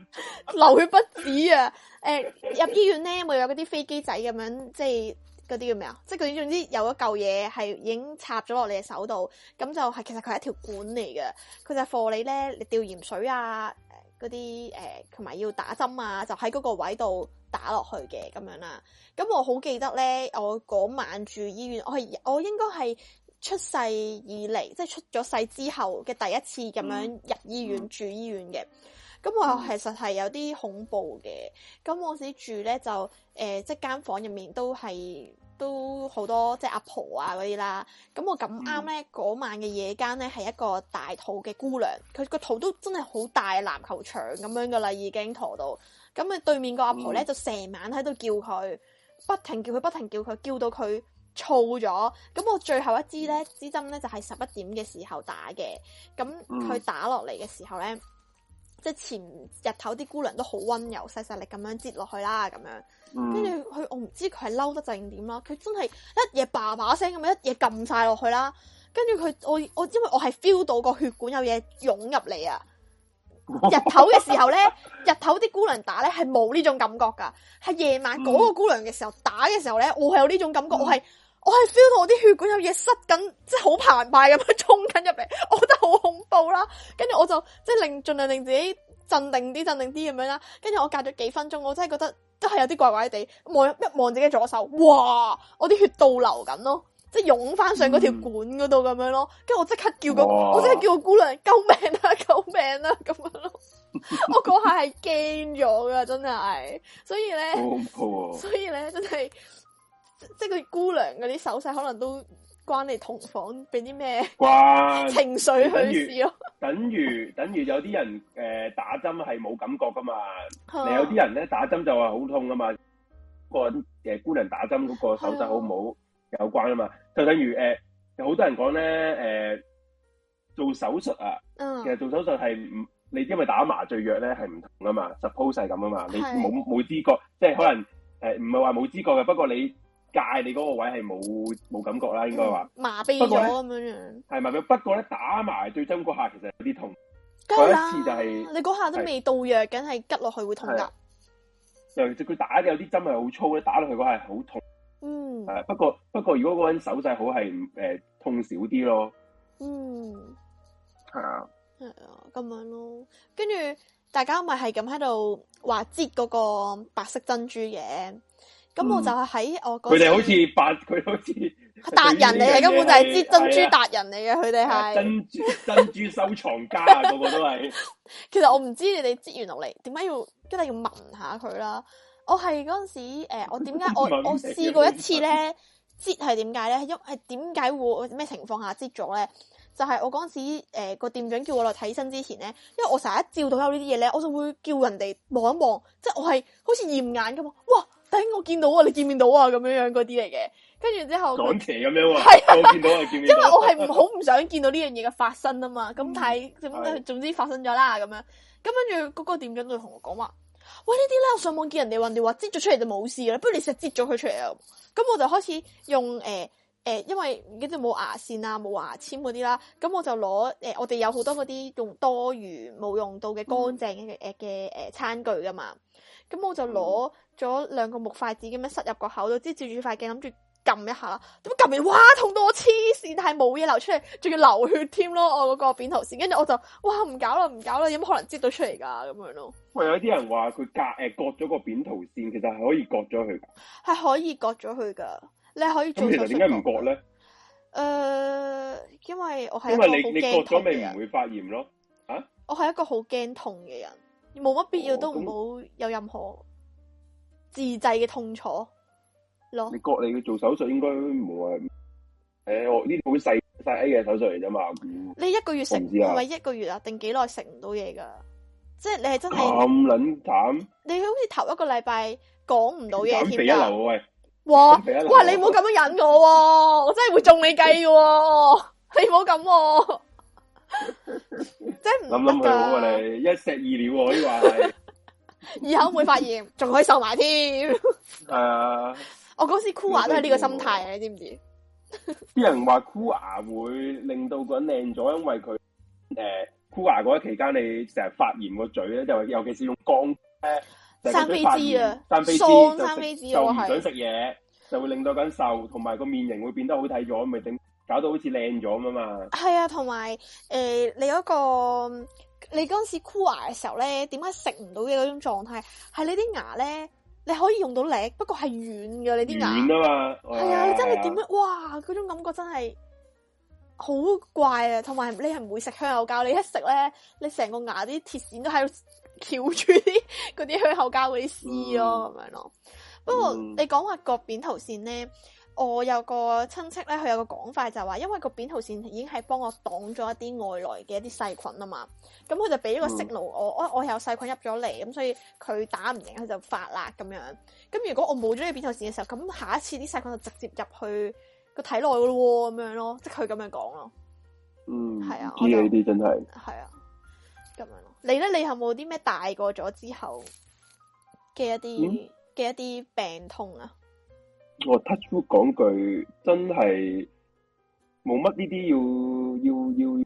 流血不止啊！誒、 [LAUGHS] 欸，入醫院咧咪有嗰啲飛機仔咁樣，即係。嗰啲叫咩啊？即係佢，總之有咗嚿嘢係已經插咗落你嘅手度，咁就係其實佢係一條管嚟嘅。佢就係俾你咧，你吊鹽水啊，誒嗰啲誒，同、呃、埋要打針啊，就喺嗰個位度打落去嘅咁樣啦。咁我好記得咧，我嗰晚住醫院，我係我應該係出世以嚟，即、就、係、是、出咗世之後嘅第一次咁樣入醫院、嗯、住醫院嘅。咁我其實係有啲恐怖嘅，咁我自己住咧就、呃、即係間房入面都係都好多即係阿婆啊嗰啲啦。咁我咁啱咧嗰晚嘅夜間咧係一個大肚嘅姑娘，佢個肚都真係好大，籃球場咁樣噶啦已經陀到。咁啊，對面個阿婆咧、嗯、就成晚喺度叫佢，不停叫佢，不停叫佢，叫到佢燥咗。咁我最後一支咧支針咧就係十一點嘅時候打嘅，咁佢打落嚟嘅時候咧。即係前日頭啲姑娘都好溫柔，細細力咁樣接落去啦，咁樣。跟住佢，我唔知佢係嬲得正點啦。佢真係一嘢叭叭聲咁樣，一嘢撳晒落去啦。跟住佢，我我因為我係 feel 到個血管有嘢湧入嚟啊！日頭嘅時候咧， [LAUGHS] 日頭啲姑娘打咧係冇呢種感覺噶，係夜晚嗰個姑娘嘅時候 [LAUGHS] 打嘅時候咧，我係有呢種感覺，我係。我係 feel 到我啲血管有嘢塞緊，即係好澎湃咁樣衝緊入嚟，我覺得好恐怖啦。跟住我就即係令盡量令自己鎮定啲，鎮定啲咁樣啦。跟住我隔咗幾分鐘，我真係覺得真係有啲怪怪地。望一望自己左手，嘩，哇！我啲血倒流緊咯，即係湧翻上嗰條管嗰度咁樣咯。跟住我即刻叫個，我真係叫個姑娘，救命啊！救命啊！咁樣咯。我嗰下係驚咗噶，真係。所以咧，好恐怖，所以咧，真係。即係佢姑娘嗰啲手勢，可能都關你同房俾啲咩關情緒去事咯。等於 [LAUGHS] 等於有啲人誒、呃、打針係冇感覺噶嘛、啊，你有啲人咧打針就話好痛噶嘛，個誒、呃、姑娘打針嗰個手勢好唔好、啊、有關啊嘛？就等於誒有好多人講咧誒做手術啊，啊，其實做手術係唔你知因為打麻醉藥咧係唔同噶嘛，suppose 係咁噶嘛，你冇冇知覺，即係可能誒唔係話冇知覺嘅，不過你。大你嗰個位係冇冇感覺啦，應該話麻痹咗咁樣樣係咪？不過咧打埋對針嗰下其實有啲痛，有一次就係、是、你嗰下都未到藥，梗係拮落去會痛噶。尤其佢打有啲針係好粗咧，打落去嗰下係好痛。嗯，係不過不過如果嗰人手勢好係誒、呃、痛少啲咯。嗯，係啊，係啊，咁樣咯。跟住大家咪係咁喺度話折嗰個白色珍珠嘅。咁、嗯、我就係喺我佢哋好似八，佢好似達人嚟嘅，根本就係擠、啊、珍珠達人嚟嘅，佢哋係珍珠珍珠收藏家嗰 [LAUGHS] 個都係。其實我唔知你哋擠完落嚟，點解要跟定要問下佢啦？我係嗰陣時誒、呃，我點解我我試過一次咧？擠係點解咧？因係點解會咩情況下擠咗咧？就係、是、我嗰陣時誒，個、呃、店長叫我落睇身之前咧，因為我成日一照到有呢啲嘢咧，我就會叫人哋望一望，即係我係好似驗眼咁。哇！等我見到啊！你見唔見到啊？咁樣樣嗰啲嚟嘅，跟住之後港鐵咁樣，係啊，我見到啊，見到。因為我係唔好唔想見到呢樣嘢嘅發生啊嘛，咁睇點解總之發生咗啦咁樣，咁跟住嗰個店長都同我講話，喂呢啲咧，我上網見人哋話，你話擠咗出嚟就冇事啦，不如你成日擠咗佢出嚟，咁我就開始用誒誒、呃呃，因為唔記得冇牙線啊，冇牙簽嗰啲啦，咁我就攞誒、呃，我哋有好多嗰啲用多餘冇用到嘅乾淨嘅誒嘅誒餐具噶嘛，咁我就攞。嗯咗兩個木筷子咁樣塞入個口度，即係照住塊鏡諗住撳一下啦。點撳完，哇痛到我黐線，但係冇嘢流出嚟，仲要流血添咯。我嗰個扁桃腺，跟住我就哇唔搞啦，唔搞啦，有冇可能擠到出嚟噶咁樣咯？喂有啲人話佢割誒割咗個扁桃腺，其實係可以割咗佢噶，係可以割咗佢噶。你可以做其實點解唔割咧？誒，uh，因為我係因為你你割咗咪唔會發炎咯。啊，我係一個好驚痛嘅人，冇乜必要都唔好有任何。自製嘅痛楚咯，no. 你割你去做手術應該唔會誒，我呢啲好細細 A 嘅手術嚟啫嘛。你一個月食係咪一個月啊？定幾耐食唔到嘢噶？即係你係真係咁卵慘？你好似頭一個禮拜講唔到嘢肥一流啊喂！哇哇！啊、你唔好咁樣忍我、啊，我真係會中你計嘅、啊， [LAUGHS] 你唔好咁， [LAUGHS] 真諗諗佢好啊想想！你一石二鳥可以話係。你 [LAUGHS] 以後會發炎，仲可以瘦埋添。誒、 [LAUGHS] [LAUGHS] 啊，我嗰時箍牙都係呢個心態啊，你知唔知？啲 [LAUGHS] 人話箍牙會令到個人靚咗，因為佢誒箍牙嗰一期間，你成日發炎個嘴咧，就尤其是用鋼咧，生痱滋啊，生痱滋，就唔想食嘢，就會令到個人瘦，同埋個面型會變得好睇咗，咪整搞到好似靚咗咁啊嘛。係啊，同埋誒你嗰、那個。你嗰陣時箍牙嘅時候咧，點解食唔到嘅嗰種狀態？係你啲牙咧，你可以用到力，不過係軟嘅你啲牙，軟啊嘛，係啊，你啊啊你真係點樣、啊？哇，嗰種感覺真係好怪啊！同埋你係唔會食香口膠，你一食咧，你成個牙啲鐵線都喺度翹住啲嗰啲香口膠嗰啲絲咯，咁樣咯。不過你講話個扁桃腺咧。我有個親戚咧，佢有個講法就話，因為個扁桃腺已經係幫我擋咗一啲外來嘅一啲細菌啊嘛，咁佢就俾一個訊號我，嗯、我，我有細菌入咗嚟，咁所以佢打唔贏佢就發啦咁樣。咁如果我冇咗呢扁桃腺嘅時候，咁下一次啲細菌就直接入去個體內咯喎，咁樣咯，即係佢咁樣講咯。嗯，係啊，呢啲真係係啊，咁樣咯。你咧，你有冇啲咩大過咗之後嘅一啲嘅、嗯、一啲病痛啊？我 touch wood 講句真係冇乜呢啲要要要，要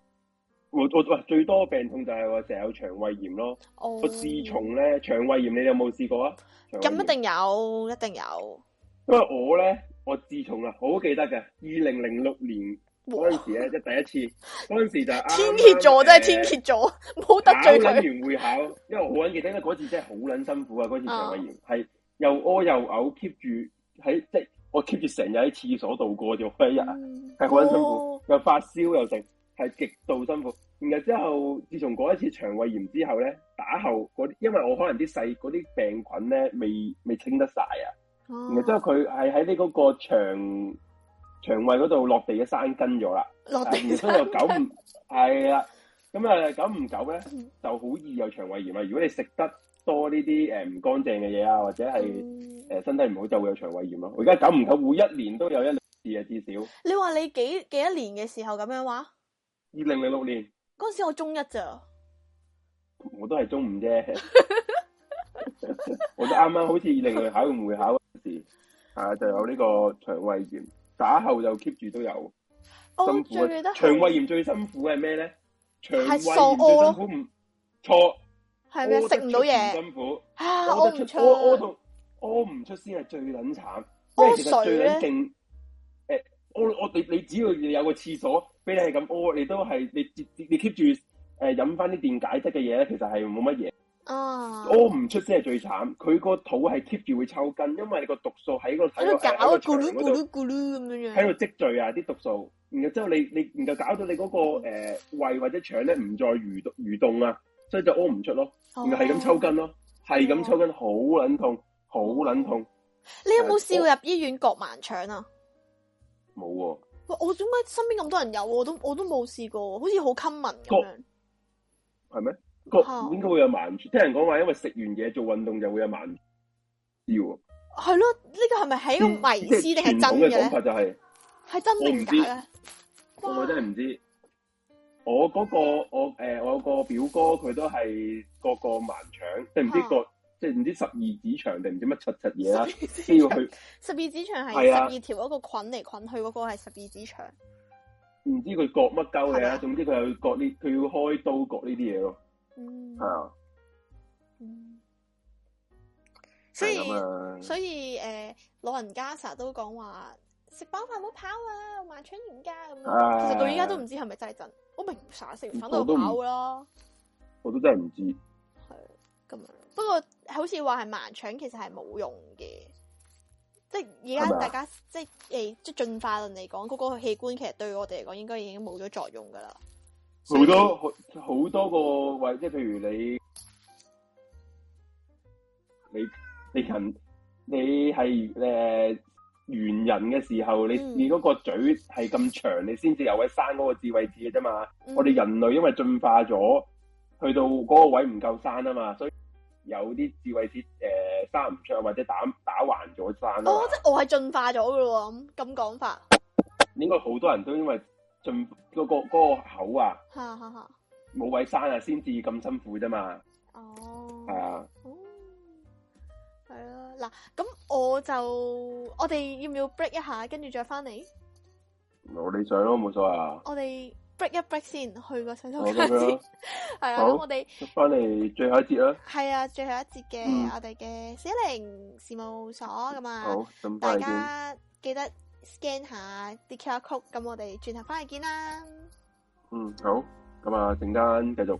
我我最多病痛就係話成日有腸胃炎咯。Oh. 我自從咧腸胃炎你有冇試過啊？咁一定有，一定有。因為我咧，我自從啦，好記得嘅，二零零六年嗰陣時咧，即第一次嗰陣時就剛剛天蠍座，真係天蠍座，冇得罪佢。因為我好撚記得，因嗰次真係好撚辛苦啊！嗰次腸胃炎係、oh. 又屙又嘔，keep 住。喺即係我 keep 住成日喺廁所度過咗一日啊，係、嗯、好辛苦，oh. 又發燒又剩，係極度辛苦。然後之後，自從嗰一次腸胃炎之後咧，打後啲，因為我可能啲細嗰啲病菌咧未未清得晒啊。然後之後佢係喺呢嗰個腸腸胃嗰度落地嘅生根咗啦，落地然之後久唔係啊？咁啊久唔久咧就好易有腸胃炎啊！如果你食得。多呢啲誒唔乾淨嘅嘢啊，或者係誒、呃、身體唔好就會有腸胃炎咯、啊。我而家久唔久每一年都有一兩次啊，至少。你話你幾幾一年嘅時候咁樣話？二零零六年嗰陣時我中一咋，我都係中五啫。 [LAUGHS] [LAUGHS] 我都啱啱好似二零零考唔會考嗰時，係 [LAUGHS] 啊就有呢個腸胃炎，打後就 keep 住都有。我、哦、最記得腸胃炎最辛苦係咩咧？腸、嗯、胃屙唔、嗯哦、錯。係食唔到嘢，出辛苦？屙、啊、唔出先係最屙唔出先係最卵慘。其實最卵勁。誒、哎，屙我哋，你只要你有個廁所俾你係咁屙，你都係你你，你 keep 住誒飲翻啲電解質嘅嘢咧，其實係冇乜嘢。屙、啊、唔出先係最慘。佢個肚係 keep 住會抽筋，因為你個毒素喺個喺度搞，咕嚕咕嚕咕嚕咁樣，喺度積聚啊啲毒素，然後之後你你然後搞到你嗰個誒胃或者腸咧唔再蠕蠕動啊，所以就屙唔出咯。係、哦、咁抽筋咯，係咁抽筋，好撚痛，好撚痛。你有冇試過入醫院割盲腸啊？冇喎、啊。我點解身邊咁多人有？我都我都冇試過，好似好坑民咁樣。係咩？割、啊、應該會有盲腸。聽人講話，因為食完嘢做運動就會有盲。要。係咯，呢個係咪喺一個迷思定係真嘅？講法就係、是。係真定假咧？我真係唔知道。我嗰、那個我誒、嗯，我、呃、我有個表哥佢都係個個盲腸，即係唔知個即係唔知，腸不知十二指腸定唔知乜柒柒嘢啦，都要去。十二指腸係十二條嗰個菌嚟菌去嗰個係十二指腸，唔知佢割乜鳩嘅，總之佢又要割呢，佢要開刀割呢啲嘢咯。係、嗯、啊、嗯，所以所以誒、呃，老人家成日都講話。食飽飯冇跑啊！盲腸炎噶其實到依家都唔知係咪真係真、哎，我明晒食完飯都要跑咯。我都真係唔知，係咁不過好似話係盲腸其實係冇用嘅，即係而家大家即係即進化論嚟講，嗰、嗰個器官其實對我哋嚟講應該已經冇咗作用噶啦好多好多個位，即係譬如你你你近你係誒。猿人嘅時候，你、嗯、你嗰個嘴係咁長，你先至有位生嗰個智慧齒嘅啫嘛。嗯、我哋人類因為進化咗，去到嗰個位唔夠生啊嘛，所以有啲智慧齒誒生唔出，或者打打橫咗生。哦，即係我係進化咗嘅咯，咁咁講法。應該好多人都因為進嗰、嗰個、嗰個口啊，冇位生啊，先至咁辛苦啫嘛。哦。係啊。嗱，咁我就我哋要唔要 break 一下，跟住再翻嚟？我理想咯，冇錯啊！我哋 break 一 break 先，去個洗手間先。係啊，咁、 [LAUGHS] 嗯、我哋翻嚟最後一節啦。係啊，最後一節嘅我哋嘅小玲事務所噶、嗯、啊，好，咁大家記得 scan 下啲曲曲。咁我哋轉頭翻嚟見啦。嗯，好，咁啊，陣間繼續。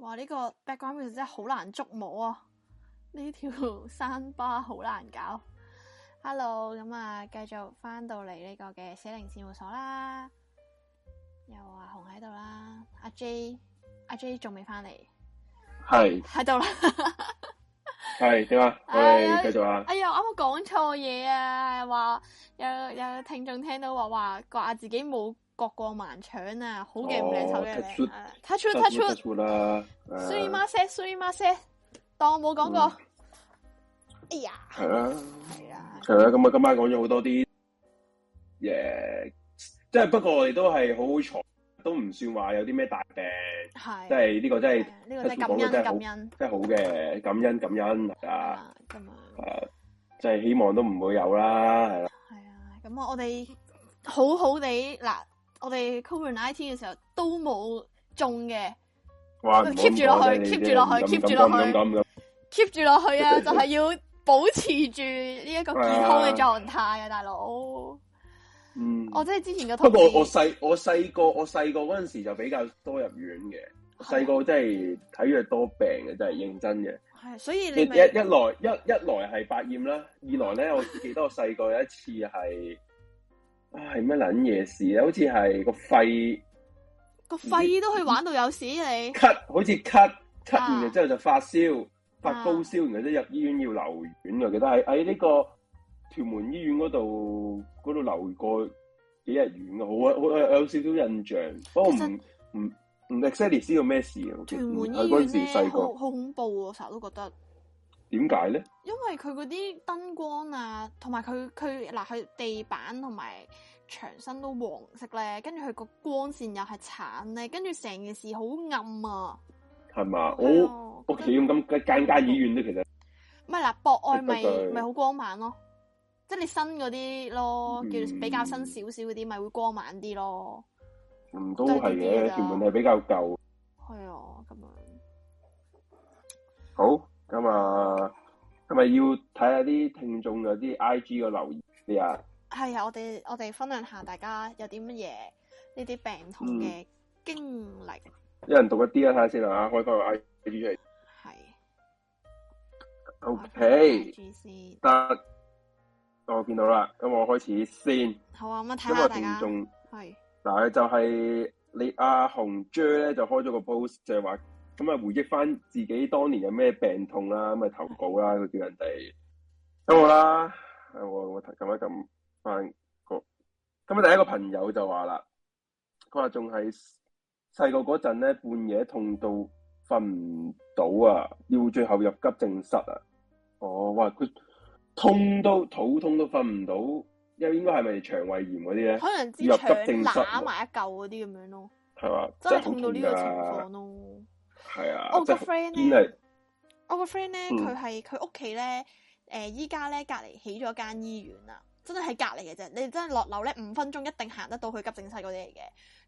哇！呢、這個 background 其實真係好難捉摸啊，呢條山巴好難搞。Hello，咁、嗯、啊，繼續翻到嚟呢個嘅邪靈事務所啦。又阿紅喺度啦，阿 J，阿 J 仲未翻嚟。係喺度啦。係點啊？我哋繼續啊！哎呀，啱啱講錯嘢啊，話有有聽眾聽到話話掛自己冇。各個盲腸啊！好嘅唔靚，醜嘅咧，睇、哦、出睇出，three 馬 set three 馬 set，當我冇講過、嗯，哎呀，係啦，係啊，係、嗯、啦，咁啊，啊今晚講咗好多啲嘢，即、yeah, 係不過我哋都係好好彩，都唔算話有啲咩大病，係、啊，即係呢個真、就、係、是，呢個真係感恩感恩，即係好嘅感恩感恩,感恩啊，咁啊，即係希望都唔會有啦，係啦，係啊，咁、啊、我我哋好好地嗱。我哋 Covid 19嘅時候都冇中嘅，keep 住落去，keep 住落去，keep 住落去，keep 住落去啊！就係要保持住呢一個健康嘅狀態啊，啊大佬。嗯。我即係之前個不過我細我細個我細個嗰陣時就比較多入院嘅，細個真係睇住多病嘅，真係認真嘅。係，所以你一一來一一來係百厭啦，二來咧，我記得我細個有一次係。 [LAUGHS] 係咩撚嘢事咧？好似係個肺，個肺都可以玩到有屎。你。咳，好似咳咳完之後就發燒、啊，發高燒，然後即入醫院要留院嘅。我記得喺喺呢個屯門醫院嗰度度留過幾日院嘅。我我我,我有少少印象，不過唔唔唔 exactly 知道咩事啊。屯門醫院咧，我嗰時細個，好恐怖，我成日都覺得。點解咧？因為佢嗰啲燈光啊，同埋佢佢嗱佢地板同埋牆身都黃色咧，跟住佢個光綫又係橙咧，跟住成件事好暗啊！係嘛，好、哦，我屋企咁間間醫院都其實唔係、嗯、啦，博愛咪咪好光猛咯，即係你新嗰啲咯、嗯，叫比較新少少嗰啲咪會光猛啲咯，都係嘅，全部係比較舊，係啊、哦，咁樣好。咁、嗯、啊，係咪要睇下啲聽眾有啲 I G 嘅留言？係啊，我哋我哋分享下大家有啲乜嘢呢啲病痛嘅經歷。一、嗯、人讀一啲啦，睇下先啦、啊，開個 I G 出嚟。係。O、okay, K。住先得。我見到啦，咁我開始先。好啊，咁睇下大家。係。嗱，就係、是、你阿洪 J 咧，就開咗個 post，就係話。咁啊，回憶翻自己當年有咩病痛啦、啊，咁啊投稿啦、啊，佢叫人哋咁好啦。我我近一近翻個，咁啊第一個朋友就話啦，佢話仲係細個嗰陣咧，半夜痛到瞓唔到啊，要最後入急症室啊。哦，哇！佢痛都肚痛都瞓唔到，又應該係咪腸胃炎嗰啲咧？可能入急症室打、啊、埋一嚿嗰啲咁樣咯，係嘛？真係痛到呢個情況咯～係啊，我個 friend 咧，我個 friend 咧，佢係佢屋企咧，誒，依家咧、呃、隔籬起咗間醫院啦，真係喺隔籬嘅啫，你真係落樓咧五分鐘一定行得到去急症室嗰啲嚟嘅。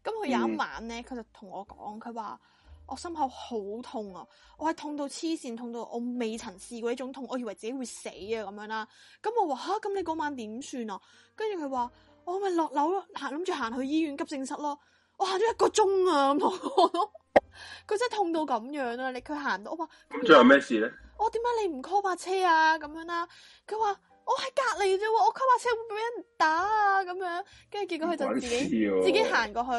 咁佢有一晚咧，佢就同我講，佢話我心口好痛啊，我係痛到黐線，痛到我未曾試過呢種痛，我以為自己會死啊咁樣啦。咁我話吓，咁你嗰晚點算啊？跟住佢話我咪落樓咯，行諗住行去醫院急症室咯。我行咗一個鐘啊，咁多。 [LAUGHS] 佢真係痛到咁樣啊！你佢行到，我話，咁仲有咩事咧？我點解、哦、你唔 call 白車啊？咁樣啦，佢話我喺隔籬啫，我 call 白車會俾人打啊！咁樣，跟住結果佢就自己、啊、自己行過去。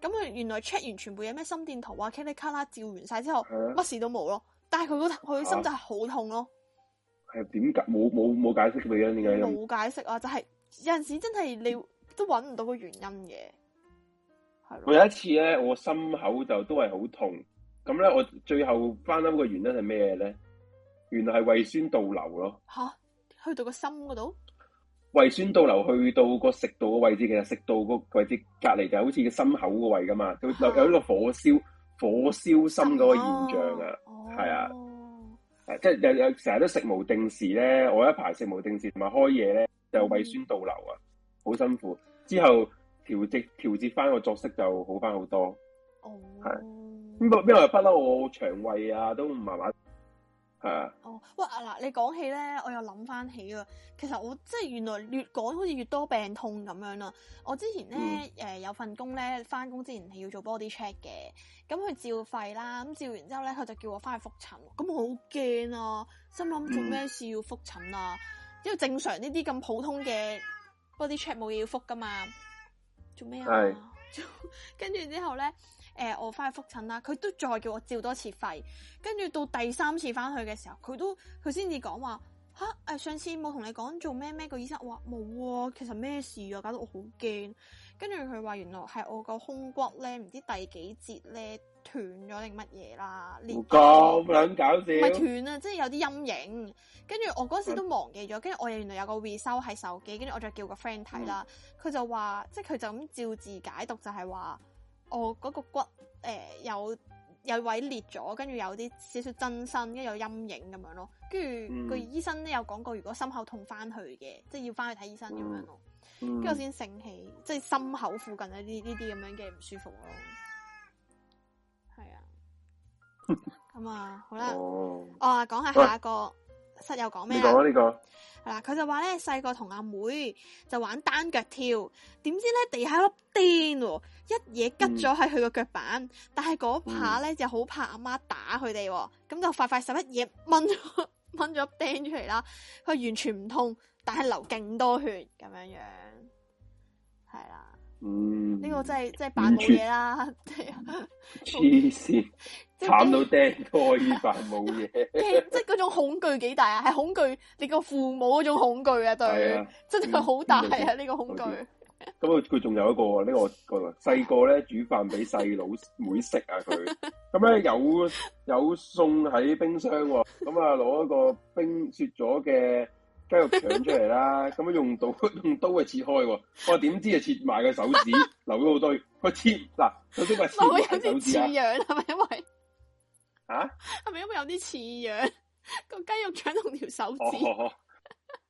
咁佢原來 check 完全部嘢，咩心電圖啊、卡利卡拉照完晒之後，乜、啊、事都冇咯。但係佢個佢心就係好痛咯。係、啊、點解？冇冇冇解釋俾你？點解？冇解釋啊！就係、是、有陣時真係你都揾唔到個原因嘅。我有一次咧，我心口就都係好痛，咁咧我最後翻啱個原因係咩咧？原來係胃酸倒流咯。吓，去到個心嗰度？胃酸倒流去到個食道個位置，其實食道的個位置隔籬就好似個心口個位噶嘛，有有呢個火燒火燒心嗰個現象啊，係啊，啊、哦、啊，即係有有成日都食無定時咧，我一排食無定時同埋開嘢咧，就胃酸倒流啊，好辛苦之後。調節調節翻個作息就好翻好多，哦、oh.，係，咁邊個又不嬲我腸胃啊，都唔麻麻，係啊。哦、oh.，喂，嗱，你講起咧，我又諗翻起啊。其實我即係原來越講好似越多病痛咁樣啦。我之前咧誒、mm. 呃、有份工咧，翻工之前係要做 body check 嘅，咁佢照肺啦，咁照完之後咧，佢就叫我翻去復診，咁我好驚啊，心諗做咩事要復診啊？Mm. 因為正常呢啲咁普通嘅 body check 冇嘢要復㗎嘛。咩跟住之後咧，誒、呃，我翻去復診啦，佢都再叫我照多次肺，跟住到第三次翻去嘅時候，佢都佢先至講話吓，誒、啊，上次冇同你講做咩咩個醫生，我話冇喎，其實咩事啊，搞到我好驚。跟住佢話原來係我個胸骨咧，唔知第幾節咧。斷咗定乜嘢啦？咁捻搞笑，唔係斷啊，即係有啲陰影。跟住我嗰時都忘記咗，跟住我又原來有個回收係手機，跟住我再叫個 friend 睇啦。佢就話，即係佢就咁照字解讀就，就係話我嗰個骨誒、呃、有有位裂咗，跟住有啲少少增生，跟住有陰影咁樣咯。跟住個醫生咧有講過，如果心口痛翻去嘅，即係要翻去睇醫生咁樣咯。跟、嗯、住我先醒起，即係心口附近咧呢呢啲咁樣嘅唔舒服咯。咁、 [LAUGHS] [LAUGHS] oh. 啊，好啦，哦，講下下一個、oh. 室友講咩啊？這個、呢個係啦，佢就話咧細個同阿妹就玩單腳跳，點知咧地下粒釘，一嘢拮咗喺佢個腳板，mm. 但係嗰下咧就好怕阿媽打佢哋，咁、mm. 就快快十一嘢掹咗掹咗粒釘出嚟啦。佢完全唔痛，但係流勁多血咁樣樣，係啦。嗯，呢、這個真係真係扮冇嘢啦，黐線，慘、 [LAUGHS] 就是、到釘都可以扮冇嘢。即係嗰種恐懼幾大啊？係恐懼你個父母嗰種恐懼啊？對，啊、真係好大啊！呢、嗯嗯這個恐懼。咁佢仲有一個、這個、小呢個個細個咧煮飯俾細佬妹食啊佢。咁咧 [LAUGHS] 有有餸喺冰箱喎、哦，咁啊攞一個冰雪咗嘅。雞 [LAUGHS] 肉腸出嚟啦，咁樣用刀用刀去切開的，我話點知係切埋個手指， [LAUGHS] 留咗好多個切嗱，頭先咪我有啲似樣係咪因為啊，係咪因為有啲似樣，這個雞肉腸同條手指？哦哦哦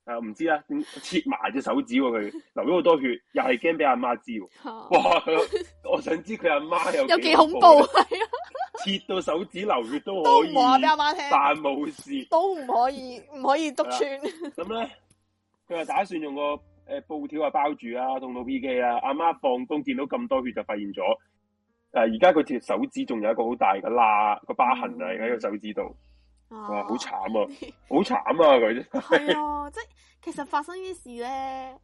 啊，唔知啦、啊，切埋隻手指佢、啊，流咗好多血，又係驚俾阿媽知、啊。哇，我想知佢阿媽有有幾恐怖， [LAUGHS] 切到手指流血都可以，都唔好話俾阿媽聽，但冇事，都唔可以，唔可以捉穿。咁、啊、咧，佢係打算用個誒布條啊包住啊，痛、啊、到 P K 啦。阿媽放工見到咁多血就發現咗。誒、啊，而家佢條手指仲有一個好大嘅罅個疤痕啊，喺個手指度。哇！好慘啊，好慘啊，佢係 [LAUGHS] 啊，即係其實發生呢啲事咧，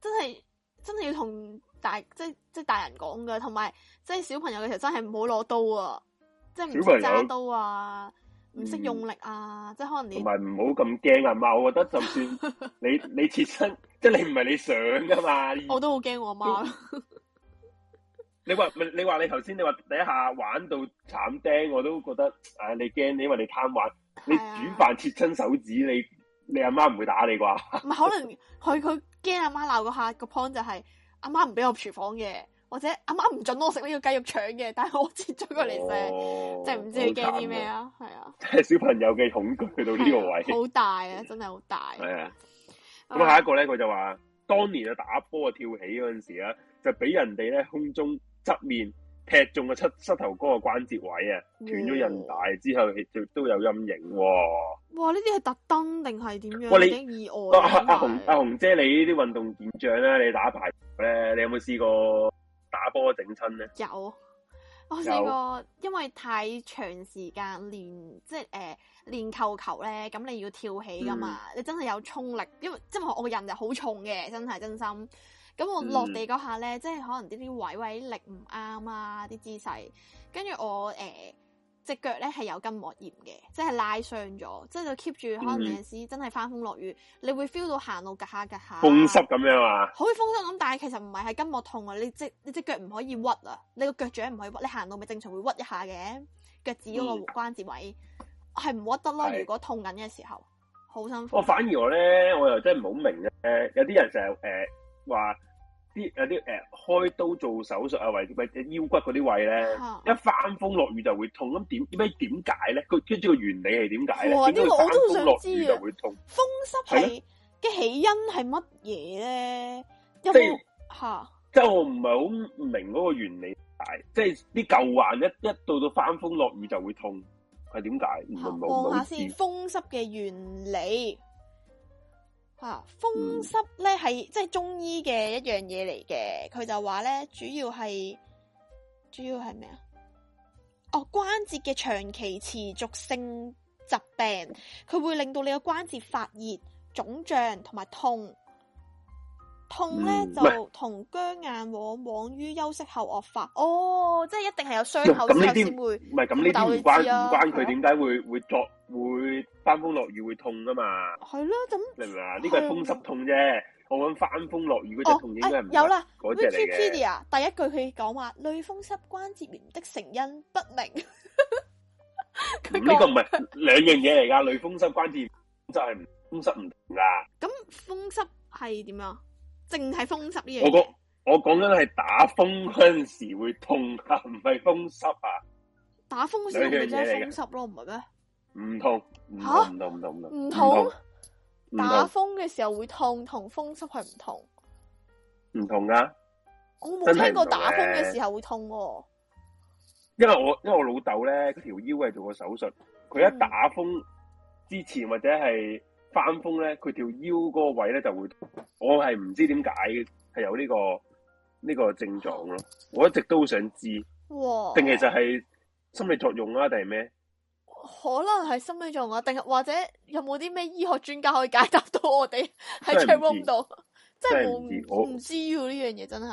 真係真係要同大即係即係大人講噶，同埋即係小朋友嘅時候真係唔好攞刀啊，即係唔識揸刀啊，唔識用力啊，嗯、即係可能你同埋唔好咁驚啊嘛！我覺得就算你你，你切身， [LAUGHS] 即係你唔係你想噶嘛，我，也很怕我媽媽都好驚我媽。你話你話你頭先你話第一下玩到慘釘，我都覺得、哎、你驚你因為你貪玩。啊、你煮飯切親手指，你你阿媽唔會打你啩？唔 [LAUGHS] 係可能佢佢驚阿媽鬧嗰下個 point 就係阿媽唔俾我廚房嘅，或者阿媽唔准我食呢個雞肉腸嘅，但係我切咗過嚟食，即係唔知佢驚啲咩啊？係啊，即係小朋友嘅恐懼到呢個位，好大啊，真係好大。係、嗯、啊，咁下一個咧，佢就話、嗯、當年啊打波啊跳起嗰陣時啊，就俾人哋咧空中側面。踢中個膝膝頭哥個關節位啊，斷咗韌帶之後，亦都有陰影。哇！呢啲係特登定係點樣？你已經意外阿紅阿紅姐，你呢啲運動健將？咧，你打排球咧，你有冇試過打波整親咧？有，我試過，因為太長時間練，即係誒練扣球咧，咁你要跳起噶嘛、嗯？你真係有衝力，因為即係我個人就好重嘅，真係真心。咁我落地嗰下咧、嗯，即係可能啲啲位位力唔啱啊，啲姿勢，跟住我誒隻、呃、腳咧係有筋膜炎嘅，即係拉傷咗，即係就 keep 住可能有陣時真係翻風落雨、嗯，你會 feel 到行路夾下夾下，風濕咁樣啊？好似風濕咁，但係其實唔係係筋膜痛啊！你隻你隻腳唔可以屈啊，你個腳掌唔可以屈，你行路咪正常會屈一下嘅，腳趾嗰個關節位係唔、嗯、屈得啦。如果痛緊嘅時候，好辛苦。我反而我咧，我又真係唔好明嘅，有啲人成日誒。呃話啲有啲誒開刀做手術啊，或者腰骨嗰啲位咧、啊，一翻風落雨就會痛。咁點點解點解咧？佢知唔知個原理係點解咧？我都想知啊！翻風落雨就會痛，風濕係嘅起因係乜嘢咧？即係吓，即、就、係、是啊就是、我唔係好明嗰個原理，即係啲舊患一一到到翻風落雨就會痛，係點解？唔好唔好先，風濕嘅原理。啊，風濕咧係即係中醫嘅一樣嘢嚟嘅，佢就話咧主要係主要係咩啊？哦，關節嘅長期持續性疾病，佢會令到你嘅關節發熱、腫脹同埋痛。痛咧就同僵硬往往於休息後惡化、嗯、哦，即係一定係有傷口先會，會、啊、會。唔係咁呢啲關唔關佢點解會會作會翻風落雨會痛㗎嘛？係咯，咁你明唔明啊？呢、這個係風濕痛啫，我搵翻風落雨嗰隻痛應該唔、哦哎、有啦。嗰隻嚟嘅。第一句佢講話類風濕關節炎的成因不明。呢、 [LAUGHS] 嗯這個唔係兩樣嘢嚟噶，類風濕關節炎就係風濕唔同啦。咁風濕係點樣？淨係風濕呢樣嘢？我講我講緊係打風嗰陣時會痛啊，唔係風濕啊。打風先會真係風濕咯、啊，唔係咩？唔痛吓，唔痛唔、啊、痛唔痛唔痛，痛，痛，痛，痛。打風嘅時候會痛，同風濕係唔同。唔同噶，我冇聽過打風嘅時候會痛。因為我因為我老豆咧，佢條腰係做過手術，佢一打風之前或者係。翻風咧，佢條腰嗰個位咧就會痛，我係唔知點解係有呢個呢個症狀咯。我一直都好想知，哇！定其實係心理作用啊？定係咩？可能係心理作用啊？定或者有冇啲咩醫學專家可以解答到我哋喺 channel 度？真係唔知道，我唔知呢樣嘢真係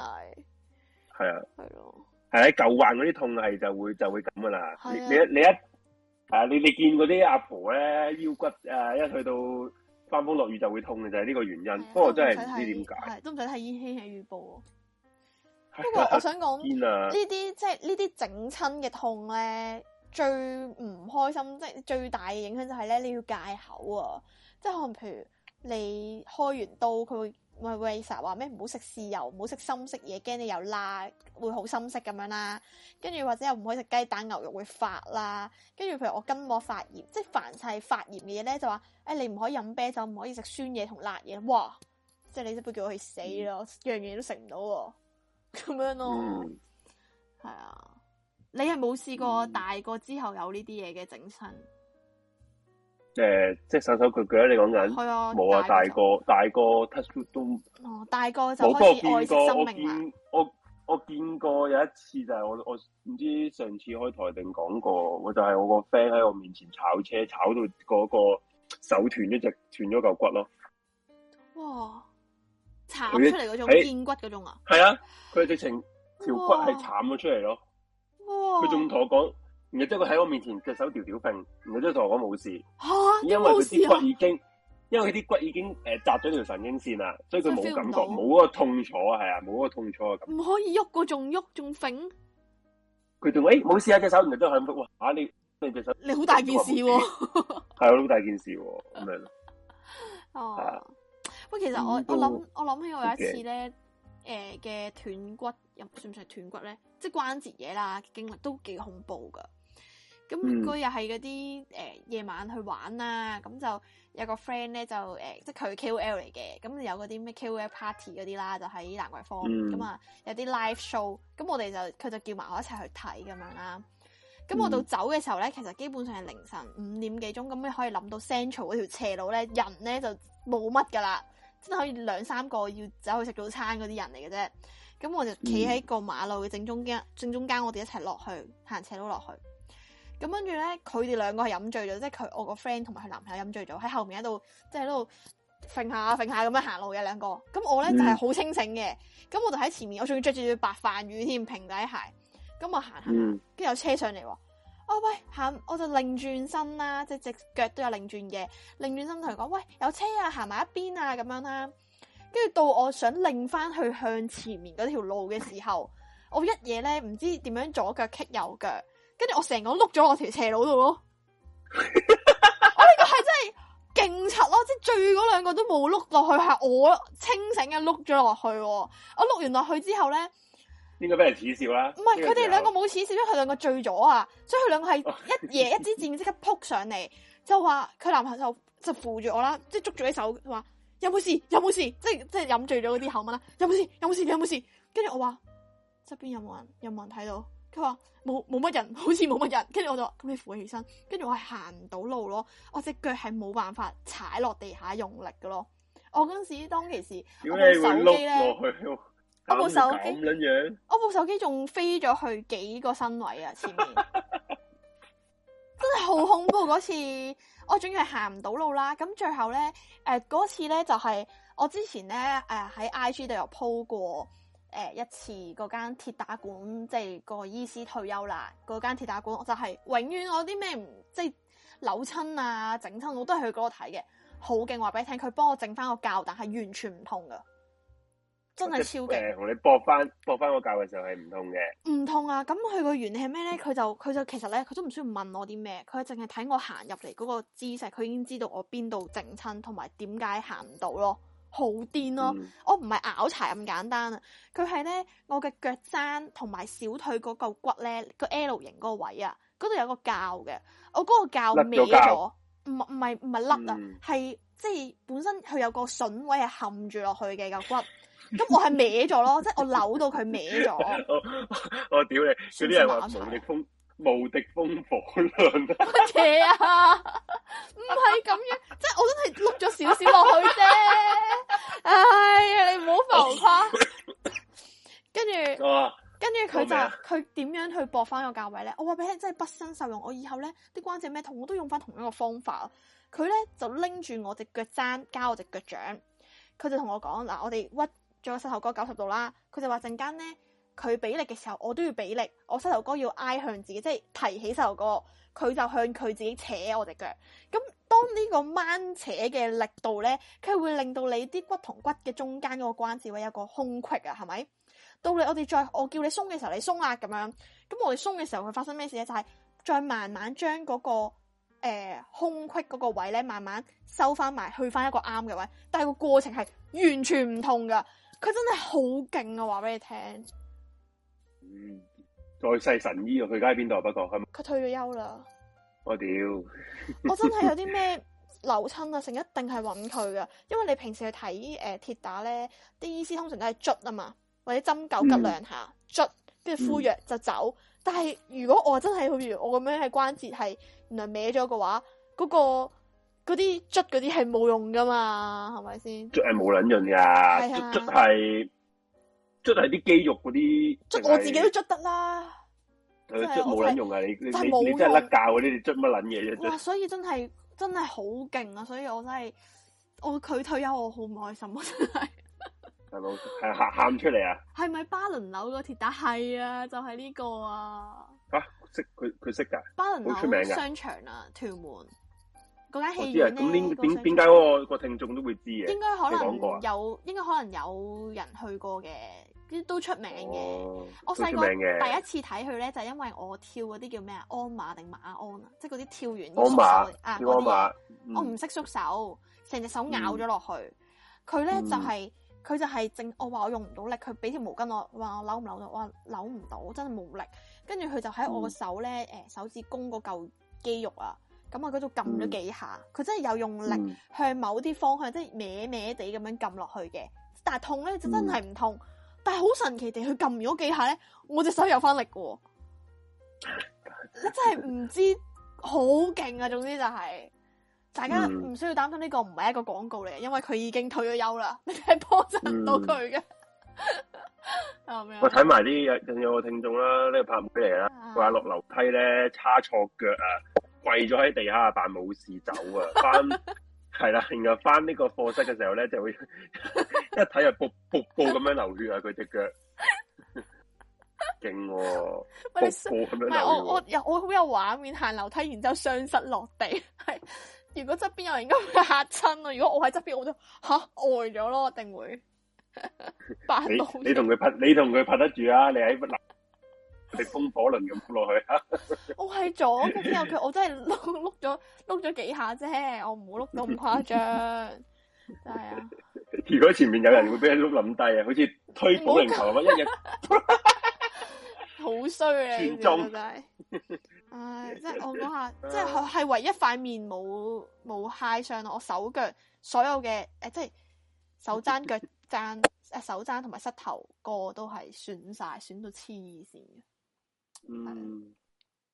係啊，係咯，係喺舊患嗰啲痛係就會就會咁噶啦。你你一啊、你你見嗰啲阿婆咧腰骨誒、啊，一去到翻風落雨就會痛嘅，就係、是、呢個原因。不過真係唔知點解，都唔想睇天氣預報。 [LAUGHS] 不過我想講、啊就是、呢啲即係呢啲整親嘅痛咧，最唔開心，即、就、係、是、最大嘅影響就係咧，你要戒口啊！即係可能譬如你開完刀，佢會。喂喂，成日話咩唔好食豉油，唔好食深色嘢，驚你又辣會好深色咁樣啦。跟住或者又唔可以食雞蛋、牛肉會發啦。跟住譬如我肝火發炎，即係凡晒發炎嘅嘢咧，就話誒、哎、你唔可以飲啤酒，唔可以食酸嘢同辣嘢。哇！即係你即刻叫我去死咯，嗯、樣樣都食唔到，咁樣咯。係啊，你係冇試過大個之後有呢啲嘢嘅整身。誒、呃，即、就、係、是、手手腳腳、啊、你講緊，冇啊，大個大個 touch wood 都，哦大、啊、大個就開始愛惜生命啦。我見過我，見我，我見過有一次就係、是、我我唔知上次開台定講過，就是、我就係我個 friend 喺我面前炒車，炒到嗰個手斷一隻，斷咗嚿骨咯。哇！慘出嚟嗰種、欸，見骨嗰種啊！係啊，佢直情條骨係慘咗出嚟咯。哇！佢仲同我講。然後即係佢喺我面前的手吊吊，隻手條條揈，然後即係同我講冇事、啊，因為佢啲骨已經，因為佢啲骨已經誒砸咗條神經線啦，所以佢冇感覺，冇嗰個痛楚係啊，冇嗰個痛楚唔可以喐個、啊，仲喐仲揈，佢同我誒冇、欸、事啊，隻手然後即係響揈，哇！你隻手你好大件事喎，係啊，好 [LAUGHS] [LAUGHS] 大件事喎，、啊，咁 [LAUGHS] 樣哦，喂、啊，其實我我諗我諗起我有一次咧誒嘅斷骨，又算唔算斷骨咧？即係關節嘢啦，經歷都幾恐怖噶。咁佢又係嗰啲夜晚去玩啦、啊，咁就有個 friend 咧就即係佢 K O L 嚟嘅，咁有嗰啲咩 K O L party 嗰啲啦，就喺蘭、呃、桂坊咁啊，嗯、有啲 live show，咁我哋就佢就叫埋我一齊去睇咁樣啦。咁我到走嘅時候咧、嗯，其實基本上係凌晨五點幾鐘，咁你可以諗到 Central 嗰條斜路咧，人咧就冇乜噶啦，真係可以兩三個要走去食早餐嗰啲人嚟嘅啫。咁我就企喺個馬路嘅正中間，正中間我哋一齊落去行斜路落去。咁跟住咧，佢哋兩個係飲醉咗，即係佢我個 friend 同埋佢男朋友飲醉咗，喺後面喺度即係喺度揈下揈下咁樣行路嘅兩個。咁我咧、嗯、就係、是、好清醒嘅，咁我就喺前面，我仲要穿着住白飯魚添平底鞋，咁我行行行，跟、嗯、住有車上嚟，哦喂，行，我就擰轉身啦，即係隻腳都有擰轉嘅，擰轉身同佢講，喂，有車啊，行埋一邊啊咁樣啦。跟住到我想擰翻去向前面嗰條路嘅時候，我一嘢咧唔知點樣左腳棘右腳。跟住我成個碌咗我條斜路度咯， [LAUGHS] 咯，咯，我呢個係真係勁柒咯，即係醉嗰兩個都冇碌落去，係我清醒嘅碌咗落去。我碌完落去之後咧，應該俾人恥笑啦。唔係，佢哋兩個冇恥笑，因為佢兩個醉咗啊，所以佢兩個係一夜一支箭即刻撲上嚟， [LAUGHS] 就話佢男朋友就扶住我啦，即係捉住一手，話有冇事有冇事，即係即係飲醉咗嗰啲口吻啦，有冇事有冇事有冇事，跟住我話側邊有冇人有冇人睇到？佢話冇冇乜人，好似冇乜人。跟住我就咁，你扶起身。跟住我係行唔到路咯，我隻腳係冇辦法踩落地下用力㗎咯。我嗰時當其時，我部手機咧，我部手機？我部手機仲飛咗去幾個身位啊前面！ [LAUGHS] 真係好恐怖嗰次，我仲要係行唔到路啦。咁最後咧，誒、呃、嗰次咧就係、是、我之前咧，誒、呃、喺 IG 度有鋪過。誒，一次嗰間鐵打館，即係個醫師退休啦，嗰間鐵打館就係永遠我有啲咩即係扭親啊，整親，我都係去嗰度睇嘅，好勁，話俾你聽，佢幫我整翻個臼，但係完全唔痛噶，真係超勁。同你撥翻撥翻個臼嘅時候係唔痛嘅，唔痛啊！咁佢個原理係咩咧？佢就佢就其實咧，佢都唔需要問我啲咩，佢淨係睇我行入嚟嗰個姿勢，佢已經知道我邊度整親，同埋點解行唔到咯。好癲咯、啊嗯！我唔係拗柴咁簡單啊，佢係咧我嘅腳踭同埋小腿嗰嚿骨咧個 L 型嗰個位啊，嗰度有個臼嘅，我嗰個臼歪咗，唔唔係唔係甩啊，係、嗯、即係本身佢有個筍位係冚住落去嘅個骨，咁我係歪咗咯， [LAUGHS] 即係我扭到佢歪咗。我屌你！有啲係話無逆風。無敵風火量，乜 [LAUGHS] 嘢啊？唔係咁樣，即 [LAUGHS] 係我真係碌咗少少落去啫。哎呀，你唔好浮誇、 [LAUGHS] 啊。跟住，跟住佢就佢點樣去搏翻個價位咧？我話俾你聽，真係不勝受用。我以後咧啲關節咩痛，我都用翻同一個方法。佢咧就拎住我隻腳踭，加我隻腳掌。佢就同我講嗱，我哋屈咗膝頭哥九十度啦。佢就話陣間咧。佢俾力嘅時候，我都要俾力。我膝頭哥要挨向自己，即係提起膝頭哥，佢就向佢自己扯我隻腳。咁當呢個掹扯嘅力度咧，佢會令到你啲骨同骨嘅中間嗰個關節位有一個空隙啊，係咪？到你我哋再我叫你鬆嘅時候，你鬆壓、啊、咁樣。咁我哋鬆嘅時候，佢會發生咩事咧？就係、是、再慢慢將嗰、那個誒、呃、空隙嗰個位咧，慢慢收翻埋去翻一個啱嘅位。但係個過程係完全唔痛噶，佢真係好勁啊！話俾你聽。嗯，再世神醫啊！佢而家喺邊度？不過佢佢退咗休啦。我屌！我真係有啲咩扭親啊，成一定係揾佢噶因為你平時去睇誒鐵打咧，啲醫師通常都係捽啊嘛，或者針灸拮兩下捽，跟、嗯、住敷藥就走。嗯、但係如果我真係好似我咁樣喺關節係原來歪咗嘅話，嗰、嗰個嗰啲捽嗰啲係冇用噶嘛，係咪先？捽係冇卵用噶，捽捽係。捽係啲肌肉嗰啲，捽我自己都捽得啦。佢捽冇撚用啊、就是！你的你你真係甩教嗰啲，你捽乜撚嘢啫？所以真係真係好勁啊！所以我真係我佢退休，我好唔開心啊！真係係咪喊出嚟啊？係咪巴倫樓個鐵打係啊？就係、是、呢個啊？啊識佢佢識噶巴倫樓商場啊，屯門。嗰間戲院咧，點解嗰個個聽眾都會知嘅？應該可能有，應該可能有人去過嘅，都出名嘅、哦。我細個第一次睇佢咧，就係、因為我跳嗰啲叫咩鞍馬定馬鞍啊，即係嗰啲跳完啲縮手啊啲、嗯、我唔識縮手，成隻手咬咗落去。佢、嗯、咧、嗯、就係、係、佢就係正，我話我用唔到力，佢俾條毛巾，我話我扭唔扭到，扭我扭唔到，真係冇力。跟住佢就喺我個手咧，誒、嗯、手指弓嗰嚿肌肉啊。咁啊，嗰度撳咗幾下，佢、嗯、真係有用力向某啲方向，即係歪歪地咁樣撳落去嘅。但係痛咧，就真係唔痛。嗯、但係好神奇地，佢撳咗幾下咧，我隻手又翻力嘅。 [LAUGHS] 真係唔知，好 [LAUGHS] 勁啊！總之就係、是、大家唔需要擔心呢、嗯這個唔係一個廣告嚟嘅，因為佢已經退咗休啦、嗯。你係波震唔到佢嘅。 [LAUGHS] [LAUGHS] 我睇埋啲有有個聽眾啦，呢、 [LAUGHS] 啊這個拍妹嚟啦，佢話落樓梯咧叉錯腳啊！跪咗喺地下扮冇事走啊！翻係啦，然後翻呢個課室嘅時候咧，就會一睇就瀑布瀑布咁樣流血啊！佢隻腳勁，唔係我我又我好有畫面行樓梯，然之後雙膝落地係。如果側邊有人應該會嚇親啊。 [LAUGHS] 如果我喺側邊，我就嚇呆咗咯，呃、一定會。 [LAUGHS] 扮你你同佢拍，你同佢拍得住啊！你喺。 [LAUGHS] 你 [NOISE] 風火輪咁碌落去啊！我係左咁之後，佢我真係碌碌咗碌咗幾下啫，我唔好碌到咁誇張，係啊！如果前面有人會俾人碌冧低啊，好似推保齡球咁，哎、 [LAUGHS] 一日好衰啊！全中真係，唉，即係我講下，即係係唯一塊面冇冇揩傷我手腳所有嘅誒，即係手踭、腳踭誒、手踭同埋膝頭哥都係損晒，損到黐線嘅。嗯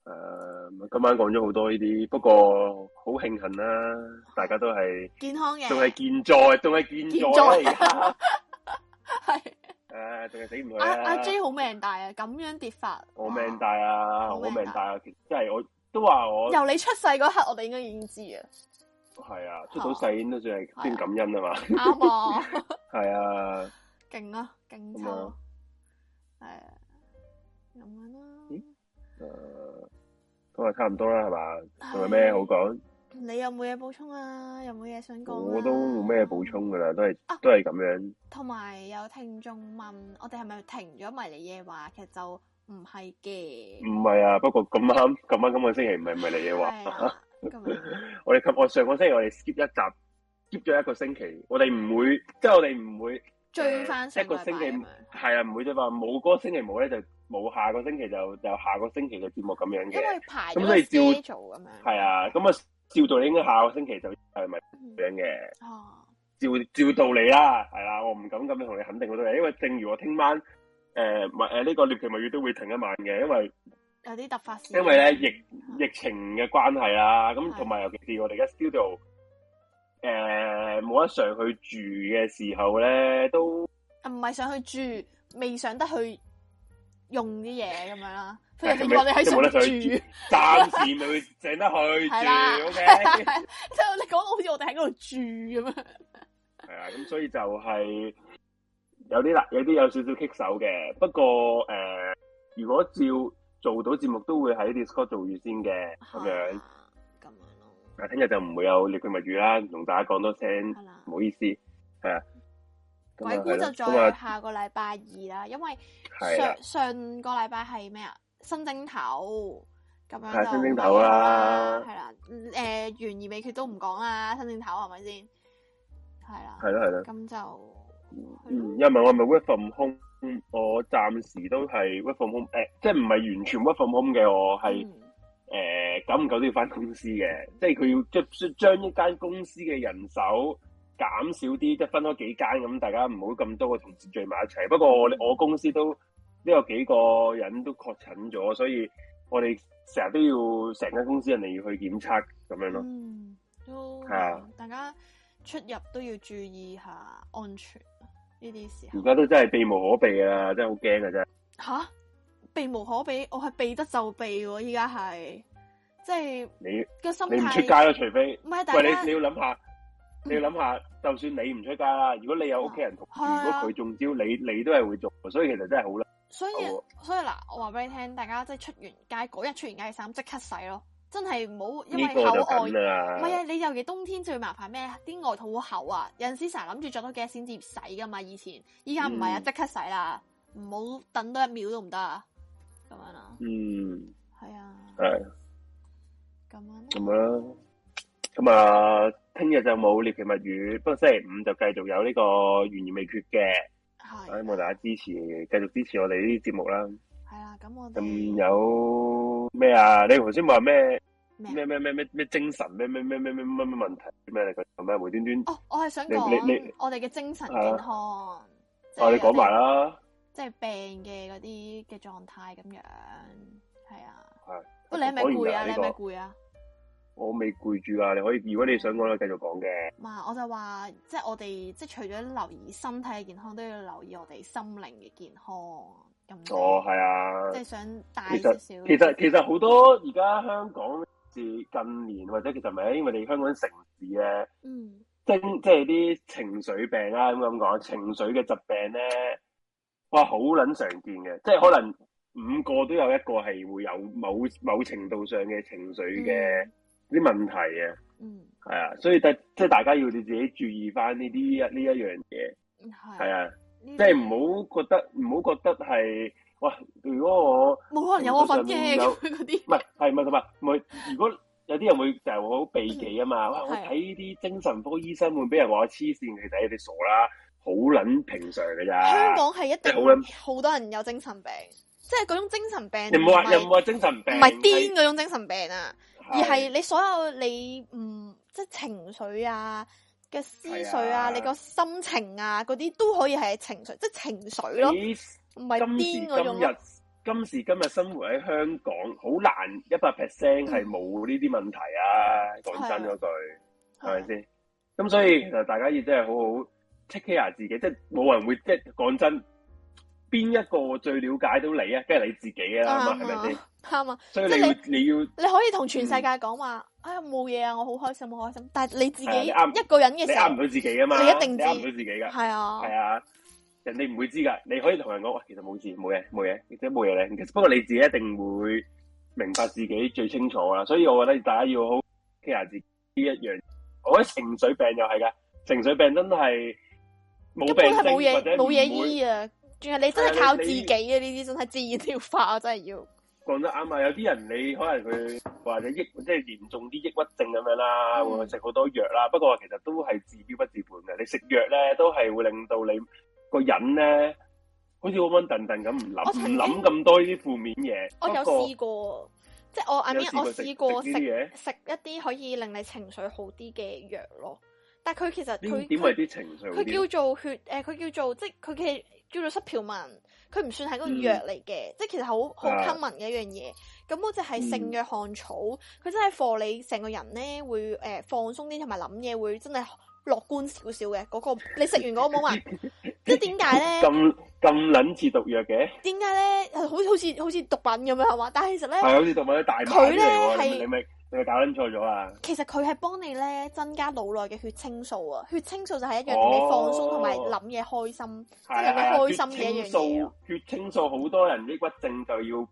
誒、呃，今晚講咗好多呢啲，不過好慶幸啦、啊，大家都係健康嘅，仲係健在，仲係健在而家係誒，仲係、 [LAUGHS] 啊、死唔去啊！阿、啊、J、啊、好命大啊，咁樣跌法我命，啊啊、我命大啊，我命大啊，啊即係我都話我由你出世嗰刻，我哋應該已經知啊，係啊，出到世都算係先感恩啊嘛，啱 [LAUGHS] 是的 [LAUGHS] 啊，係啊，勁咯，勁抽係啊，咁樣啦。誒、uh，咁啊，差唔多啦，係嘛？仲有咩好講？你有冇嘢補充啊？有冇嘢想講、啊？我都冇咩補充噶啦，都係、啊、都係咁樣。同埋有，有聽眾問，我哋係咪停咗迷你嘢話？其實就唔係嘅，唔係啊。不過咁啱，咁啱，今個星期唔係迷你嘢話。我 [LAUGHS] 哋、啊、 [LAUGHS] 我上個星期我哋 skip 一集，skip 咗一個星期。我哋唔會，即、就、係、是、我哋唔會追翻一個星期，係啊，唔會啫嘛冇個星期冇咧就。冇下個星期就就下個星期嘅節目咁樣嘅，因為排咁所以照做啊嘛。係啊，咁啊照做應該下個星期就係咪咁樣嘅？哦，照照道理啦，係、嗯、啦，啊、我唔敢咁樣同你肯定嗰啲嘢，因為正如我聽晚誒，唔誒呢個獵奇蜜月都會停一晚嘅，因為有啲突發事。因為咧疫疫情嘅關係啦，咁同埋尤其是我哋而家 studio 誒、呃、冇得上去住嘅時候咧，都唔係、啊、上去住，未上得去。用啲嘢咁樣啦，即係我哋喺度住，暫 [LAUGHS] 時咪整 [LAUGHS] 的、okay? [LAUGHS] [LAUGHS] 得佢住，ok 即係你講到好似我哋喺嗰度住咁啊，係啊，咁所以就係、是、有啲啦有啲有少少棘手嘅。不過誒、呃，如果照做到節目，都會喺 Discord 做住先嘅，咁、啊、樣，咁樣咯。但係聽日就唔會有裂區物語啦，同大家講多聲，唔好意思，係啊。鬼故就再下個禮拜二啦，因為上上個禮拜係咩啊？新正頭咁樣係新正頭啦，係啦。誒，懸而未決都唔講啦，新正頭係咪先？係啦，係啦，係啦。咁就嗯，因為我係咪 work from home，我暫時都係 work from home、呃。即係唔係完全 work from home 嘅？我係誒、嗯呃，久唔久都要返公司嘅、嗯，即係佢要將將一間公司嘅人手。減少啲，即係分咗幾間咁，大家唔好咁多個同事聚埋一齊。不過我，我公司都呢、有幾個人都確診咗，所以我哋成日都要成間公司人哋要去檢測咁樣咯。嗯，都係啊！大家出入都要注意下安全呢啲事。而家都真係避無可避啊！真係好驚啊！真嚇避無可避，我係避得就避喎、啊。依家係即係你、那個心態唔出街咯、啊，除非喂，你你要諗下。你要諗下，就算你唔出街啦，如果你有屋企人同，啊，如果佢中招，你你都係會做。所以其實真係好啦。所以所以嗱，我話俾你聽，大家即係出完街嗰日，出完街嘅衫即刻洗咯，真係唔好因為厚，這個，緊外，唔係啊！你尤其冬天最麻煩咩？啲外套好厚啊，有陣時成日諗住着多幾日先至洗噶嘛。以前依家唔係啊，嗯，即刻洗啦，唔好等多一秒都唔得啊！咁樣啊，嗯，係啊，係咁樣，咁樣，咁啊。聽日就冇獵奇物語，不過星期五就繼續有呢個懸而未決嘅，希望、啊嗯、大家支持，繼續支持我哋呢啲節目啦。係啦，咁我咁有咩啊？麼什麼你頭先冇話咩咩咩咩咩咩精神咩咩咩咩咩咩問題咩？佢做咩無端端？哦，我係想講我哋嘅精神健康。哦，你講埋啦，即係病嘅嗰啲嘅狀態咁樣，係啊。係、就是。不過你係咪攰啊？你係咪攰啊？我未攰住啊！你可以，如果你想講咧，繼續講嘅。嗱，我就話，即係我哋，即係除咗留意身體嘅健康，都要留意我哋心靈嘅健康咁。哦，係啊。即係想帶少少。其實其實好多而家香港近年或者其實咪，因為你香港城市咧，嗯，即係即係啲情緒病啊，咁講，情緒嘅疾病咧，哇，好撚常見嘅，即係可能五個都有一個係會有某某程度上嘅情緒嘅。嗯啲問題嘅、啊，嗯，啊，所以大即大家要你自己注意翻呢啲一呢一樣嘢，係，啊，即係唔好覺得，唔好覺得係，喂，如果我冇可能有我份嘅，嗰啲唔係係係咪？係唔係？唔係 [LAUGHS] 如果有啲人會就係好避忌啊嘛，哇、嗯！我睇啲精神科醫生會俾人話我黐線，其實你哋傻啦，好撚平常嘅咋。香港係一定好撚好多人有精神病，即係嗰種精神病，你冇話又冇話精神病，唔係癲嗰種精神病啊。是而係你所有你唔即係情緒啊嘅思緒啊，啊，你個心情啊嗰啲都可以係情緒，即係情緒咯。唔係邊嗰種？今時今日，今時今日生活喺香港，好難一百 percent 係冇呢啲問題啊！講、嗯、真嗰句，係咪先？咁、啊啊、所以其實大家要真係好好 take care 自己，即係冇人會即係講真，邊一個最了解到你啊？梗係你自己是啊，係咪先？啊！即係你你，你要，你可以同全世界講話，啊冇嘢啊，我好開心，好開心。但係你自己一個人嘅時候，你呃唔到自己啊嘛，你一定知唔到自己噶，係啊，係啊，人哋唔會知噶。你可以同人講，哎，其實冇事，冇嘢，冇嘢，即係冇嘢嘅。不過你自己一定會明白自己最清楚啦。所以我覺得大家要好 care 自己呢一樣。我覺得情緒病又係噶，情緒病真係冇病，係冇嘢冇嘢醫啊，仲係你真係靠自己啊！呢啲真係自然療法，我真係要。講得啱啊！有啲人你可能佢話你嚴抑即係嚴重啲抑鬱症咁樣啦，嗯，會食好多藥啦。不過其實都係治標不治本嘅。你食藥咧都係會令到你個人咧，好似穩穩頓頓咁唔諗唔諗咁多呢啲負面嘢。我有試過，即係我阿 May 我試過食嘢食一啲可以令你情緒好啲嘅藥咯。但係佢其實佢點為啲情緒？佢叫做血誒，佢叫做即係佢嘅叫做濕樸文。佢唔算係個藥嚟嘅、嗯，即係其實好好 common 嘅一樣嘢。咁嗰隻係性藥漢草，佢、嗯、真係貨你成個人呢會、呃、放鬆啲，同埋諗嘢會真係樂觀少少嘅嗰個。你食完嗰個冇嘛？ [LAUGHS] 即係點解呢？咁咁撚似毒藥嘅？點解呢？好似好似毒品咁樣係嘛？但係其實呢，係好似毒品大。佢咧係。你搞捻錯咗啦！其實佢係幫你咧增加腦內嘅血清素啊，血清素就係一樣令你放鬆同埋諗嘢開心，即係令你開心嘅一樣嘢。血清素，啊、血清素好多人抑鬱症就要，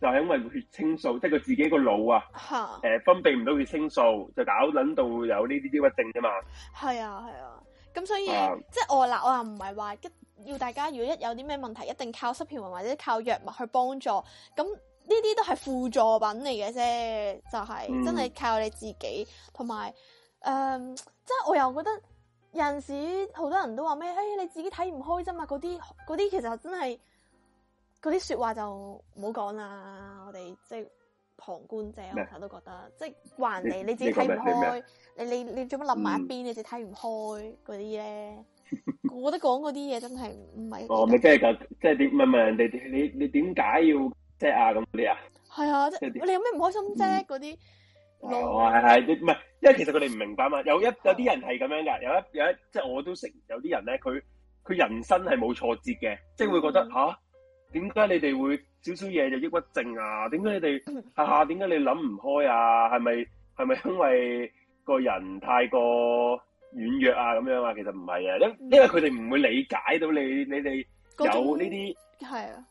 就係、是、因為血清素，即係佢自己個腦啊，誒、呃、分泌唔到血清素，就搞捻到有呢啲抑鬱症啫嘛。係啊係啊，咁所以即係我啦，我又唔係話要大家如果一有啲咩問題，一定靠失眠或者靠藥物去幫助咁。呢啲都係輔助品嚟嘅啫，就係、是、真係靠你自己，同埋誒，即係、嗯、我又覺得，有陣時好多人都話咩？誒、欸，你自己睇唔開啫嘛？嗰啲嗰啲其實真係嗰啲說話就唔好講啦。我哋即係旁觀者，其實都覺得，即係怪人哋你自己睇唔開，你你你做乜諗埋一邊？你哋睇唔開嗰啲咧？我覺得講嗰啲嘢真係唔係。哦，你真係咁，即係點問問人哋？你你點解要？啫、就是、啊！咁嗰啲啊，係啊，你有咩唔開心啫？嗰、嗯、啲，係係唔係？因為其實佢哋唔明白嘛。有一有啲人係咁樣噶、嗯，有一有一，即、就、係、是、我都識。有啲人咧，佢佢人生係冇挫折嘅，即、就、係、是、會覺得吓，點、嗯、解、啊、你哋會少少嘢就抑鬱症啊？點解你哋下下點解你諗唔開啊？係咪係咪因為個人太過軟弱啊？咁樣啊？其實唔係啊，因因為佢哋唔會理解到你你哋有呢啲係啊。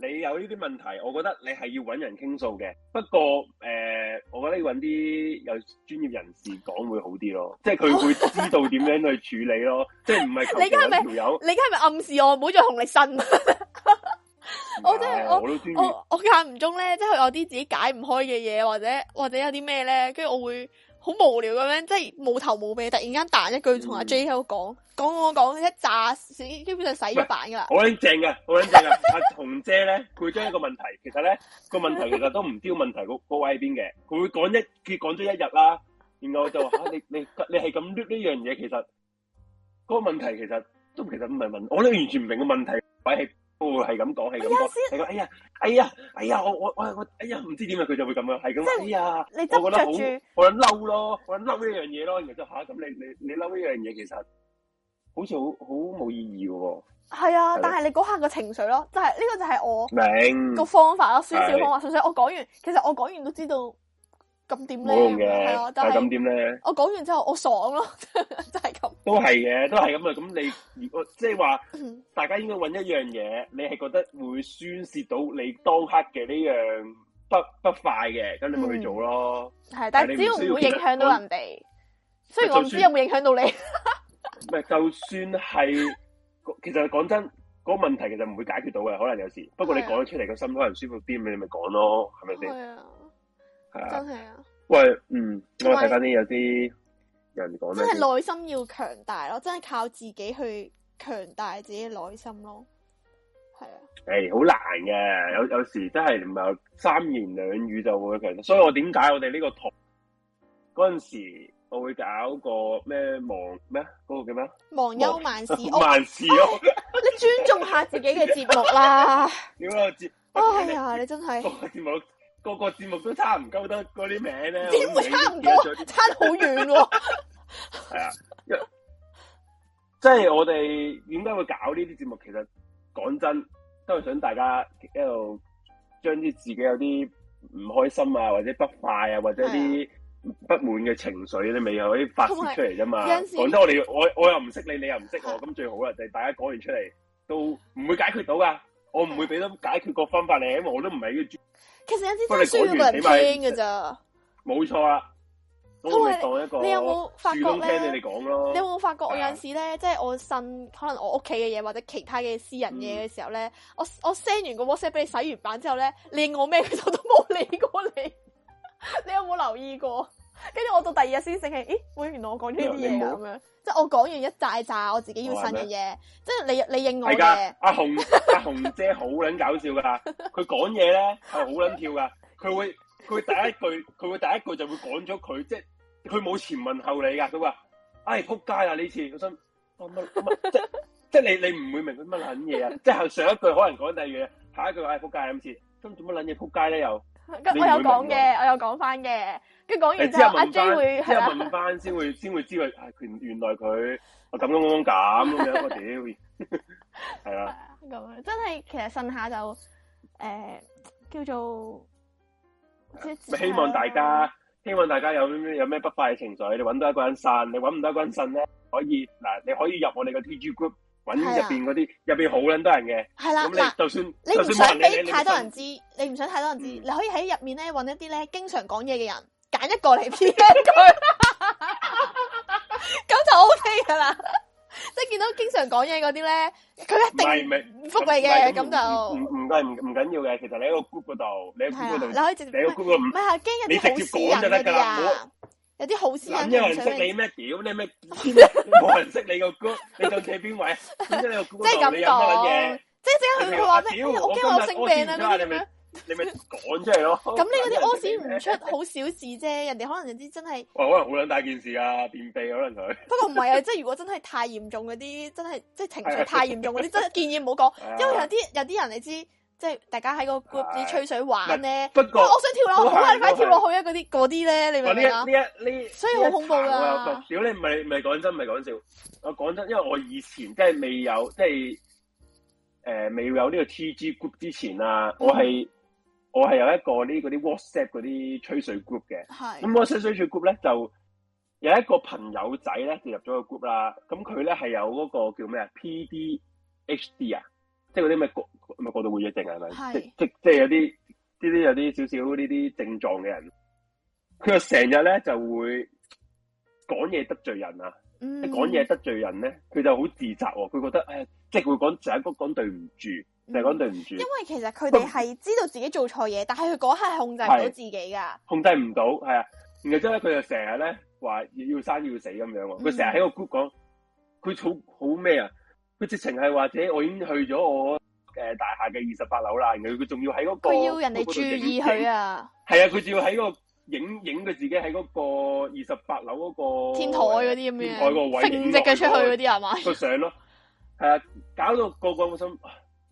你有呢啲問題，我覺得你係要揾人傾訴嘅。不過，誒、呃，我覺得要揾啲有專業人士講會好啲咯，即係佢會知道點樣去處理咯。 [LAUGHS] 即係唔係你而家係咪？ [LAUGHS] 你而家係咪暗示我唔好再同你呻？我真係我，我都我，我，我間唔中咧，即係有啲自己解唔開嘅嘢，或者或者有啲咩咧，跟住我會。好無聊咁樣，即係冇頭冇尾，突然間彈一句同阿 J K 講，講講講，一炸死，基本上洗咗版噶啦。好撚正噶，好撚正噶。阿彤姐咧，佢將一個問題，其實咧個問題其實都唔知個問題個個位喺邊嘅。佢會講一，佢講咗一日啦，然後就話：，吓你你你係咁捋呢樣嘢，其實嗰個問題其實都其實唔係問，我呢完全唔明個問題位係。都係咁講，係咁講，係講，哎呀，哎呀，哎呀，我我我，哎呀，唔知點解佢就會咁樣，係咁、就是，哎呀，你執著著我覺得好，我諗嬲咯，我諗嬲呢樣嘢咯，然之後吓，咁你你你嬲呢樣嘢，其實、啊、其實好似好好冇意義嘅喎。係啊，是的但係你嗰下個情緒咯，就係、是、呢、這個就係我明個方法咯，宣泄方法。純粹我講完，其實我講完都知道。咁點咧？係啊，但係我講完之後我爽咯，就係咁。都係嘅，都係咁啊！咁你如果即係話，大家應該揾一樣嘢，你係覺得會宣泄到你當刻嘅呢樣不不快嘅，咁你咪去做咯。係，但係你唔需要，只要唔會影響到人哋。雖然我唔知有冇影響到你。唔係，就算係，其實講真，嗰個問題其實唔會解決到嘅，可能有時。不過你講咗出嚟，個心可能舒服啲，咁你咪講咯，係咪先？係啊。啊、真係啊！喂，嗯，我睇翻啲有啲人講，真係內心要強大咯，真係靠自己去強大自己內心咯，係啊。誒、欸，好難嘅，有有時真係唔係三言兩語就會強大，嗯，所以我點解我哋呢個同嗰陣時我會搞個咩忘咩嗰，嗰個叫咩忘憂萬事屋，哦、萬事屋，哎、 [LAUGHS] 你尊重下自己嘅節目啦。點解我節？哎呀， [LAUGHS] 你真係節目。個個節目都差唔多，得嗰啲名咧，差唔多，差好遠。 [LAUGHS] [LAUGHS] 係啊，即係我哋點解會搞呢啲節目？其實講真，都係想大家一路將啲自己有啲唔開心啊，或者不快啊，或者啲不滿嘅情緒你未有啲發洩出嚟啫嘛。講真我，我哋我我又唔識你，你又唔識我，咁最好啊！就大家講完出嚟，都唔會解決到噶。我唔會俾到解決個方法你，因為我都唔係其實有啲真係需要個人聽嘅咋。冇錯啊，我同你講一個，你有冇發覺咧？你講咯，你有冇發，發覺我有陣時咧，啊、即係我信可能我屋企嘅嘢，或者其他嘅私人嘢嘅時候咧、嗯，我我 send 完個 WhatsApp 俾你，洗完版之後咧，理我咩佢我都冇理過你， [LAUGHS] 你有冇留意過？跟住我到第二日先醒起，咦？喂，原來我講咗呢啲嘢咁樣，即係我講完一扎扎我自己要信嘅嘢，即係你你應我嘅。阿紅阿紅姐好捻搞笑噶，佢講嘢咧係好捻跳噶，佢會佢第一句佢會第一句就會講咗佢，即係佢冇前文後理噶。佢話：唉、哎，扑街啦呢次，我心，我乜乜即 [LAUGHS] 即係你你唔會明佢乜捻嘢啊？ [LAUGHS] 即係上一句可能講第二句，下一句又哎扑街啊！呢次咁做乜捻嘢扑街咧又？我有講嘅，我有講翻嘅，跟住講完之後，阿 J 會係啦，即係問翻先會先 [LAUGHS] 會知佢，原來佢原來佢咁樣咁樣咁樣，我屌，係啊，咁真係其實信下就誒、呃、叫做、就是，希望大家、啊、希望大家有咩有咩不快嘅情緒，你搵到一個人信，你搵唔到一個人信咧，可以嗱，你可以入我哋嘅 TG group。搵入邊嗰啲，入邊好卵多人嘅。係啦、啊，咁你就算你唔想俾太多人知，你唔想太多人知，你可以喺入面咧搵一啲咧，經常講嘢嘅人，揀一個嚟 P，A 咁就 O，K 噶啦。即係見到經常講嘢嗰啲咧，佢一定唔係唔覆你嘅，咁就唔唔唔唔緊要嘅。其實你喺個 group 嗰度，你喺個 group 嗰度、啊、你可以直接喺個 group 唔係驚一啲好私人嘅啊。有啲好私人，冇人識你咩屌？你咩？冇 [LAUGHS] [LAUGHS] 人識你個 group，你究竟係邊位啊？ [LAUGHS] 即係咁講，即係即刻佢會話咩？我驚我性病啊！咁樣， [LAUGHS] 你咪講出嚟咯。咁 [LAUGHS] 你嗰啲屙屎唔出，好 [LAUGHS] 小事啫。人哋可能有啲真係，哇！可能好撚大件事啊，便秘可能佢。 [LAUGHS] 不過唔係啊，即係如果真係太嚴重嗰啲，真係即係情緒太嚴重嗰啲，真係建議唔好講， [LAUGHS] 因為有啲有啲人你知。即係大家喺個 group 啲吹水玩咧，不過我想跳樓，我好啊，你快跳落去啊！嗰啲嗰啲咧，你明唔明啊？呢一呢，所以好恐怖噶。我有讀少，你唔係唔係講真，唔係講笑。我講真，因為我以前即係、就是呃、未有，即係誒未有呢個 T G group 之前啊，我係、嗯、我係有一個水水呢嗰啲 WhatsApp 嗰啲吹水 group 嘅。係咁，我吹水 group 咧就就有一個朋友仔咧入咗個 group 啦。咁佢咧係有嗰個叫咩啊？P D H D 啊？即係嗰啲咩過咩過度活躍症係係咪？即即即係有啲呢啲有啲少少呢啲症狀嘅人，佢就成日咧就會講嘢得罪人啊！講、嗯、嘢得罪人咧，佢就好自責、哦，佢覺得誒、哎，即係會講成日講對唔住，成日講對唔住。因為其實佢哋係知道自己做錯嘢，但係佢嗰刻係控制唔到自己噶，控制唔到係啊。然後之後咧，佢就成日咧話要生要死咁樣，佢成日喺個 group 講，佢好好咩啊？佢直情係，或者我已經去咗我誒大廈嘅二十八樓啦，佢仲要喺嗰、嗰個，佢要人哋注意佢啊。係啊，佢仲要喺、嗰個，影影佢自己喺嗰個二十八樓嗰個天台嗰啲咁樣，天台個位影只嘅出去嗰啲係嘛？出相咯，係 [LAUGHS] 啊，搞到個個心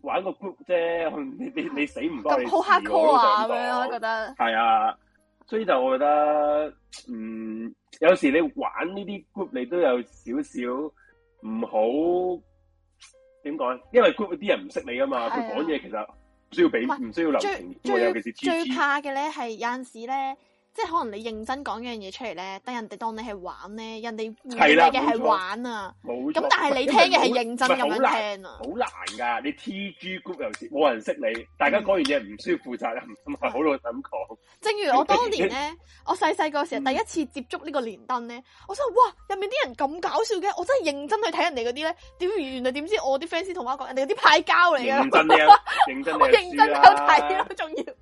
玩個 group 啫，你你你死唔得，好黑 Q 啊咁樣，我覺得係啊。所以就我覺得，嗯，有時你玩呢啲 group，你都有少少唔好。點講？因為 group 啲人唔識你啊嘛，佢講嘢其實唔需要俾，唔需要留情。我尤其是、知知、最怕嘅咧係有陣時咧。即係可能你認真講一樣嘢出嚟咧，但人哋當你係玩咧，人哋講嘅係玩啊。咁但係你聽嘅係認真咁樣聽啊。好難㗎，你 T G group 又時冇人識你，大家講完嘢唔需要負責任，唔係好老實咁講。正如我當年咧， [LAUGHS] 我細細個時候第一次接觸呢個連登咧，我想：「係哇入面啲人咁搞笑嘅，我真係認真去睇人哋嗰啲咧。點原嚟點知我啲 fans 同我講，人哋啲派膠嚟啊！認真 [LAUGHS] 認真睇、啊，書認真要。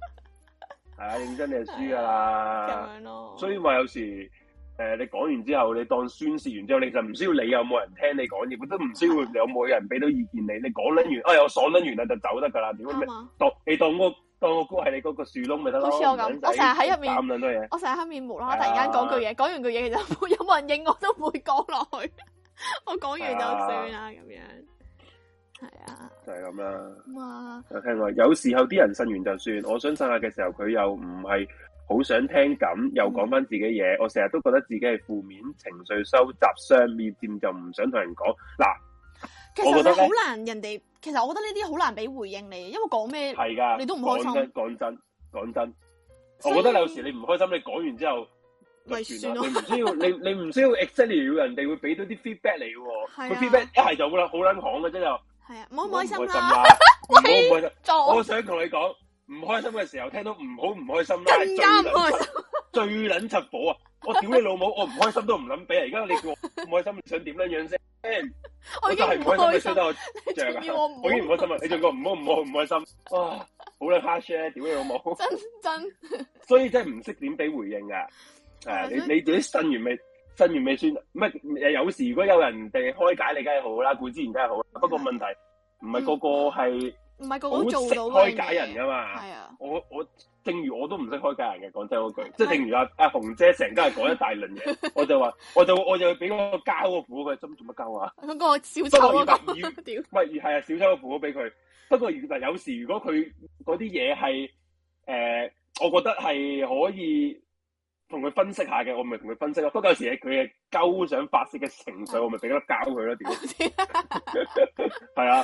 係啊，認真你就輸噶啦、哎啊，所以話有時誒、呃，你講完之後，你當宣洩完之後，你就唔需要理有冇人聽你講嘢，佢都唔需要、哎、有冇人俾到意見你。你講撚完，啊、哎，我爽撚完啦，就走得噶啦，點解？當你當，我當我是你那個當個個係你嗰個樹窿咪得咯。好似我咁。我我成日喺入面，嘢。我成日喺面無啦啦突然間講句嘢，講、哎、完句嘢其實冇有冇人應我都唔會講落去， [LAUGHS] 我講完就算啦咁、哎、樣。係啊，就係咁啦。有聽過，有時候啲人呻完就算。我想呻下嘅時候，佢又唔係好想聽，咁又講翻自己嘢。我成日都覺得自己係負面情緒收集箱，面漸就唔想同人講。嗱，其實好難，人哋其實我覺得很呢啲好難俾回應你，因為講咩，係噶，你都唔開心。講真，講真，我覺得有時你唔開心，你講完之後，算算你唔需要， [LAUGHS] 你你唔需要 excel 人哋會俾到啲 feedback 你嘅。個、啊、feedback 一係就好會好難講嘅，真就。係啊，唔好唔開心啊！唔開心 [LAUGHS] 我，我想同你講，唔 [LAUGHS] 開心嘅時候聽到唔好唔開心啦，更加唔開心，最捻柒 [LAUGHS] 火啊！ [LAUGHS] 我屌你老母，我唔開心都唔諗俾啊！而家你叫我唔開心，想點樣樣先？我真係唔開心，你衰得 [LAUGHS] 我着啊！我已經唔開、啊、 [LAUGHS] 開心啊！你仲講唔好唔好唔開心，哇、 [LAUGHS] 啊！好捻 hurt 屌你老母！真真，所以真係唔識點俾回應噶、啊，係、 [LAUGHS] 啊、你 [LAUGHS] 你自己呻完未？真完未算咩？有時如果有人哋開解你好，梗係好啦，顧之然梗係好。不過問題唔係、嗯、個個係唔係個個做到開解人噶嘛？啊、我我正如我都唔識開解人嘅，講真嗰句，即係、啊、正如阿阿紅姐成家係講一大輪嘢， [LAUGHS] 我就話，我就我就俾個交個符佢，做乜做乜鳩啊？嗰、嗰個小抽啊、嗰個，唔係係啊，小抽個符俾佢。不過原來有時如果佢嗰啲嘢係誒，我覺得係可以，同佢分析下嘅，我咪同佢分析咯。不過有時係佢嘅鳩想發洩嘅情緒，我咪俾咗教佢咯。點知係啊？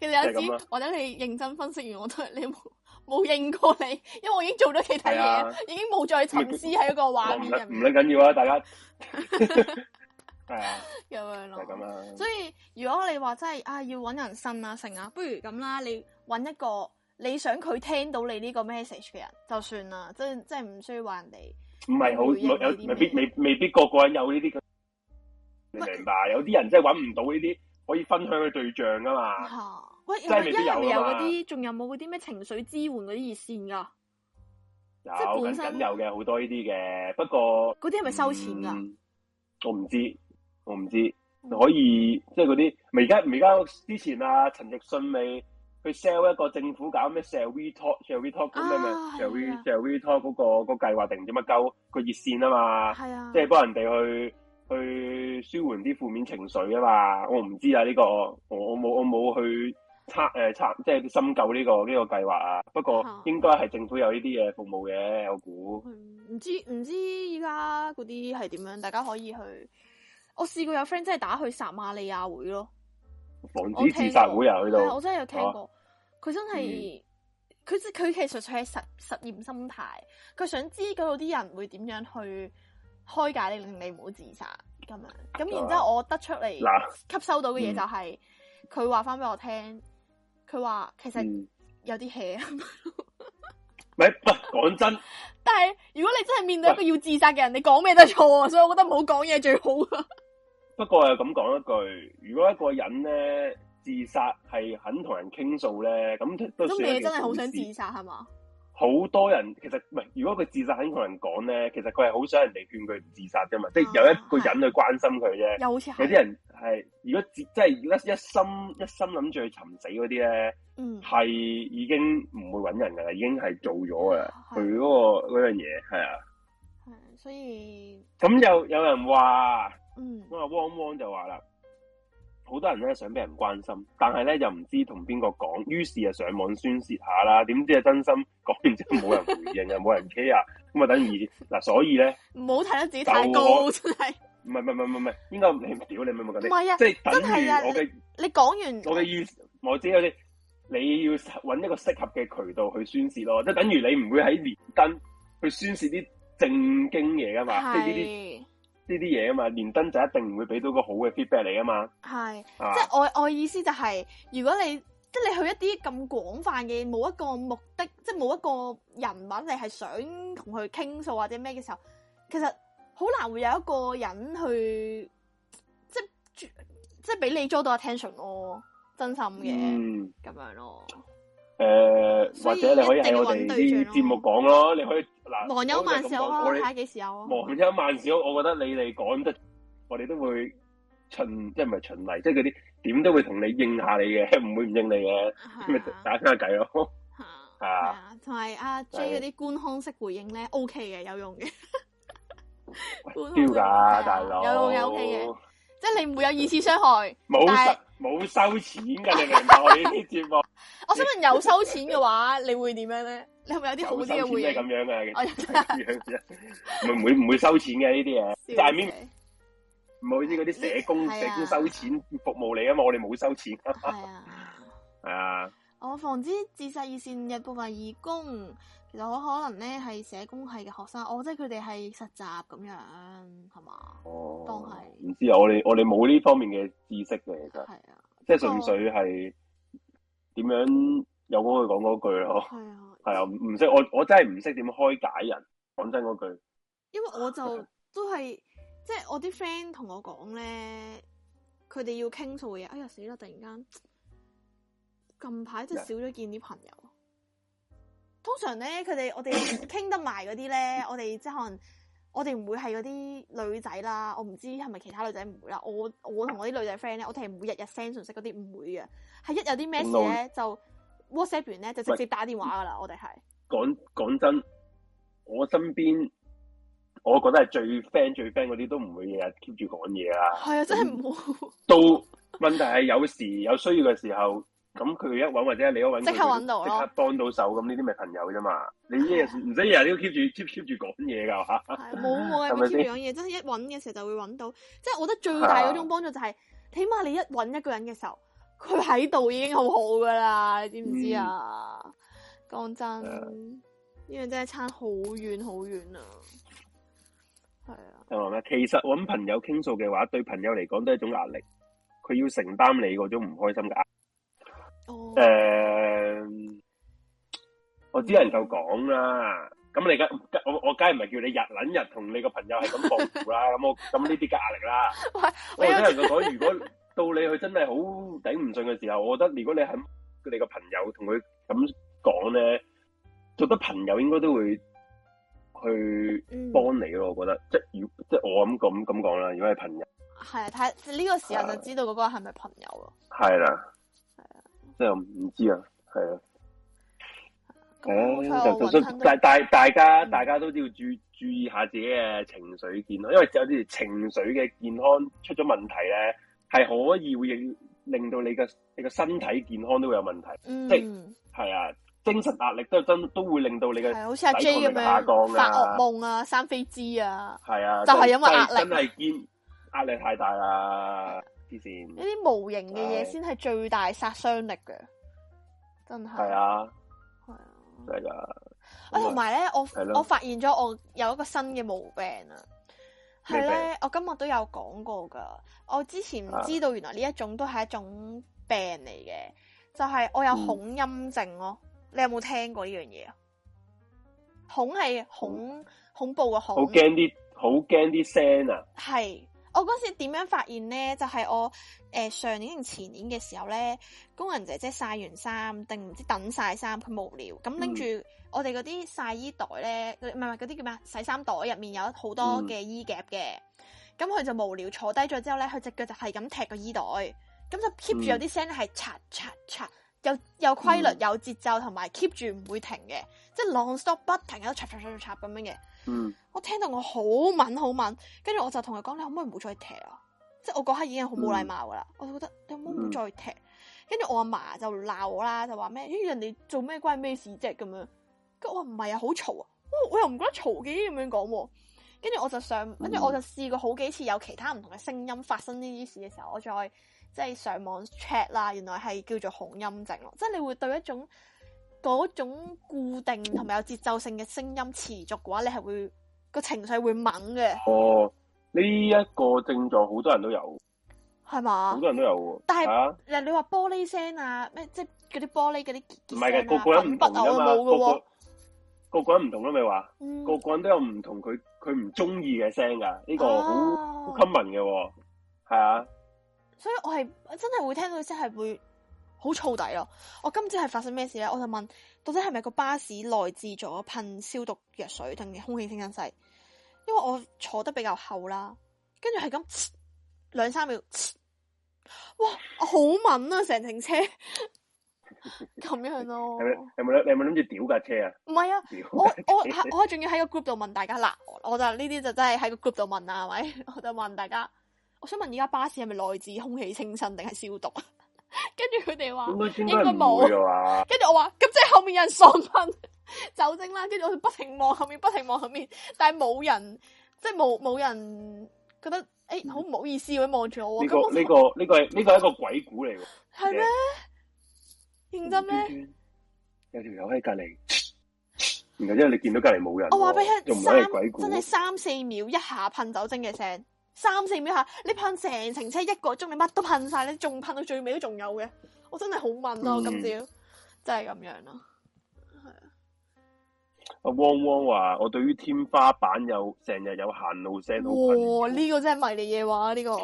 其實有時或者你認真分析完，我都你冇冇認過你，因為我已經做咗其他嘢，已經冇再沉思喺一個畫面唔緊要緊緊啊，大家係啊，咁 [LAUGHS] [LAUGHS] [LAUGHS] [LAUGHS] [LAUGHS] [LAUGHS] 就是、樣咯、啊，係咁啦。所以如果你話真係啊要搵人呻啊成啊，不如咁啦、啊，你搵一個你想佢聽到你呢個 message 嘅人就算啦，真真係唔需要話人哋。唔係好有未，未，未必未未必，個個人有呢啲，你明白？有啲人真係揾唔到呢啲可以分享嘅對象啊嘛，真係未必有啊嘛。而家係咪有嗰啲？仲有冇嗰啲咩情緒支援嗰啲熱線噶？有，即本身有嘅，好多呢啲嘅。不過嗰啲係咪收錢噶、嗯？我唔知，我唔知。可以即係嗰啲未？而家而家之前啊，陳奕迅未。去 sell 一個政府搞咩 sell WeTalk，sell WeTalk 嗰、啊、咩咩，sell w e WeTalk 嗰、那個、那個計劃定啲乜鳩個熱線啊嘛，即係、就是、幫人哋去去舒緩啲負面情緒啊嘛。我唔知啊呢、這個，我我冇我冇去測誒、呃、測，即係深究呢、這個呢、這個計劃啊。不過應該係政府有呢啲嘢服務嘅，我估、嗯。唔知唔知依家嗰啲係點樣？大家可以去。我試過有 friend 真係打去撒瑪利亞會咯。防止自殺嗰日去到，我真係有聽過，佢、啊、真係，佢、嗯、佢其實係實實驗心態，佢想知嗰度啲人會點樣去開解你，令你唔好自殺咁樣。咁、啊、然之後我得出嚟，吸收到嘅嘢，就係、是，佢話翻俾我聽，佢話其實有啲 hea、嗯。咪講 [LAUGHS] 真， [LAUGHS] 但係如果你真係面對一個要自殺嘅人，你講咩都係錯啊，所以我覺得唔好講嘢最好。 [LAUGHS] 不過又咁講一句，如果一個人咧自殺係肯同人傾訴咧，咁啲嘢你真係好想自殺係嘛？好多人其實唔係，如果佢自殺肯同人講咧，其實佢係好想人哋勸佢唔自殺噶嘛，啊、即係有一個人去關心佢啫。有啲人係如果即係如果一心一心諗住去尋死嗰啲咧，係、嗯、已經唔會揾人噶啦，已經係做咗噶啦，佢、嗯、嗰、嗰個嗰樣嘢係啊。係、嗯，所以咁又有人話。嗯，咁啊，汪汪就話啦，好多人咧想俾人關心，但係咧又唔知同邊個講，於是啊上網宣洩下啦，點知啊真心講完就冇人回應 [LAUGHS] 又冇人 care 啊，咁啊等於嗱，所以咧唔好睇得自己太高真係，唔係唔係唔係唔係，應該你屌你咪咪咁，唔係啊，即係等於我嘅，啊，你講完我嘅要，我知你要揾一個適合嘅渠道去宣洩咯，即係等於你唔會喺連登去宣洩啲正經嘢噶嘛，呢啲。就是呢啲嘢啊嘛，連登就一定唔會俾到一個好嘅 feedback 你啊嘛。係、啊，即係我的我的意思就係、是，如果你即係你去一啲咁廣泛嘅，冇一個目的，即係冇一個人物你係想同佢傾訴或者咩嘅時候，其實好難會有一個人去，即係即係俾你抓到 attention 咯、哦，真心嘅，嗯，咁樣咯。誒、呃，或者你可以喺我哋啲節目講咯、嗯，你可以。忙有慢少咯、啊，睇、啊、下幾時有、啊。忙有慢少、啊，我覺得你哋講得，我哋都會循，即係唔係循例，即係嗰啲點都會同你應下你嘅，唔會唔應你嘅、啊，咪打下偈咯。係啊，同埋阿 J 嗰啲官腔式回應咧、啊、，OK 嘅，有用嘅。屌噶大佬，有用有 OK 嘅， [LAUGHS] 即係你唔會有二次傷害。冇收冇收錢噶，你明唔明我做呢啲節目。 [LAUGHS] [LAUGHS] [LAUGHS] [LAUGHS] 我想問有收錢嘅話，你會點樣咧？有冇有啲好嘅回應咁樣啊？唔、哦、 [LAUGHS] [LAUGHS] 會唔會收錢嘅呢啲嘢？大面唔好似嗰啲社工、欸、社工收錢、欸、服務嚟啊嘛！我哋冇收錢。係、欸、啊。哦、 [LAUGHS] 啊，我防止自殺熱線入面部分義工，其實我可能咧係社工系嘅學生。哦，即係佢哋係實習咁樣，係嘛？哦，當係。唔知啊！我哋我哋冇呢方面嘅知識嘅，其、嗯、實。係 [LAUGHS] 是啊。即係純粹係點樣有講去講嗰句咯。係啊。係啊，唔唔識我，我真係唔識點開解人。講真嗰句，因為我就都係即係我啲 friend 同我講咧，佢哋要傾訴嘅嘢。哎呀，死啦！突然間近排真少咗見啲朋友。通常咧，佢哋我哋傾得埋嗰啲咧，我哋 [LAUGHS] 即係可能我哋唔會係嗰啲女仔啦。我唔知係咪其他女仔唔會啦。我我同我啲女仔 friend 咧，我哋係每日日 send 信息，嗰啲唔會嘅。係一有啲咩事咧，no. 就。WhatsApp 完咧就直接打電話噶啦，我哋係講講真，我身邊我覺得係最 friend 最 friend 嗰啲都唔會日日 keep 住講嘢啦，係啊，嗯、真係唔好。到問題係有時 [LAUGHS] 有需要嘅時候，咁佢一搵或者你一搵，即刻搵到，即刻幫到手。咁呢啲咪朋友啫嘛？啊、你，你一唔使日日都 keep 住 keep 住講嘢噶吓，冇冇係咪 keep 住講嘢？真係一搵嘅時候就會搵到。即、就、係、是、我覺得最大嗰種幫助就係、是， [LAUGHS] 起碼你一搵一個人嘅時候。佢喺度已經好好噶啦，你知唔知、嗯嗯、很遠很遠啊？講真，呢樣真係差好遠好遠啊！係啊。係咪啊？其實我諗朋友傾訴嘅話，對朋友嚟講都係一種壓力，佢要承擔你嗰種唔開心嘅壓力。哦。誒、呃，我只能夠講啦。咁、嗯、你我我梗係唔係叫你日捻日同你個朋友係咁報復啦。咁 [LAUGHS] 我咁呢啲嘅壓力啦。我只能夠講，如果。 [LAUGHS] 到你佢真係好頂唔順嘅時候，我覺得如果你肯你個朋友同佢咁講咧，做得朋友應該都會去幫你咯，嗯。我覺得即係，如即係我咁咁咁講啦。如果係朋友，係啊，睇呢個時候就知道嗰個係咪朋友咯。係啦，係啊，即係唔唔知啊，係啊。誒、嗯，就就算大大大家、嗯、大家都要注注意一下自己嘅情緒健康，因為有啲情緒嘅健康出咗問題咧。係可以會令令到你嘅、你嘅身體健康都會有問題，嗯、即係啊，精神壓力都真都會令到你嘅，係好似阿 J 咁樣，發噩夢啊、生飛枝啊，係啊，啊，就係、是就是、因為壓力、啊、真係壓力太大啦，黐線！呢啲無形嘅嘢先係最大殺傷力嘅，真係，係啊，係啊，係噶！啊，同埋咧，我、啊、我發現咗我有一個新嘅毛病啊！係咧，我今日都有講過噶。我之前唔知道，原來呢一種都係一種病嚟嘅。就係、是、我有恐音症咯。嗯、你有冇聽過呢樣嘢啊？恐係恐，恐怖嘅恐，好驚啲，好驚啲聲啊！係。我嗰時點樣發現咧？就係、是、我誒、呃、上年前年嘅時候咧，工人姐姐曬完衫定唔知等曬衫，佢無聊咁拎住我哋嗰啲曬衣袋咧，唔係係嗰啲叫咩？洗衫袋入面有好多嘅衣夾嘅，咁、嗯、佢就無聊坐低咗之後咧，佢隻腳就係咁踢個衣袋，咁就 keep 住有啲聲係刷刷刷，有有規律、有節奏，同埋 keep 住唔會停嘅，即係 long stop 不停喺度刷刷刷刷咁樣嘅。嗯， [NOISE] 我聽到我好敏好敏，跟住我就同佢講，你可唔可以唔好再踢啊？即係我嗰刻已經好冇禮貌噶啦，我就覺得你可唔可以唔好再踢？跟住我阿嫲就鬧我啦，就話咩？咦人哋做咩關咩事啫？咁樣，我話唔係啊，好嘈啊、哦，我又唔覺得嘈嘅、啊，咁樣講、啊，跟住我就上，跟住我就試過好幾次有其他唔同嘅聲音發生呢啲事嘅時候，我再即係、就是、上網 check 啦，原來係叫做恐音症咯，即係你會對一種。嗰種固定同埋有節奏性嘅聲音持續嘅話，你係會、個情緒會猛嘅。哦，呢、呢、一個症狀好多人都有，係嘛？好多人都有。但係嗱、啊，你話玻璃聲啊，咩即係嗰啲玻璃嗰啲、啊，唔係嘅，個個人唔同噶嘛。個個人唔同咯，咪話個個人都有唔同佢佢唔中意嘅聲噶，呢、啊呢個好好、啊、common 嘅，係啊。所以我係真係會聽到聲係會。好燥底咯！我今朝係發生咩事咧？我就問到底係咪個巴士內置咗噴消毒藥水定空氣清新劑？因為我坐得比較後啦，跟住係咁兩三秒，哇，好敏啊！成程車咁 [LAUGHS] 樣咯、啊。係咪？有冇諗你有冇諗住屌架車啊？唔係啊！我我我仲要喺個 group 度問大家啦！我就呢啲就真係喺個 group 度問啊，係咪？我就問大家，我想問而家巴士係咪內置空氣清新定係消毒？跟住佢哋話應該冇，跟住我話咁即係後面有人喪噴酒精啦，跟住我就不停望後面，不停望後面，但係冇人，即係冇冇人覺得誒，好唔好意思咁望住我。呢個呢個呢個係呢個係一個鬼故嚟喎，係咩認真咩？有條友喺隔籬，然後因為你見到隔籬冇人，我話俾你聽，鬼故3，真係三四秒一下噴酒精嘅聲。三四秒下，你噴成程車一個鐘，你乜都噴晒，你仲噴到最尾都仲有嘅。我真係好問咯、啊嗯，今朝真係咁樣咯。係啊。阿汪汪話：我對於天花板有成日有行路聲。哇！呢、這個真係迷你嘢話，呢、這個。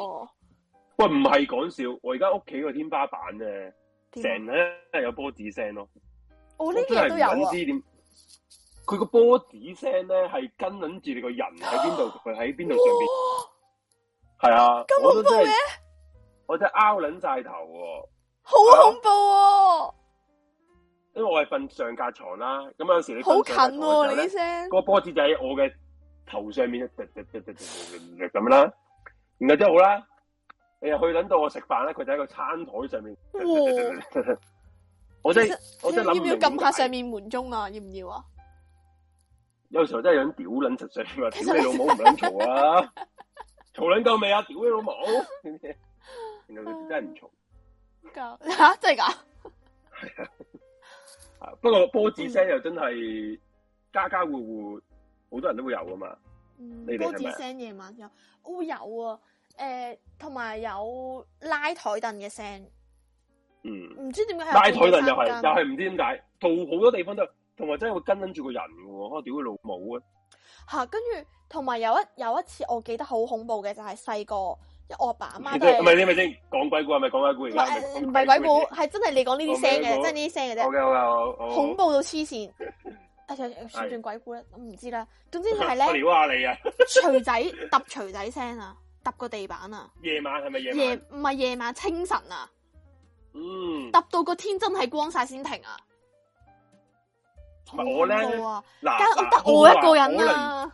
喂，唔係講笑，我而家屋企個天花板咧，成日都有波子聲咯、哦。我呢邊都有啊。佢個波子聲咧，係跟撚住你個人喺邊度，佢喺邊度上邊。係 [MUSIC] 啊，咁恐怖嘅，我真係拗捻晒頭、啊，好恐怖、啊啊。因為我係瞓上格床啦，咁有時你好近喎，你啲聲，個波子就喺我嘅頭上面，咁樣啦。然後之後好啦，你又去捻到我食飯咧，佢就喺個餐台上面。 [LAUGHS] 我真我真諗，要唔要撳下上面門鐘啊？要唔要啊？有時候真係想屌捻實聲，話，屌你老母唔捻嘈啊！嘈兩夠未啊！屌你老母！原來你真係唔嘈。夠吓真係噶？係啊，不過波子聲又真係家家戶戶好多人都會有噶嘛、嗯。波子聲夜晚有，烏、哦、有啊！誒、呃，同埋有，有拉台凳嘅聲。嗯。唔知點解拉台凳又係又係唔知點解，同好多地方都同埋真係會跟跟住個人噶喎！我屌你老母啊！吓、啊，跟住同埋有一有一次我記得好恐怖嘅就係細個，因為我阿爸阿媽都係咪先咪先講鬼故，係咪講鬼故？唔係鬼故，係真係你講呢啲聲嘅，真係呢啲聲嘅啫。恐怖到黐線， [LAUGHS] 算唔算鬼故咧？ [LAUGHS] 我唔知啦。總之就係咧。 [LAUGHS] 我撩下你啊 [LAUGHS] 隨！錘仔揼錘仔聲啊，揼個地板啊。夜晚係咪夜，夜？夜唔係夜晚，清晨啊。嗯。揼到個天真係光晒先停啊！我咧嗱，我得我一個人啊。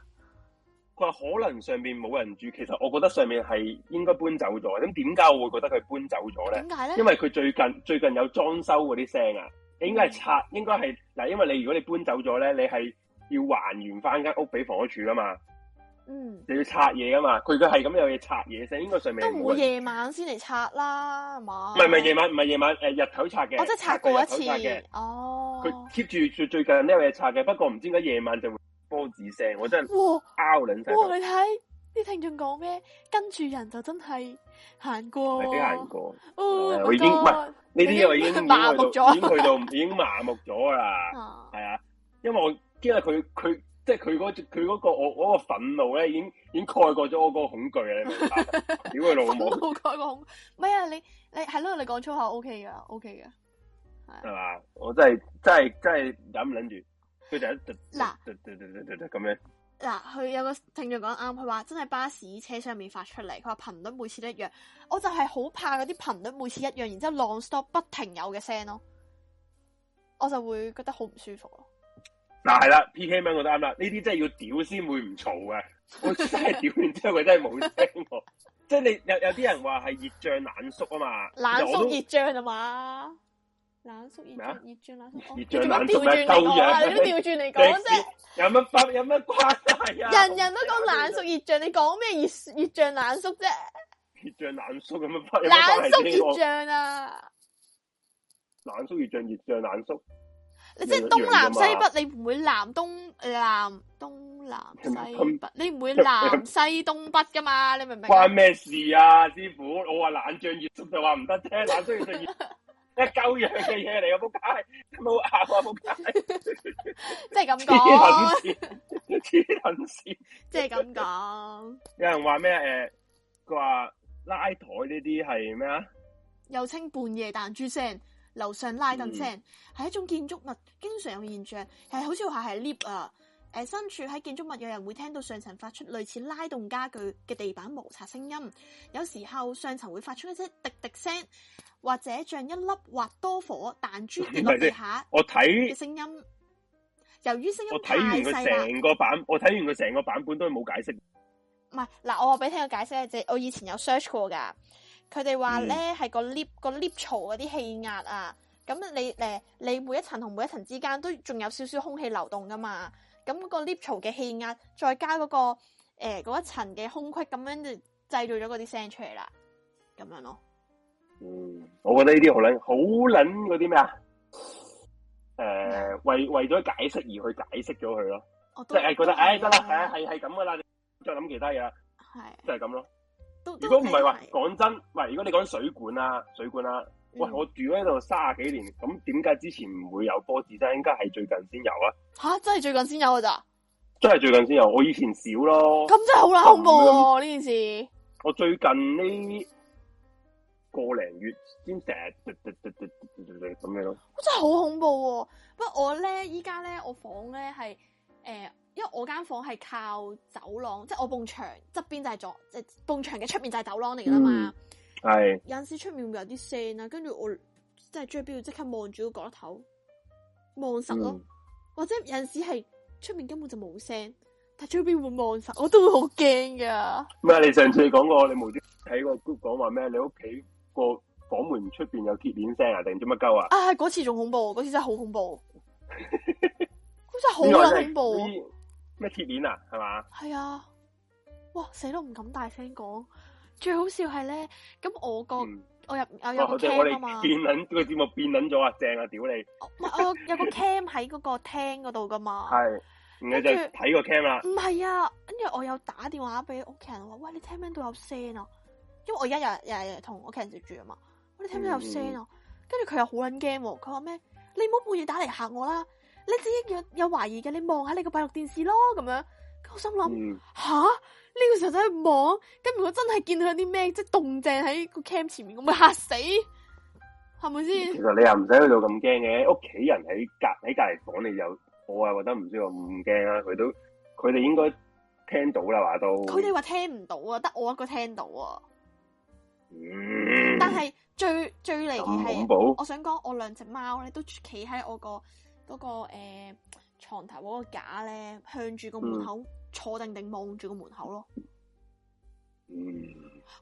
佢話可，可能上面冇人住，其實我覺得上面係應該搬走咗。咁點解我會覺得佢搬走咗咧？點解咧？因為佢最近最近有裝修嗰啲聲啊，嗯、你應該係拆，應該係嗱。因為你如果你搬走咗咧，你係要還原翻間屋俾房屋署噶嘛。嗯，你要拆嘢㗎嘛？佢佢係咁有嘢拆嘢，聲，應該上面都唔會夜晚先嚟拆啦，係嘛？唔係唔係夜晚，唔係夜晚，誒、呃、日頭拆嘅。我真係拆，過，拆過一次。哦。佢 keep 住最近呢有嘢拆嘅，不過唔知點解夜晚就會波子聲，我真係。嘩，out 兩聲。你睇啲聽眾講咩？跟住人就真係行過。行過。行、嗯、過。哦、嗯，不、嗯、過你呢我已經麻木咗， [LAUGHS] 已經麻木咗啦。哦、啊。係啊，因為我因為佢佢。即係佢嗰佢個、那個、我嗰個憤怒咧，已經已經蓋過咗我個個恐懼啊！你明白？屌 [LAUGHS] 你老母！蓋過恐咩啊？你你係咯？你講粗口 O K 噶 O K 噶係嘛？我真係真係真係忍唔諗住佢就一突嗱突突突突咁樣嗱，佢、啊、有個聽眾講啱，佢話真係巴士車上面發出嚟，佢話頻率每次都一樣，我就係好怕嗰啲頻率每次一樣，然之後 long stop 不停有嘅聲咯，我就會覺得好唔舒服咯。嗱係啦，P K 文我覺得啱啦，呢啲真係要屌先會唔嘈嘅， [LAUGHS] 我真係屌完之後佢真係冇聲， [LAUGHS] 即係你有有啲人話係熱脹冷縮啊嘛，冷縮熱脹係嘛？冷縮熱咩啊？熱脹冷縮，你做乜調轉嚟講啊？你都調轉嚟講啫。有乜有乜關係啊？人人都講冷縮熱脹，你講咩熱熱脹冷縮啫？熱脹冷縮咁樣關冷縮熱脹啊？冷縮熱脹，熱脹冷縮。你即係東，東，東南西北，你唔會南東、南東南、西北，你唔會南西東北噶嘛？你明唔明？關咩事啊？師傅，我話冷脹熱縮就話唔得啫，冷縮熱熱，一鳩樣嘅嘢嚟，有冇解？冇咬啊！冇解。即係咁講。黐即係咁講。有人話咩誒，佢、呃、話拉台呢啲係咩啊？又稱半夜彈珠聲。樓上拉凳聲係、嗯、一種建築物經常有嘅現象，係好似話係 lift 啊，誒身處喺建築物有人會聽到上層發出類似拉動家具嘅地板摩擦聲音，有時候上層會發出一聲滴滴聲，或者像一粒或多顆彈珠跌落地下。我睇嘅聲音，由於聲音太細啦。我睇完佢成個版，我睇完佢成個版本都係冇解釋。唔係嗱，我話俾你聽個解釋即係我以前有 search 過噶。佢哋話咧係個 lift 個 lift 槽嗰啲氣壓啊，咁你誒你每一層同每一層之間都仲有少少空氣流動噶嘛，咁個 lift 槽嘅氣壓再加嗰、嗰個誒、欸、一層嘅空隙，咁樣就製造咗嗰啲聲出嚟啦，咁樣咯。嗯，我覺得呢啲好捻好捻嗰啲咩啊？誒、 [LAUGHS] 呃，為為咗解釋而去解釋咗佢咯， [LAUGHS] 即係覺得誒得啦，係係係咁噶啦，再諗其他嘢，即係咁咯。是如果唔係話，講真，喂，如果你講水管啦、啊，水管啦、啊，喂，嗯、我住喺度卅幾年，咁點解之前唔會有波子啫？應該係最近先有啊！吓、啊，真係最近先有噶、啊、咋？真係最近先有，我以前少咯。咁、嗯、真係好啦，恐怖呢、啊、件事。我最近呢個零月先成日咁樣咯。我真係好恐怖。不過我咧，依家咧，我房咧係誒。因為我間房係靠走廊，即係我埲牆側邊就係、是、咗，即係埲牆嘅出面就係走廊嚟噶啦嘛。係、嗯。有陣時出面會有啲聲啊，跟住我即係最緊要即刻望住個角落頭，望實咯、嗯。或者有陣時係出面根本就冇聲，但係最緊要會望實，我都會好驚噶。咩？你上次講過，你冇啲睇個 group 講話咩？你屋企個房門出邊有結鏈聲啊？定做乜鳩啊？啊！嗰次仲恐怖，嗰次真係好恐怖， [LAUGHS] 真係好恐怖。 [LAUGHS] 咩鐵鏈啊，係嘛？係啊，哇！死都唔敢大聲講。最好笑係咧，咁我個我入、嗯、我有 cam 啊嘛。我我變捻、這個節目變捻咗啊！正啊！屌你！ [LAUGHS] 我我有個 cam 喺嗰個廳嗰度噶嘛。係，唔係就睇個 cam 啦。唔係啊，跟住我有打電話俾屋企人話，喂，你聽唔聽到有聲啊？因為我而家又又同屋企人住住啊嘛。喂，你聽唔聽到有聲啊？跟住佢又好捻驚，佢話咩？你唔好半夜打嚟嚇我啦。你自己有有懷疑嘅，你望下你個閉路電視咯，咁樣。咁我心諗吓呢個時候真係望，咁如果真係見到有啲咩，即係動靜喺個 cam 前面，我咪吓死，係咪先？其實你又唔使去到咁驚嘅，屋企人喺隔喺隔籬房，你又我啊，或者唔知要咁驚啦。佢都佢哋應該聽到啦，話都。佢哋話聽唔到啊，得我一個聽到啊。嗯。但係最最離譜，我想講，你我兩隻貓咧都企喺我個。嗰、那個誒、欸、床頭嗰個架咧，向住個門口、嗯、坐定定望住個門口咯。嗯，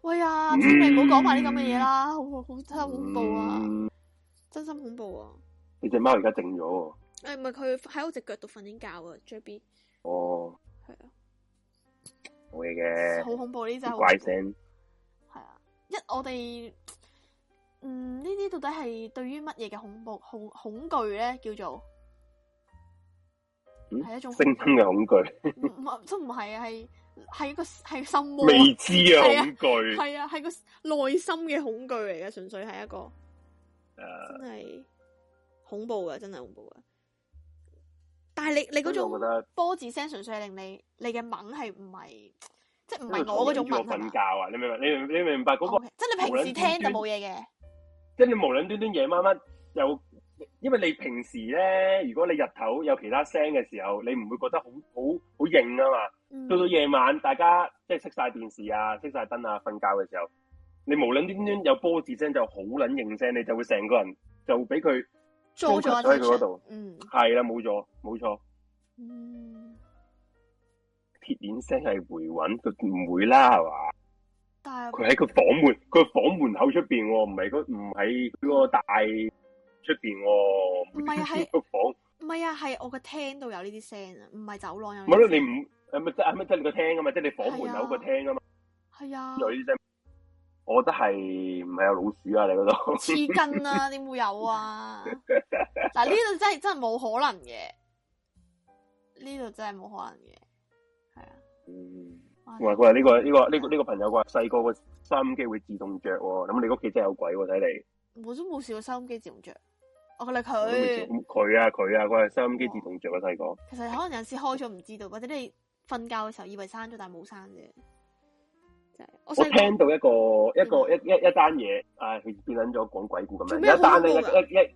喂呀，千祈唔好講埋啲咁嘅嘢啦，好好真恐怖啊、嗯，真心恐怖啊！你隻貓而家靜咗？誒、哎，唔係佢喺我隻腳度瞓緊覺啊，j b 哦，係啊，冇嘢嘅，好恐怖呢？隻怪聲係啊！一我哋嗯呢啲到底係對於乜嘢嘅恐怖恐恐懼咧？叫做係一種聲嘅恐懼，唔都唔係啊，係係一個係心未知啊恐懼，係啊係個內心嘅恐懼嚟嘅，純粹係一個誒、uh, 真係恐怖嘅，真係恐怖嘅。但係你你嗰種波子聲，純粹係令你你嘅猛係唔係即係唔係我嗰種瞓覺啊？你明唔明？你明你明白嗰、okay, 那個？即係你平時聽就冇嘢嘅，跟你無論端端夜晚乜。因為你平時咧，如果你日頭有其他聲嘅時候，你唔會覺得好好好應啊嘛？嗯、到到夜晚，大家即係熄晒電視啊、熄晒燈啊、瞓覺嘅時候，你無撚端端有波子聲就好撚應聲，你就會成個人就俾佢縮咗喺佢嗰度。嗯，係啦，冇錯，冇錯。嗯，鐵鏈聲係回穩，佢唔會啦，係嘛？但係佢喺個房門，佢房門口出邊、哦，唔係佢，唔係佢個大。出邊喎，唔係喺房，唔係啊，係我個廳度有呢啲聲啊，唔係走廊有。唔係你唔係咪即係咪即係你個廳啊嘛，即係你房門有個廳啊嘛，係啊。有呢隻，我覺得係唔係有老鼠啊？你嗰度？黐筋！啊！點會有啊？嗱， [LAUGHS] 呢度真係真係冇可能嘅，呢度真係冇可能嘅，係啊。嗯、啊。你喂，佢、啊、呢、這個呢個呢個呢個朋友話細個個收音機會自動著，咁你屋企真係有鬼喎、啊！睇嚟，我都冇試過收音機自動着。我覺得佢，佢啊佢啊，佢係收音機自動着嘅細個。其實可能有陣時開咗唔知道，或者你瞓覺嘅時候以為閂咗，但係冇閂嘅。我聽到一個、嗯、一個一一一單嘢，啊，變捻咗講鬼故咁樣。一單咧、哎，一一誒、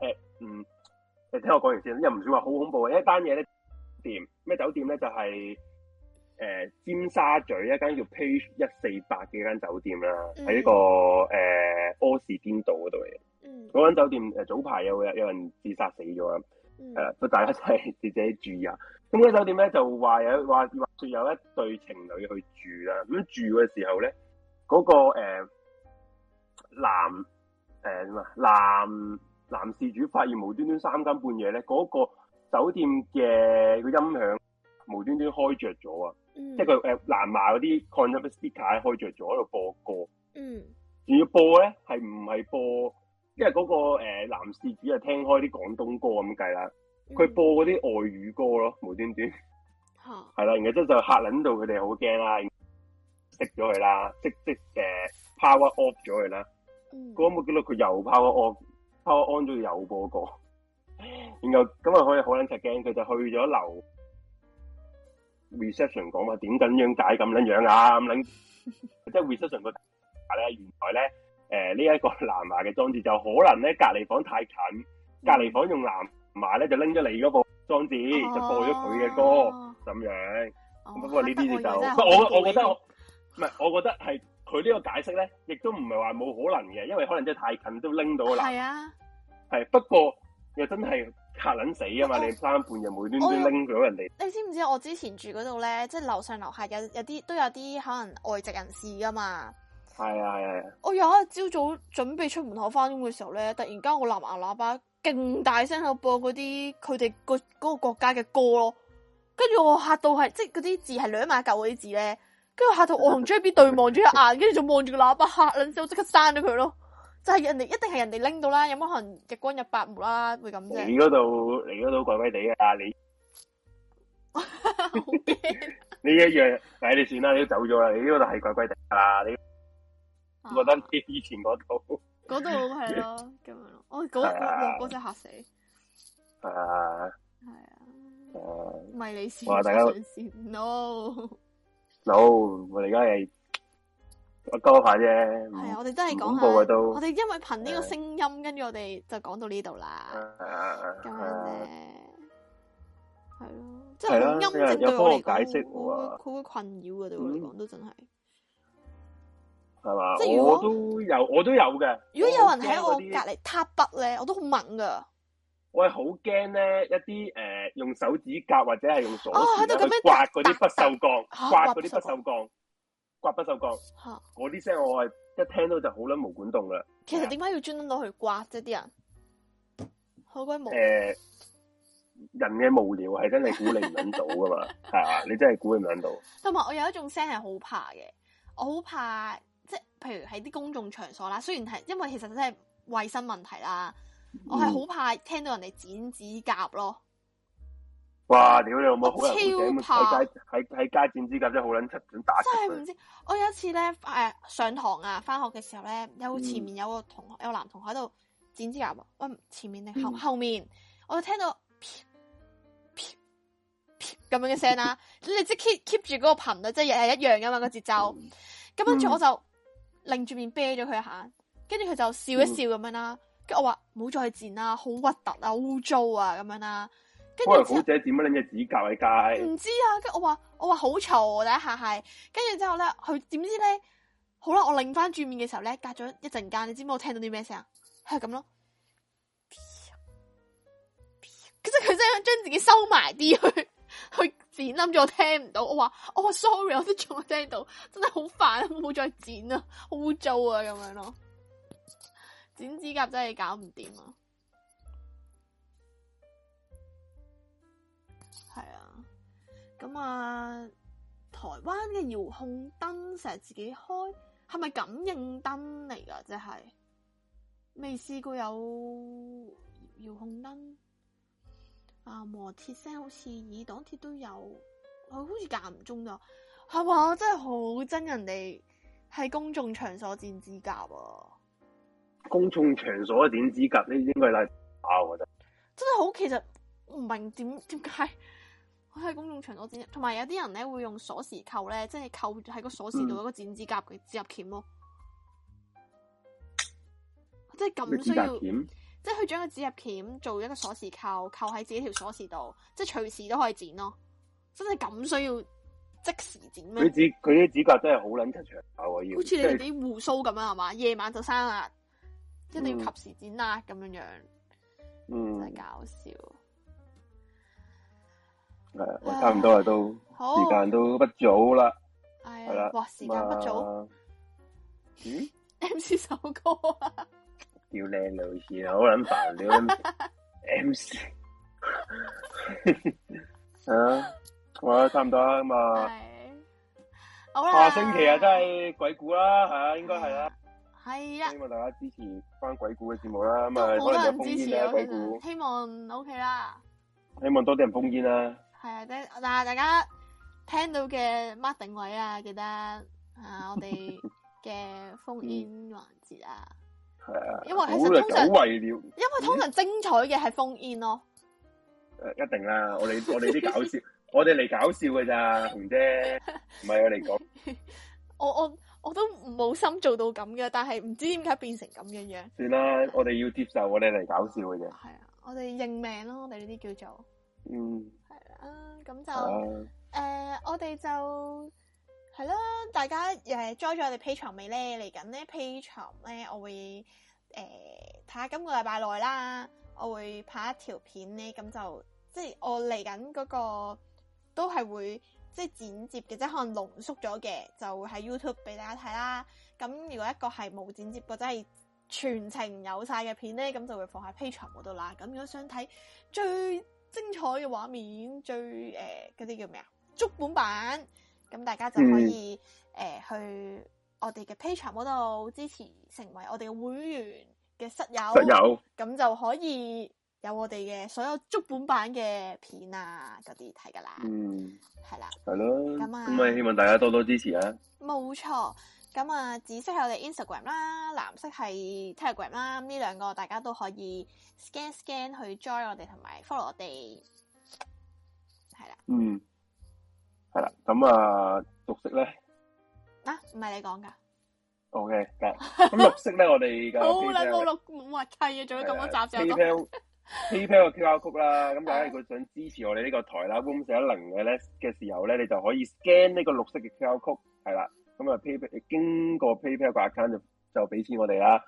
欸，嗯，你聽我講完先，因為唔算話好恐怖嘅。一單嘢咧，掂，咩酒店咧就係、是。誒、啊，尖沙咀一間叫 Page 一四百幾間酒店啦，喺呢個誒柯、啊、士甸道嗰度嘅。嗯，嗰間酒店誒早排有有人自殺死咗啊！嗯，誒，大家真係自己注意啊！咁呢間酒店咧就話有話話說，說有一對情侶去住啦。咁住嘅時候咧，嗰、那個誒、啊啊、男誒男男事主發現無端端三更半夜咧，嗰個酒店嘅個音響無端端開着咗啊！嗯、即係佢南亞嗰啲 c o n t u c t e r 咧開著咗喺度播歌，嗯，仲要播咧係唔係播？因為嗰、嗰個、呃、男事主係聽開啲廣東歌咁計啦，佢、嗯、播嗰啲外語歌咯，無端端，係、啊、啦， [LAUGHS] 然後之後就嚇撚到佢哋好驚啦，熄咗佢啦，即即 power off 咗佢啦，嗰冇幾耐佢又 power off，power on 咗又播歌，然後咁啊、嗯、可以好撚柒驚，佢就去咗樓。reception 講話，點咁樣解咁撚樣啊，咁撚，即 [LAUGHS] 係 reception 個打咧。原來咧誒呢一、呃這個藍牙嘅裝置就可能咧隔離房太近，嗯、隔離房用藍牙咧就拎咗你嗰部裝置，哦、就播咗佢嘅歌咁、哦、樣、哦。不過呢啲就我不我覺得唔係，我覺得係佢呢個解釋咧，亦都唔係話冇可能嘅，因為可能真係太近都拎到啦。係啊，係不過又真係。吓撚死啊嘛！你三半日冇端端拎咗人哋。你知唔知我之前住嗰度咧，即係樓上樓下有有啲都有啲可能外籍人士噶嘛？係啊，係啊。我有一朝早準備出門口翻工嘅時候咧，突然間我藍牙喇叭勁大聲喺度播嗰啲佢哋個嗰個國家嘅歌咯。跟住我吓到係，即係嗰啲字係兩萬舊嗰啲字咧。跟住吓到，我同 J B 對望住一眼，跟住就望住個喇叭吓撚先，我即刻刪咗佢咯。就係人哋，一定係人哋拎到啦，有冇可能日光日白啦？會咁啫。你嗰度，你嗰度鬼鬼哋啊！你呢一樣，唉，你算啦，你都走咗啦，你呢度係鬼鬼哋啦。你覺得以前嗰度，嗰度係咯，咁樣咯。我嗰嗰嗰真嚇死。係啊。係啊。哦。唔係你試，我哋都上線。No。No，我哋而家係。多下啫，係、嗯嗯、啊！啊我哋真係講下，我哋因為憑呢個聲音，跟住我哋就講到呢度啦。咁樣係係咯，即係音質對我嚟講，好會困擾嘅。對我嚟講都真係，係嘛？即係我都有，我都有嘅。如果有人喺我隔籬踏筆咧，我都好猛噶。我係好驚咧，一啲誒用手指甲或者係用鎖匙，啊、刮嗰啲不銹鋼，啊，刮嗰啲不銹鋼。啊啊刮不收刮，吓！啲聲我係一聽到就好捻毛管動啦其實點解要專登到去刮啫？啲人好鬼無誒，人嘅無聊係 [LAUGHS] 真係估你唔諗到噶嘛，係 [LAUGHS] 嘛？你真係估唔諗到。同埋我有一種聲係好怕嘅，我好怕即係，譬如喺啲公眾場所啦，雖然係因為其實真係衛生問題啦、嗯，我係好怕聽到人哋剪指甲咯。哇！屌你老母，超怕喺喺喺街剪指甲真係好撚出想打柒。真係唔知，我有一次咧，誒、呃、上堂啊，翻學嘅時候咧，有前面有個同學，嗯、有個男同學喺度剪指甲，喂，前面定後、嗯、後面，我就聽到咁樣嘅聲啦， [LAUGHS] 你即 keep keep 住嗰個頻率，即係日日一樣噶嘛個節奏。咁、嗯、跟住我就擰住面啤咗佢一下，跟住佢就笑一笑咁樣啦、啊。跟、嗯、住我話唔好再剪啦，好核突啊，污糟啊，咁樣啦、啊。跟住好姐剪乜拎隻指甲喺街，唔、哦、知啊！跟住我話我話好嘈第一下係，跟住之後咧佢點知咧？好啦，我擰翻轉面嘅時候咧，隔咗一陣間，你知唔知我聽到啲咩聲？係咁咯，其實佢真係將自己收埋啲去去剪，諗住我聽唔到。我話我話 sorry，我都仲聽到，真係好煩，唔好再剪啦，好污糟啊，咁樣咯，剪指甲真係搞唔掂啊！咁、嗯、啊！台灣嘅遙控燈成日自己開，係咪感應燈嚟噶？即係未試過有遙控燈啊！磨鐵聲好似耳檔鐵都有，好似間唔中咋，係嘛？真係好憎人哋喺公眾場所剪指甲喎、啊！公眾場所點剪指甲？你應該係啊，我覺得真係好。其實唔明點點解。佢喺公眾場所剪，同埋有啲人咧會用鎖匙扣咧，即係扣喺個鎖匙度一個剪指甲嘅指甲鉗咯、喔嗯，即係咁需要，即係佢將個指甲鉗做一個鎖匙扣，扣喺自己條鎖匙度，即係隨時都可以剪咯、喔，真係咁需要即時剪咩？佢啲指甲真係好撚長長，好似你哋啲鬍鬚咁樣係嘛？夜、就是、晚上就生啊，一定要及時剪啦咁樣、嗯、樣，真係搞笑。係啊，差唔多啊都，時間都不早啦，係啦，哇時間不早，嗯，M C 首歌，屌靚女，好捻煩，屌你，M C，啊，好啦，差唔多啦咁啊，好啦，下星期啊真係鬼故啦，係啊，應該係啦，係啊，希望大家支持翻鬼故嘅節目啦，咁啊，多啲人支持啊鬼故，希望 O K 啦，希望多啲人烽煙啦。係啊，但係大家聽到嘅 Martin 位啊，記得啊，我哋嘅封煙環節啊，係、嗯、啊，因為其實通常了因為通常精彩嘅係封煙咯、嗯，一定啦，我哋我哋啲搞笑， [LAUGHS] 我哋嚟搞笑嘅咋，紅姐，唔係我嚟講，我我我都冇心做到咁嘅，但係唔知點解變成咁嘅樣，算啦，我哋要接受我們來，我哋嚟搞笑嘅啫。係啊，我哋認命咯，我哋呢啲叫做，嗯。啊、嗯，咁就誒，我哋就係啦，大家誒，join 咗我哋 Patreon 未咧？嚟緊咧 Patreon 咧，我會誒，睇下今個禮拜內啦，我會拍一條片咧，咁就即係我嚟緊嗰個都係會即係剪接嘅，即係可能濃縮咗嘅，就會喺 YouTube 俾大家睇啦。咁如果一個係冇剪接過，或者係全程有晒嘅片咧，咁就會放喺 Patreon 嗰度啦。咁如果想睇最……精彩嘅畫面，最誒嗰啲叫咩啊？竹本版，咁大家就可以誒、嗯呃、去我哋嘅 Patreon 嗰度支持，成為我哋嘅會員嘅室友，室友咁就可以有我哋嘅所有竹本版嘅片啊嗰啲睇噶啦，嗯，係啦，係咯，咁咪希望大家多多支持啊！冇錯。咁啊，紫色係我哋 Instagram 啦，藍色係 Telegram 啦，呢兩個大家都可以 scan scan 去 join 我哋同埋 follow 我哋，係啦。嗯，係啦。咁啊，綠色咧啊，唔係你講噶。O K，嗱，咁綠色咧， [LAUGHS] 我哋好啦，冇綠冇默契啊，做咗咁多集就。PayPal，PayPal 嘅 QR code 啦。咁 [LAUGHS] 大家如果想支持我哋呢個台啦 r o o m 四一零嘅咧嘅時候咧，你就可以 scan 呢個綠色嘅 QR code，係啦。咁啊 PayPal 經過 PayPal 個 account 就就俾錢我哋啦。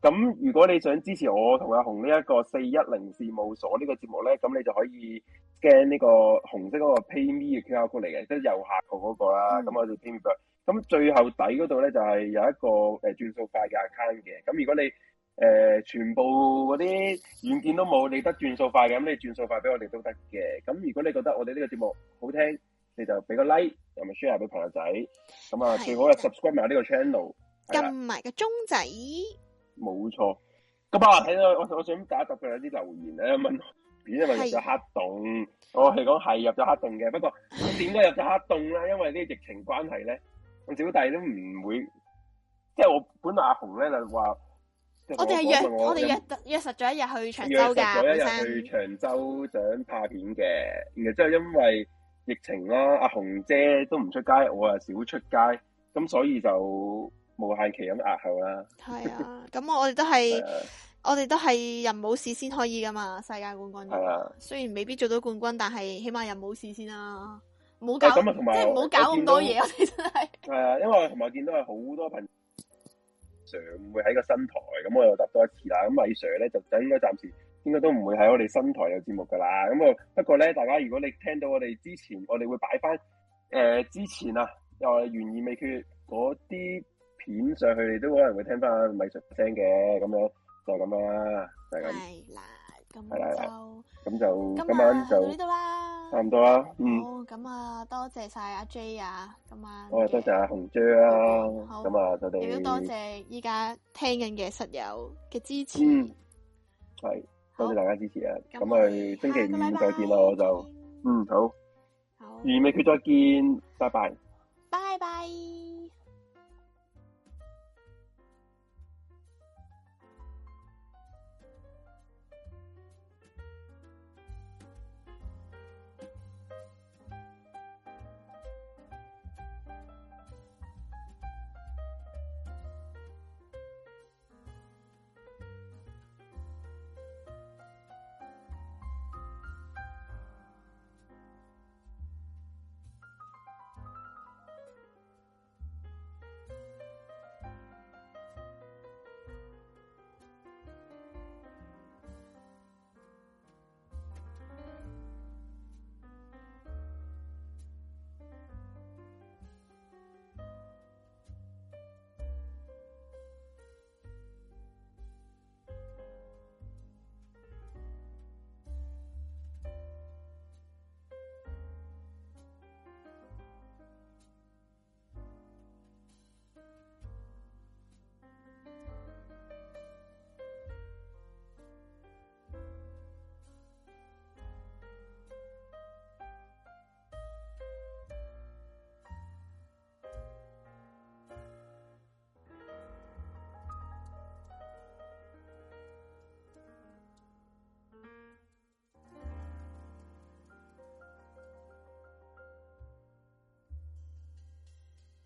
咁如果你想支持我同阿紅呢一個四一零事務所呢個節目咧，咁你就可以 scan 呢個紅色嗰個 PayMe 嘅 card 嚟嘅，即右下角嗰個啦。咁、嗯、我做 PayMe 吧。咁最後底嗰度咧就係有一個誒轉數快嘅 account 嘅。咁如果你誒、呃、全部嗰啲軟件都冇，你得轉數快嘅，咁你轉數快俾我哋都得嘅。咁如果你覺得我哋呢個節目好聽，你就俾個 like，又咪 share 俾朋友仔，咁啊最好啊 subscribe 下呢個 channel，撳埋個鐘仔，冇錯。咁啊，我睇到我我想打答佢有啲留言咧問片係咪入咗黑洞？我係講係入咗黑洞嘅，不過點解入咗黑洞咧，因為啲疫情關係咧，我小弟都唔會，即係我本來阿紅咧就話、是、我哋係約我哋約約實咗一日去長洲㗎，一日去長洲，想拍片嘅，然後之後因為。疫情啦、啊，阿紅姐都唔出街，我又少出街，咁所以就無限期咁壓後啦。係啊，咁我哋都係、啊，我哋都係人冇事先可以噶嘛，世界冠軍。係啊，雖然未必做到冠軍，但係起碼人冇事先啦、啊，冇搞，咁、啊啊，即係唔好搞咁多嘢。我哋、啊、真係係啊，因為同埋見到係好多彭 Sir 會喺個新台，咁我又搭多一次啦。咁阿 Sir 咧就真係應該暫時。應該都唔會喺我哋新台有節目噶啦，咁啊不過咧，大家如果你聽到我哋之前，我哋會擺翻誒之前啊，又係懸疑未決嗰啲片上去，你都可能會聽翻咪出聲嘅，咁樣就咁、是、啦，就係咁。係嗱，咁就咁就今晚就到呢度啦，差唔多啦、哦。嗯，咁啊多謝晒阿 J 啊，今晚多謝阿紅 J 呀。咁、okay, 啊多謝依家聽緊嘅室友嘅支持。係、嗯。多謝大家支持啊！咁咪星期五再見啦，我就嗯，好，完美決再見，拜拜，拜拜。拜拜